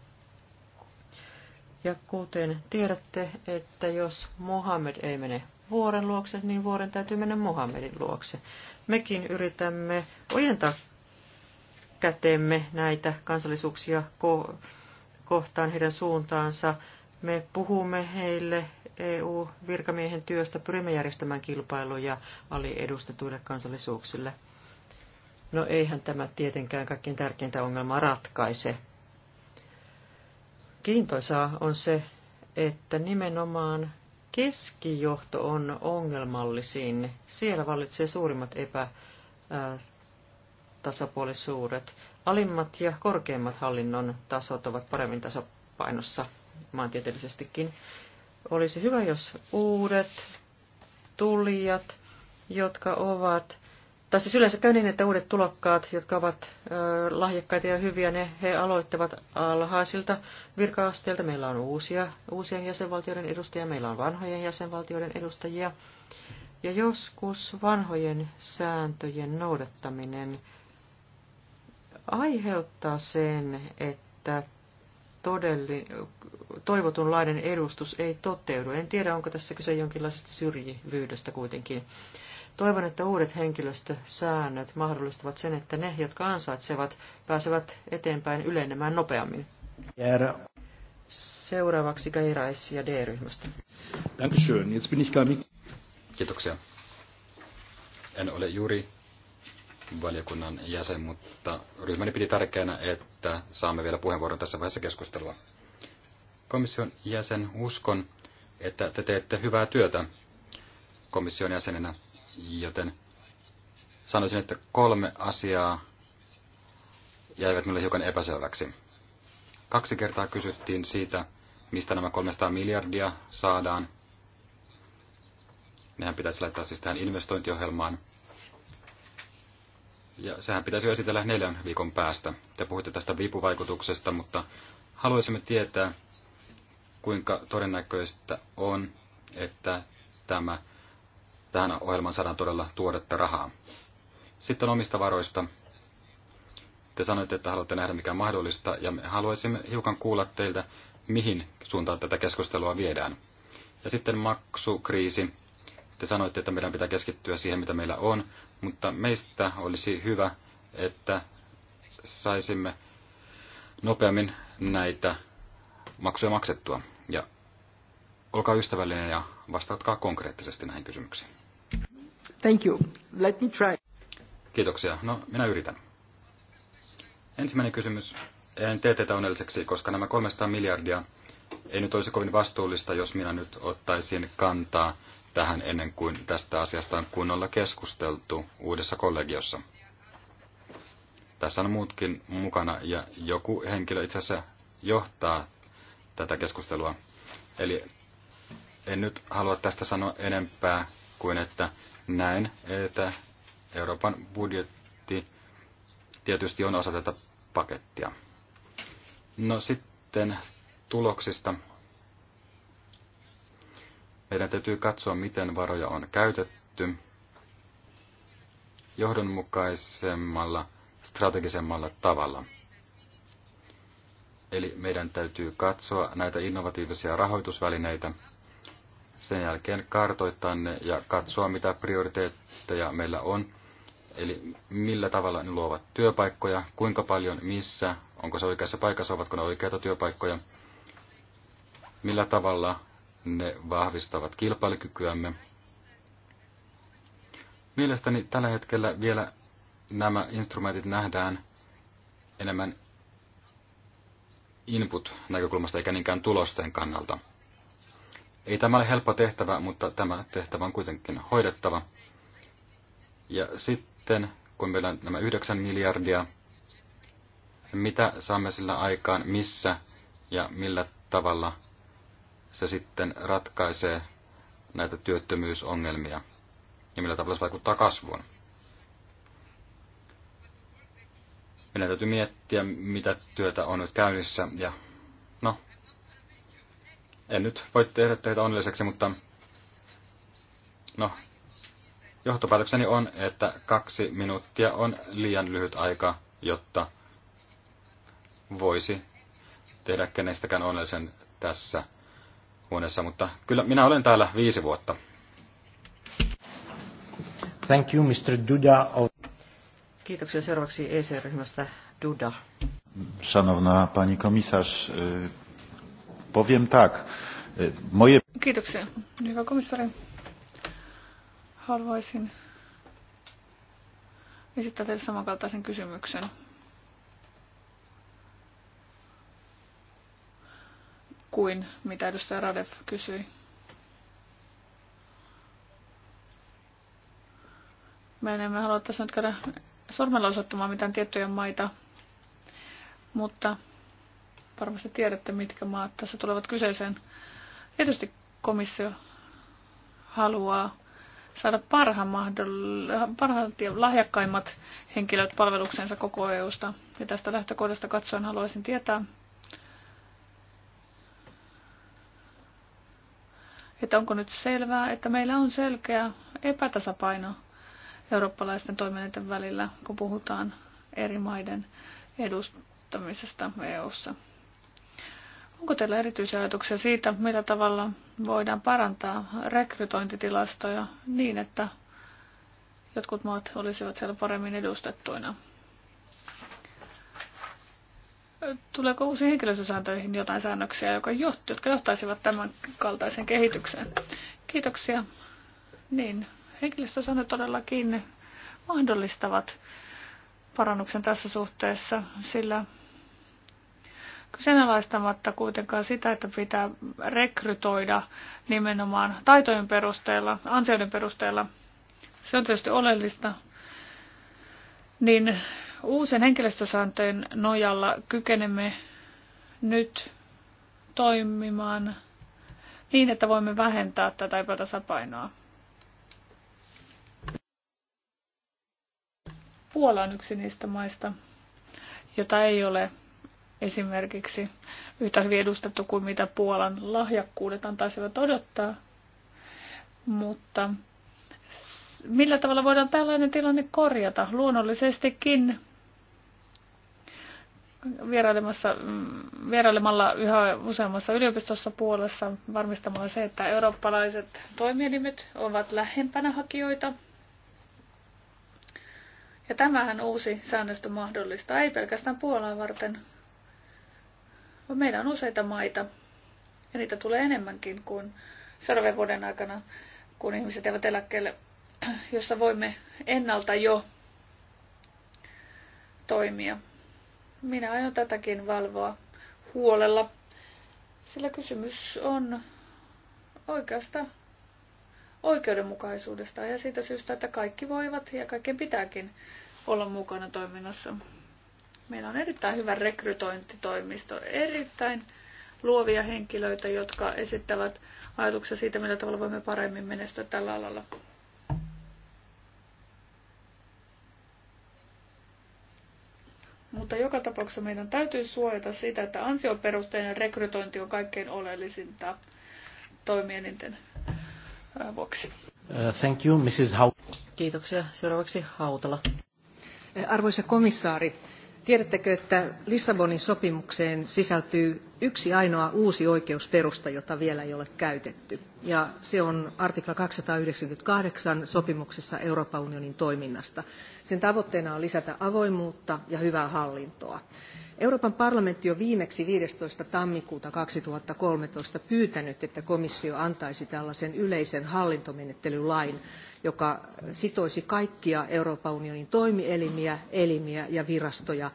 Ja kuten tiedätte, että jos Mohammed ei mene vuoren luokse, niin vuoren täytyy mennä Muhammedin luokse. Mekin yritämme ojentaa käteemme näitä kansallisuuksia ko- kohtaan heidän suuntaansa. Me puhumme heille EU-virkamiehen työstä, pyrimme järjestämään kilpailuja aliedustetuille kansallisuuksille. No eihän tämä tietenkään kaikkein tärkeintä ongelmaa ratkaise. Kiintoisaa on se, että nimenomaan Keskijohto on ongelmallisin. Siellä vallitsee suurimmat epätasapuolisuudet. Alimmat ja korkeimmat hallinnon tasot ovat paremmin tasapainossa maantieteellisestikin. Olisi hyvä, jos uudet tulijat, jotka ovat tai siis yleensä käy niin, että uudet tulokkaat, jotka ovat ö, lahjakkaita ja hyviä, ne he aloittavat alhaisilta virka-asteilta. Meillä on uusia, uusien jäsenvaltioiden edustajia, meillä on vanhojen jäsenvaltioiden edustajia. Ja joskus vanhojen sääntöjen noudattaminen aiheuttaa sen, että todelli, toivotunlainen edustus ei toteudu. En tiedä, onko tässä kyse jonkinlaisesta syrjivyydestä kuitenkin. Toivon, että uudet henkilöstösäännöt mahdollistavat sen, että ne, jotka ansaitsevat, pääsevät eteenpäin ylenemään nopeammin. Jäädä. Seuraavaksi Gairais ja D-ryhmästä. Kiitoksia. En ole juuri valiokunnan jäsen, mutta ryhmäni piti tärkeänä, että saamme vielä puheenvuoron tässä vaiheessa keskustelua. Komission jäsen, uskon, että te teette hyvää työtä komission jäsenenä Joten sanoisin, että kolme asiaa jäivät minulle hiukan epäselväksi. Kaksi kertaa kysyttiin siitä, mistä nämä 300 miljardia saadaan. Nehän pitäisi laittaa siis tähän investointiohjelmaan. Ja sehän pitäisi jo esitellä neljän viikon päästä. Te puhuitte tästä viipuvaikutuksesta, mutta haluaisimme tietää, kuinka todennäköistä on, että tämä tähän ohjelmaan saadaan todella tuodetta rahaa. Sitten omista varoista. Te sanoitte, että haluatte nähdä mikä on mahdollista, ja me haluaisimme hiukan kuulla teiltä, mihin suuntaan tätä keskustelua viedään. Ja sitten maksukriisi. Te sanoitte, että meidän pitää keskittyä siihen, mitä meillä on, mutta meistä olisi hyvä, että saisimme nopeammin näitä maksuja maksettua. Ja olkaa ystävällinen ja vastatkaa konkreettisesti näihin kysymyksiin. Thank you. Let me try. Kiitoksia. No, minä yritän. Ensimmäinen kysymys. En tee tätä onnelliseksi, koska nämä 300 miljardia ei nyt olisi kovin vastuullista, jos minä nyt ottaisin kantaa tähän ennen kuin tästä asiasta on kunnolla keskusteltu uudessa kollegiossa. Tässä on muutkin mukana ja joku henkilö itse asiassa johtaa tätä keskustelua. Eli en nyt halua tästä sanoa enempää kuin että näin, että Euroopan budjetti tietysti on osa tätä pakettia. No sitten tuloksista. Meidän täytyy katsoa, miten varoja on käytetty johdonmukaisemmalla, strategisemmalla tavalla. Eli meidän täytyy katsoa näitä innovatiivisia rahoitusvälineitä, sen jälkeen kartoittaa ne ja katsoa, mitä prioriteetteja meillä on. Eli millä tavalla ne luovat työpaikkoja, kuinka paljon, missä, onko se oikeassa paikassa, ovatko ne oikeita työpaikkoja, millä tavalla ne vahvistavat kilpailukykyämme. Mielestäni tällä hetkellä vielä nämä instrumentit nähdään enemmän input-näkökulmasta eikä niinkään tulosten kannalta – ei tämä ole helppo tehtävä, mutta tämä tehtävä on kuitenkin hoidettava. Ja sitten, kun meillä on nämä 9 miljardia, mitä saamme sillä aikaan, missä ja millä tavalla se sitten ratkaisee näitä työttömyysongelmia ja millä tavalla se vaikuttaa kasvuun. Meidän täytyy miettiä, mitä työtä on nyt käynnissä ja en nyt voi tehdä teitä onnelliseksi, mutta no, johtopäätökseni on, että kaksi minuuttia on liian lyhyt aika, jotta voisi tehdä kenestäkään onnellisen tässä huoneessa, mutta kyllä minä olen täällä viisi vuotta. Thank you, Mr. Duda. Kiitoksia seuraavaksi EC-ryhmästä Duda. Szanowna pani komisarz, Powiem tak. Moje... Kiitoksia. Hyvä komissaari. Haluaisin esittää teille samankaltaisen kysymyksen. kuin mitä edustaja Radev kysyi. Me emme halua tässä nyt käydä sormella osoittamaan mitään tiettyjä maita, mutta Varmasti tiedätte, mitkä maat tässä tulevat kyseeseen. Tietysti komissio haluaa saada parhaan parhaat ja lahjakkaimmat henkilöt palveluksensa koko EUsta. Ja tästä lähtökohdasta katsoen haluaisin tietää, että onko nyt selvää, että meillä on selkeä epätasapaino eurooppalaisten toimijoiden välillä, kun puhutaan eri maiden edustamisesta EUssa. Onko teillä erityisiä ajatuksia siitä, millä tavalla voidaan parantaa rekrytointitilastoja niin, että jotkut maat olisivat siellä paremmin edustettuina? Tuleeko uusiin henkilöstösääntöihin jotain säännöksiä, joka jotka johtaisivat tämän kaltaisen kehitykseen? Kiitoksia. Niin, henkilöstösäännöt todellakin mahdollistavat parannuksen tässä suhteessa, sillä kyseenalaistamatta kuitenkaan sitä, että pitää rekrytoida nimenomaan taitojen perusteella, ansioiden perusteella. Se on tietysti oleellista. Niin uusien henkilöstösääntöjen nojalla kykenemme nyt toimimaan niin, että voimme vähentää tätä epätasapainoa. Puola on yksi niistä maista, jota ei ole esimerkiksi yhtä hyvin edustettu kuin mitä Puolan lahjakkuudet antaisivat odottaa. Mutta millä tavalla voidaan tällainen tilanne korjata? Luonnollisestikin vierailemalla yhä useammassa yliopistossa Puolassa varmistamaan se, että eurooppalaiset toimielimet ovat lähempänä hakijoita. Ja tämähän uusi säännöstö mahdollistaa ei pelkästään Puolaa varten, Meillä on useita maita, ja niitä tulee enemmänkin kuin seuraavien vuoden aikana, kun ihmiset eivät eläkkeelle, jossa voimme ennalta jo toimia. Minä aion tätäkin valvoa huolella, sillä kysymys on oikeasta oikeudenmukaisuudesta ja siitä syystä, että kaikki voivat ja kaiken pitääkin olla mukana toiminnassa. Meillä on erittäin hyvä rekrytointitoimisto, erittäin luovia henkilöitä, jotka esittävät ajatuksia siitä, millä tavalla voimme paremmin menestyä tällä alalla. Mutta joka tapauksessa meidän täytyy suojata sitä, että ansioperusteinen rekrytointi on kaikkein oleellisinta toimieninten vuoksi. Uh, thank you, Mrs. Hautala. Kiitoksia. Seuraavaksi Hautala. Arvoisa komissaari, Tiedättekö, että Lissabonin sopimukseen sisältyy yksi ainoa uusi oikeusperusta, jota vielä ei ole käytetty, ja se on artikla 298 sopimuksessa Euroopan unionin toiminnasta. Sen tavoitteena on lisätä avoimuutta ja hyvää hallintoa. Euroopan parlamentti on viimeksi viidestoista tammikuuta kolmetoista pyytänyt, että komissio antaisi tällaisen yleisen hallintomenettelylain, joka sitoisi kaikkia Euroopan unionin toimielimiä, elimiä ja virastoja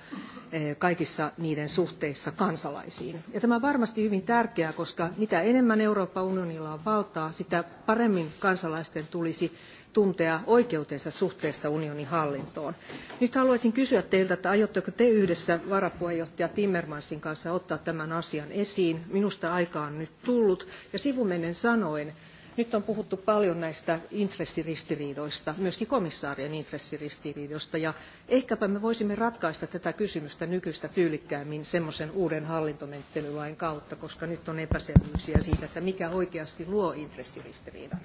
eh, kaikissa niiden suhteissa kansalaisiin. Ja tämä on varmasti hyvin tärkeää, koska mitä enemmän Euroopan unionilla on valtaa, sitä paremmin kansalaisten tulisi tuntea oikeutensa suhteessa unionin hallintoon. Nyt haluaisin kysyä teiltä, että aiotteko te yhdessä varapuheenjohtaja Timmermansin kanssa ottaa tämän asian esiin. Minusta aika on nyt tullut. Ja sivumennen sanoen, nyt on puhuttu paljon näistä intressiristiriidoista myöskin komissaarien intressiristiriidoista ja ehkäpä me voisimme ratkaista tätä kysymystä nykyistä tyylikkäämmin semmoisen uuden hallintomenettelylain kautta koska nyt on epäselvyyksiä siitä että mikä oikeasti luo intressiristiriidan.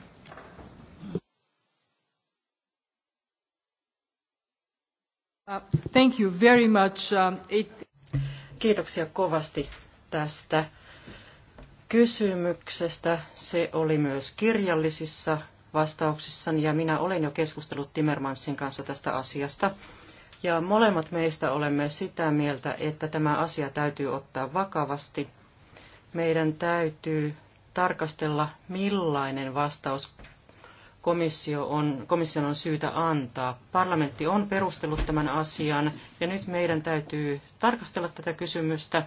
Thank you very much. Uh, Kiitoksia kovasti tästä kysymyksestä. Se oli myös kirjallisissa vastauksissani ja minä olen jo keskustellut Timmermansin kanssa tästä asiasta. Ja molemmat meistä olemme sitä mieltä, että tämä asia täytyy ottaa vakavasti. Meidän täytyy tarkastella, millainen vastaus komissio on, komission on syytä antaa. Parlamentti on perustellut tämän asian ja nyt meidän täytyy tarkastella tätä kysymystä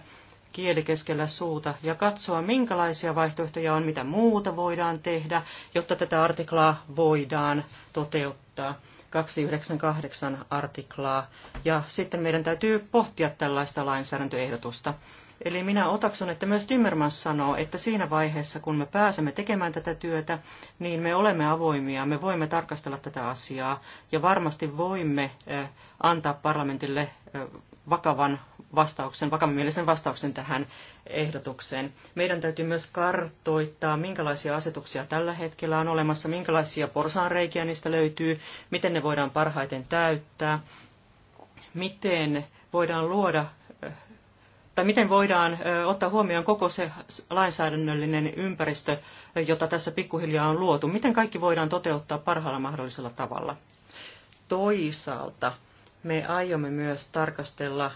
kieli keskellä suuta ja katsoa, minkälaisia vaihtoehtoja on, mitä muuta voidaan tehdä, jotta tätä artiklaa voidaan toteuttaa. 298 artiklaa. Ja sitten meidän täytyy pohtia tällaista lainsäädäntöehdotusta. Eli minä otaksun, että myös Timmermans sanoo, että siinä vaiheessa, kun me pääsemme tekemään tätä työtä, niin me olemme avoimia, me voimme tarkastella tätä asiaa ja varmasti voimme eh, antaa parlamentille eh, vakavan vastauksen, vakamielisen vastauksen tähän ehdotukseen. Meidän täytyy myös kartoittaa, minkälaisia asetuksia tällä hetkellä on olemassa, minkälaisia porsaanreikiä niistä löytyy, miten ne voidaan parhaiten täyttää, miten voidaan luoda tai miten voidaan ottaa huomioon koko se lainsäädännöllinen ympäristö, jota tässä pikkuhiljaa on luotu? Miten kaikki voidaan toteuttaa parhaalla mahdollisella tavalla? Toisaalta me aiomme myös tarkastella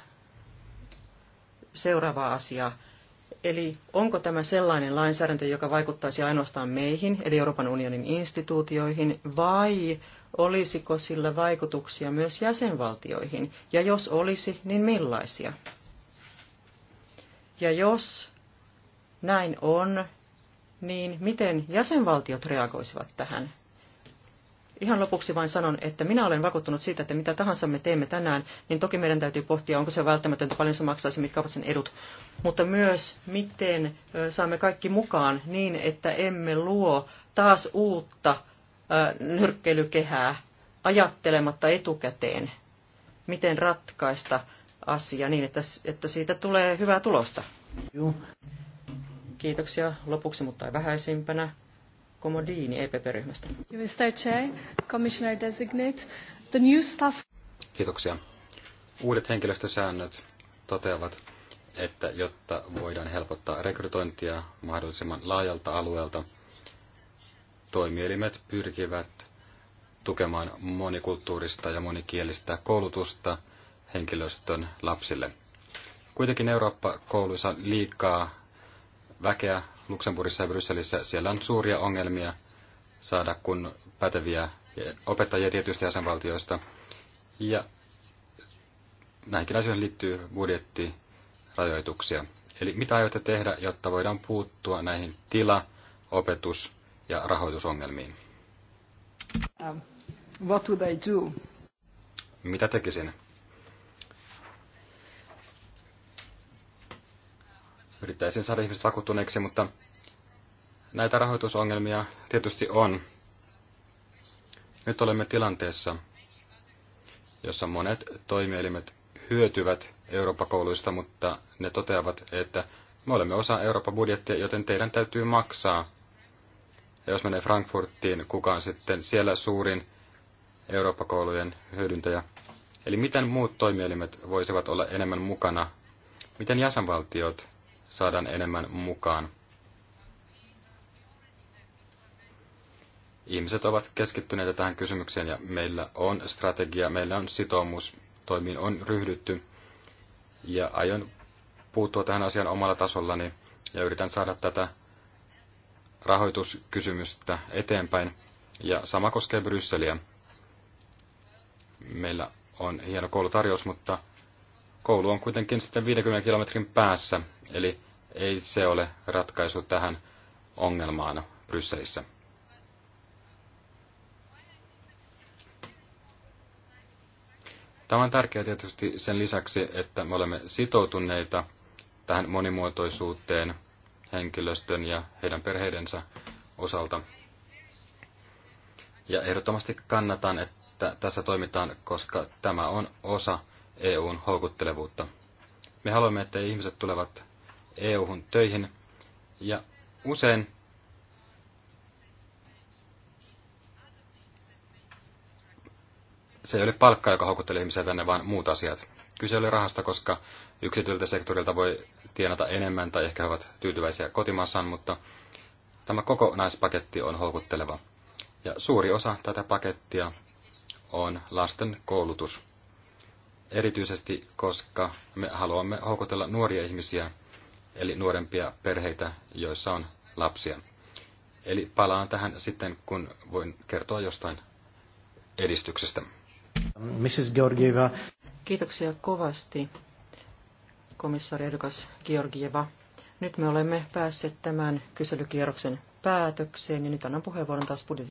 seuraavaa asiaa. Eli onko tämä sellainen lainsäädäntö, joka vaikuttaisi ainoastaan meihin, eli Euroopan unionin instituutioihin, vai olisiko sillä vaikutuksia myös jäsenvaltioihin? Ja jos olisi, niin millaisia? Ja jos näin on, niin miten jäsenvaltiot reagoisivat tähän? Ihan lopuksi vain sanon, että minä olen vakuuttunut siitä, että mitä tahansa me teemme tänään, niin toki meidän täytyy pohtia, onko se välttämätöntä, paljon se maksaisi, mitkä ovat sen edut. Mutta myös, miten saamme kaikki mukaan niin, että emme luo taas uutta nyrkkeilykehää ajattelematta etukäteen, miten ratkaista asia niin, että, että siitä tulee hyvää tulosta. Kiitoksia lopuksi, mutta ei vähäisimpänä. Comodini EPP-ryhmästä. Mr. Chair, Commissioner Designate, the new staff... Kiitoksia. Uudet henkilöstösäännöt toteavat, että jotta voidaan helpottaa rekrytointia mahdollisimman laajalta alueelta, toimielimet pyrkivät tukemaan monikulttuurista ja monikielistä koulutusta henkilöstön lapsille. Kuitenkin Eurooppa-kouluissa liikaa väkeä Luxemburgissa ja Brysselissä, siellä on suuria ongelmia saada kun päteviä opettajia tietyistä jäsenvaltioista. Ja näihinkin asioihin liittyy budjettirajoituksia. Eli mitä aiotte tehdä, jotta voidaan puuttua näihin tila-, opetus- ja rahoitusongelmiin? Um, what would I do? Mitä tekisin? yrittäisin saada ihmiset vakuuttuneeksi, mutta näitä rahoitusongelmia tietysti on. Nyt olemme tilanteessa, jossa monet toimielimet hyötyvät Eurooppa-kouluista, mutta ne toteavat, että me olemme osa Euroopan budjettia, joten teidän täytyy maksaa. Ja jos menee Frankfurttiin, kuka on sitten siellä suurin Eurooppa-koulujen hyödyntäjä? Eli miten muut toimielimet voisivat olla enemmän mukana? Miten jäsenvaltiot saadaan enemmän mukaan. Ihmiset ovat keskittyneitä tähän kysymykseen ja meillä on strategia, meillä on sitoumus, toimiin on ryhdytty ja aion puuttua tähän asiaan omalla tasollani ja yritän saada tätä rahoituskysymystä eteenpäin. Ja sama koskee Brysseliä. Meillä on hieno koulutarjous, mutta koulu on kuitenkin sitten 50 kilometrin päässä, eli ei se ole ratkaisu tähän ongelmaan Brysselissä. Tämä on tärkeää tietysti sen lisäksi, että me olemme sitoutuneita tähän monimuotoisuuteen henkilöstön ja heidän perheidensä osalta. Ja ehdottomasti kannatan, että tässä toimitaan, koska tämä on osa EUn houkuttelevuutta. Me haluamme, että ihmiset tulevat EUhun töihin ja usein se ei ole palkka, joka houkuttelee ihmisiä tänne, vaan muut asiat. Kyse oli rahasta, koska yksityiltä sektorilta voi tienata enemmän tai ehkä he ovat tyytyväisiä kotimaassaan, mutta tämä kokonaispaketti on houkutteleva. Ja suuri osa tätä pakettia on lasten koulutus erityisesti, koska me haluamme houkutella nuoria ihmisiä, eli nuorempia perheitä, joissa on lapsia. Eli palaan tähän sitten, kun voin kertoa jostain edistyksestä. Mrs. Georgieva. Kiitoksia kovasti, komissaari edukas Georgieva. Nyt me olemme päässeet tämän kyselykierroksen päätökseen ja nyt annan puheenvuoron taas budjetin.